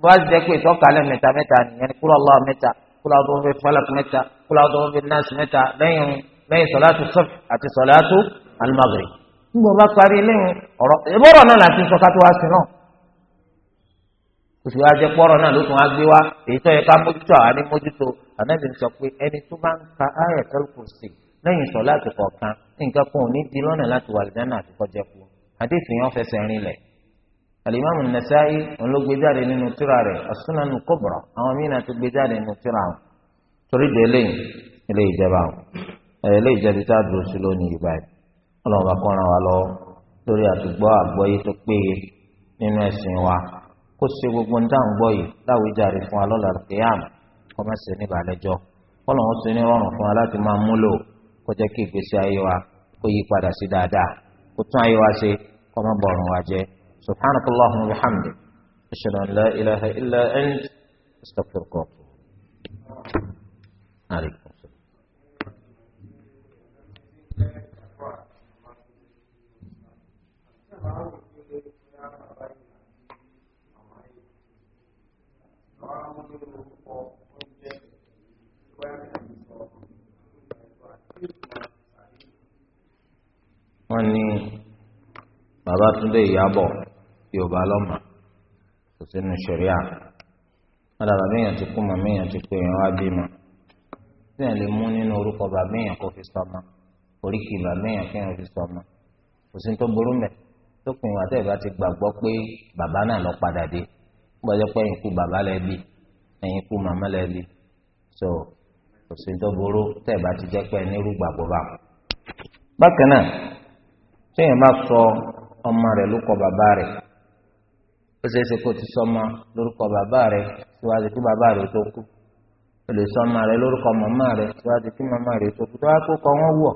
بعد ذلك يتوقع لهم متى متى يعني قل الله متى قل أعوذ رب الفلق متى قل أعوذ رب الناس متى لين لين صلاة الصبح أتي صلاة المغرب gbogbo bá parí lẹ́yìn ọ̀rọ̀ ìbọ̀rọ̀ náà láti sọ oṣù ajẹ pọ́rọ̀ náà ló tún á gbé wá èyí tó yẹ ká mójútó àwa ní mójútó ànábì sọ pé ẹni tó bá ń ka ayatul kursi lẹ́yìn sọ láti kọ̀ọ̀kan nǹkan kan ò ní di lọ́nà láti wà lìdáná àti kọjá kú àdéhùn yẹn fẹsẹ̀ rin lẹ̀. alimami nasaayi òun ló gbé jáde nínú tírà rẹ̀ as-sunan kubra àwọn míín náà ti gbé jáde nínú tírà wọn torí de eléyìí ilé ìjẹba wọn ilé ìjẹbi tá a dúró sí lónìí yìí báyìí ọlọ́run bá kọ́ lọ lórí àtúgbọ́ àgbọ́yé tó péye nínú ẹ̀sìn wa kó ṣe gbogbo nǹkan gbọ́ yìí láwùjáre fún alọ́lá kéyàm kó má ṣe níbàlẹ́jọ́ kọ́lọ̀ wọn ṣe ní rọrùn fún wa láti máa múlò kó jẹ́ kí ìgbésí ayé wa kó yí padà sí dáadáa kó tún ayé wa ṣe kó má bọ̀rùn wa jẹ́ subhanakallahumma wa bihamdik ashhadu an la ilaha illa ant astaghfiruka. Babátúndé Ìyábọ̀ Yorùbá lọ́mọ kò sínú ṣẹ̀ríà adàbà méèyàn ti kú mọ̀ méèyàn ti pé èèyàn wá bímọ bẹ́ẹ̀ lè mú nínú orúkọ bàbá èèyàn kó fi sọmọ oríkì bàbá èèyàn kéèyàn fi sọmọ kò sí tó burú mẹ́ tó pin wà tẹ́ẹ̀ bá ti gbàgbọ́ pé bàbá náà lọ padà dé gbọ́dọ̀ pé ẹ̀yin kú bàbá lẹ bí ẹ̀yin kú màmá lẹ bí so kò sí tó burú tẹ́ẹ̀ bá ti jẹ́ pé ẹni rú gbàgbọ́ bá. bákan náà téèyàn bá sọ ọmọ rẹ̀ ló kọ bàbá rẹ̀ ó ṣeé ṣe kó ti sọmọ lórúkọ bàbá rẹ̀ síwájú kí bàbá rẹ̀ tó kú ó lè sọmọ rẹ̀ lórúkọ màmá rẹ̀ síwájú kí màmá rẹ̀ tó kú tó wá kó wọn wọ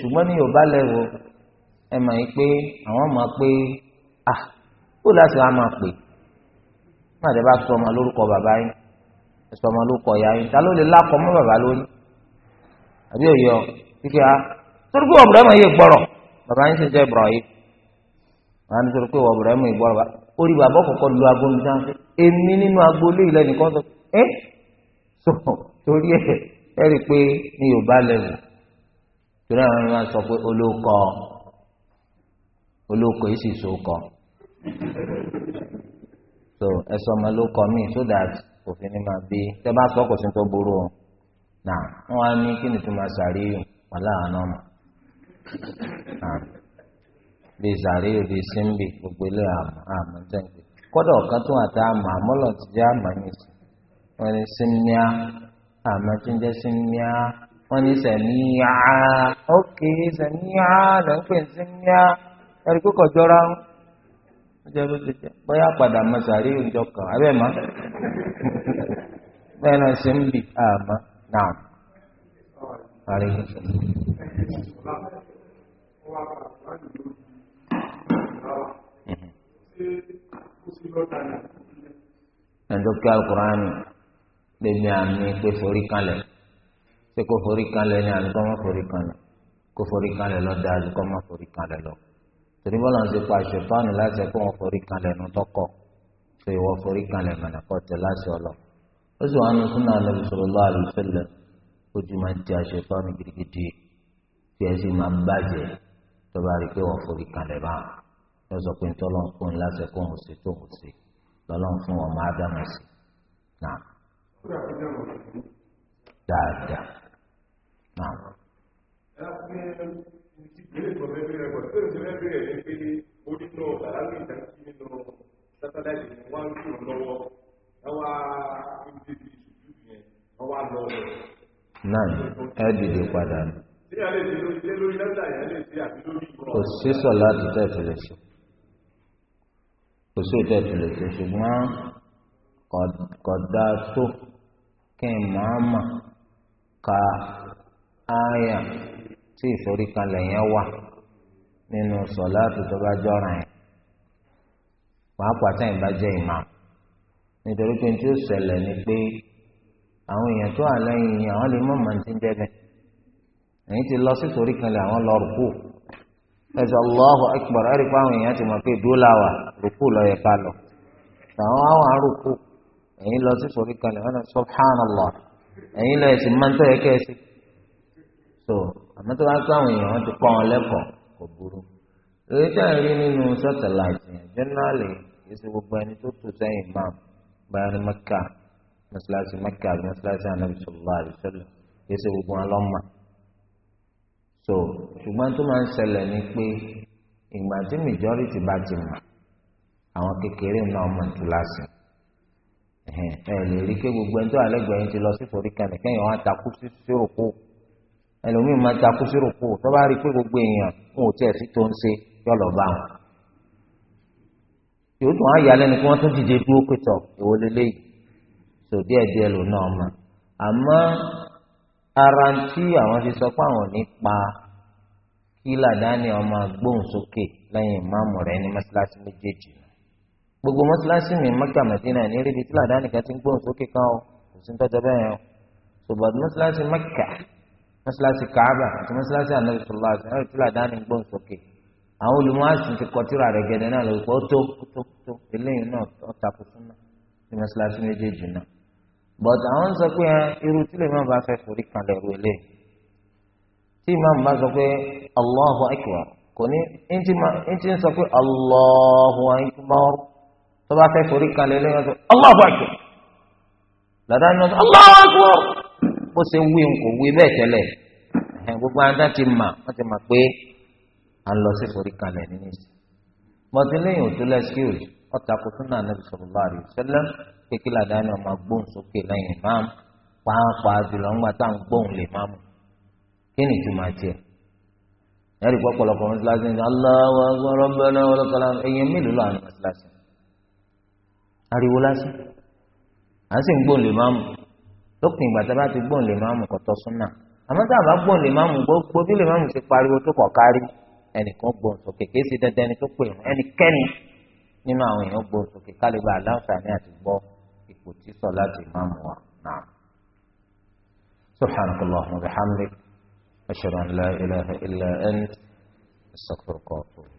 ṣùgbọ́n ní Yorùbá lẹ́wọ̀ ẹ mọ̀ yín pé àwọn mọ̀ pé ah ó láti wá máa pè má dé bá sọmọ lórúkọ bàbá yín sọmọ lórúkọ ìyá yín ta ló lè lákọ mọ́ bàbá lórí àbí òye ọ kíkẹ́ a ah, torí pé ọ̀bùrọ̀ mọ̀ yé gbọ́rọ̀ bàbá yín sì jẹ́ Ibrahim wọn á ní sọ̀rọ̀ pé wọ́n bùrọ̀ ẹ̀mú ìgbọ́ra wa ó rí bàbá kọ̀kọ́ lu aago mi sáńsẹ́ èmi nínú aago lé ilẹ̀ nìkan sọ ẹ́ sọ torí ẹ̀ ẹ́ rí i pé ní yorùbá lẹ́wù torí àwọn ẹni máa sọ pé olóko olóko yìí sì so kọ so ẹsọ ọmọ ló kọ mí so that òfin ni máa bí tẹ bá sọ kò sí tó burú o náà wọn á ní kí ni tó máa sàárè wàhálà àná mọ. bíi sàárè bíi símbì gbogbo ilé àmọ́ tẹ́ǹpẹ́ kọ́dọ̀ ọ̀kan tó àti àmọ́ àmọ́lọ̀ ti jẹ́ àmọ́ yìí sí wọ́n ní símíà àmọ́ tó ń jẹ́ símíà wọ́n ní sẹ̀míà ókè sẹ̀míà lẹ́ ń pè símíà ẹ̀rí kókò jọra ń jẹ́ ló ti bóyá padà mọ sàárè ìjọ kan abẹ́ mọ́ bẹ́ẹ̀ náà náà. ẹ̀ńdọ́kẹ́ alukurani lèmi àmì pé forí kalẹ̀ ṣé kò forí kalẹ̀ ni àbí kò má forí kalẹ̀ kò forí kalẹ̀ lọ da àbí kò má forí kalẹ̀ lọ torí bọ́lá ń sepa ṣèpáànù láti ẹ̀kọ́ wọn forí kalẹ̀ nù tọkọ̀ ṣé ìwọ forí kalẹ̀ mọ̀nà kọ́ tẹ láti ọlọ ó sì wà nù súnà àlẹ́ sallallahu alaihi wasallam ojú máa ti àṣepáànù gidigidi tí ẹ sì máa bàjẹ́ tó bá rí pé wọ́n forí kalẹ̀ báà yóò sọ pé ntọ́ lọ́n fún un láti kó òun sí tó òun sí lọ́lọ́n fún ọmọ ádámù sí náà. dáadáa náà. Sátẹ́láìtì ni wọ́n ń kúrò lọ́wọ́ ẹwà ìdíje ìṣùjú yẹn ọwọ́ àlọ́ rẹ̀. Náà ẹ dìde padà. Kò sí sọ̀ láti tẹ̀sílẹ̀ sí kò sí ètò ìtìlẹ̀ tó ṣùgbọ́n kọ̀dá tó kí n máa mà ka áyà tí ìforíkalẹ̀ yẹn wà nínú sọ̀lá tuntun bá jọra yẹn pàápàá táyìn bá jẹ́ ìmọ̀ nítorí pé tí ó ṣẹlẹ̀ ni pé àwọn èèyàn tó wà lẹ́yìn àwọn lè mọ̀ mọ́ ti ń jẹ́ èyí ti lọ sí ìforíkalẹ̀ àwọn lọ́ọ̀rù kù ẹ̀sọ́ Allahu Akbar ẹ̀rí pa àwọn èèyàn ti mọ̀ pé dúlà wà rúkú lọ́yẹ̀ ká lọ. àwọn àwọn arúkú ẹ̀yin lọ sí sọ̀rí kalẹ̀ ọ̀nà subhanallah ẹ̀yin lọ ẹ̀sìn máa ń tẹ̀yẹ kẹ́sì. so àmọ́ tó bá pé àwọn èèyàn ti pọ́n lẹ́kọ̀ọ́ kò burú. èyí tẹ́ ẹ̀ rí nínú sátẹ̀láìtì jẹ́nẹ́rálì yẹsẹ̀ gbogbo ẹni tó tó sẹ́yìn máa bayani mẹ́kà mẹ́sàlásì mẹ́kà mẹ́sàlásì ànábì sallallahu alaihi wasallam yẹsẹ̀ gbogbo wọn lọ́mọ so ṣùgbọ́n tó máa ń ṣẹlẹ̀ ni pé ìgbà tí majority bá ti mọ̀ àwọn kékeré náà mọ̀ túláàsì ẹ lè rí i pé gbogbo ẹni tó wà lẹ́gbẹ̀ẹ́ yín ti lọ sí torí kẹ́ni kẹ́yìn wọn takú sí síròkó ẹlòmíín máa takú síròkó tó bá rí i pé gbogbo èèyàn ń ò tiẹ̀ sí tó ń ṣe yọ̀lọ̀ bá wọn. yóò tún á yálẹ́ ni kí wọ́n tún dìde dúró pẹ̀tọ̀ ìwọlé léyìí so díẹ̀ díẹ̀ lò náà mọ̀ àmọ́ ara tí àwọn fi sọ pé àwọn nípa kí làdáni ọmọ gbóhùn sókè lẹ́yìn ìmáàmù rẹ̀ ní mọ́ṣáláṣí méjèèjì gbogbo mọ́ṣáláṣí mi Mẹ́kà Mẹ́dínà ní ríbi tí làdáni kan ti ń gbóhùn sókè kan o kò sí tọ́jọ́ bẹ́ẹ̀ o ṣùgbọ́n mọ́ṣáláṣí Mẹ́kà mọ́ṣáláṣí Káàbà àti mọ́ṣáláṣí Ànábì sallallahu alaihi wasallam tí làdáni gbóhùn sókè àwọn olùmọ̀ọ́sùn ti kọtíra rẹ̀ gẹ̀dẹ̀ náà lọ́wọ́ pé ó tó ó tó tó eléyìí náà ó but àwọn sọ pé ah, irú tí lè bá fẹ́ forí kalẹ̀ ru ilé tí ìmáàmù bá sọ pé Allahu akbar kò ní ntí ń sọ pé Allahu akbar tó bá fẹ́ forí kalẹ̀ lẹ́yìn ọ̀sán Allahu akbar lọ́dọ̀ ni wọ́n sọ Allahu akbar ó ṣe wí nkò wí bẹ́ẹ̀ tẹ́lẹ̀ gbogbo adá ti mà wọ́n ti mà pé à ń lọ ọ̀tàkùn súnà nàbì sallallahu alaihi wasallam kékeré àdáni ọmọ gbóhùn sókè lẹ́yìn ìmáàmù pàápàá jùlọ ńgbà tá à ń gbóhùn lè máa mú kí ni ìtumọ̀ tiẹ̀ ẹ̀rí pọ̀pọ̀lọpọ̀ mọ́sálásí ní Allahu Akbar Rabbana wa lakal hamd ẹ̀yìn mélòó lọ àwọn mọ́sálásí ariwo lásán à ń sì ń gbóhùn lè máa mú lópin ìgbà tá a bá ti gbóhùn lè máa mú kọ̀tọ́ súnà àmọ́ tá a bá gbóhùn nínú àwọn èèyàn gbòòrò sókè kálíbà aláǹfààní àti gbọ́ ipò tí sọ láti máa mú wa náà. سبحانك اللهم وبحمدك أشهد أن لا إله إلا أنت أستغفرك وأتوب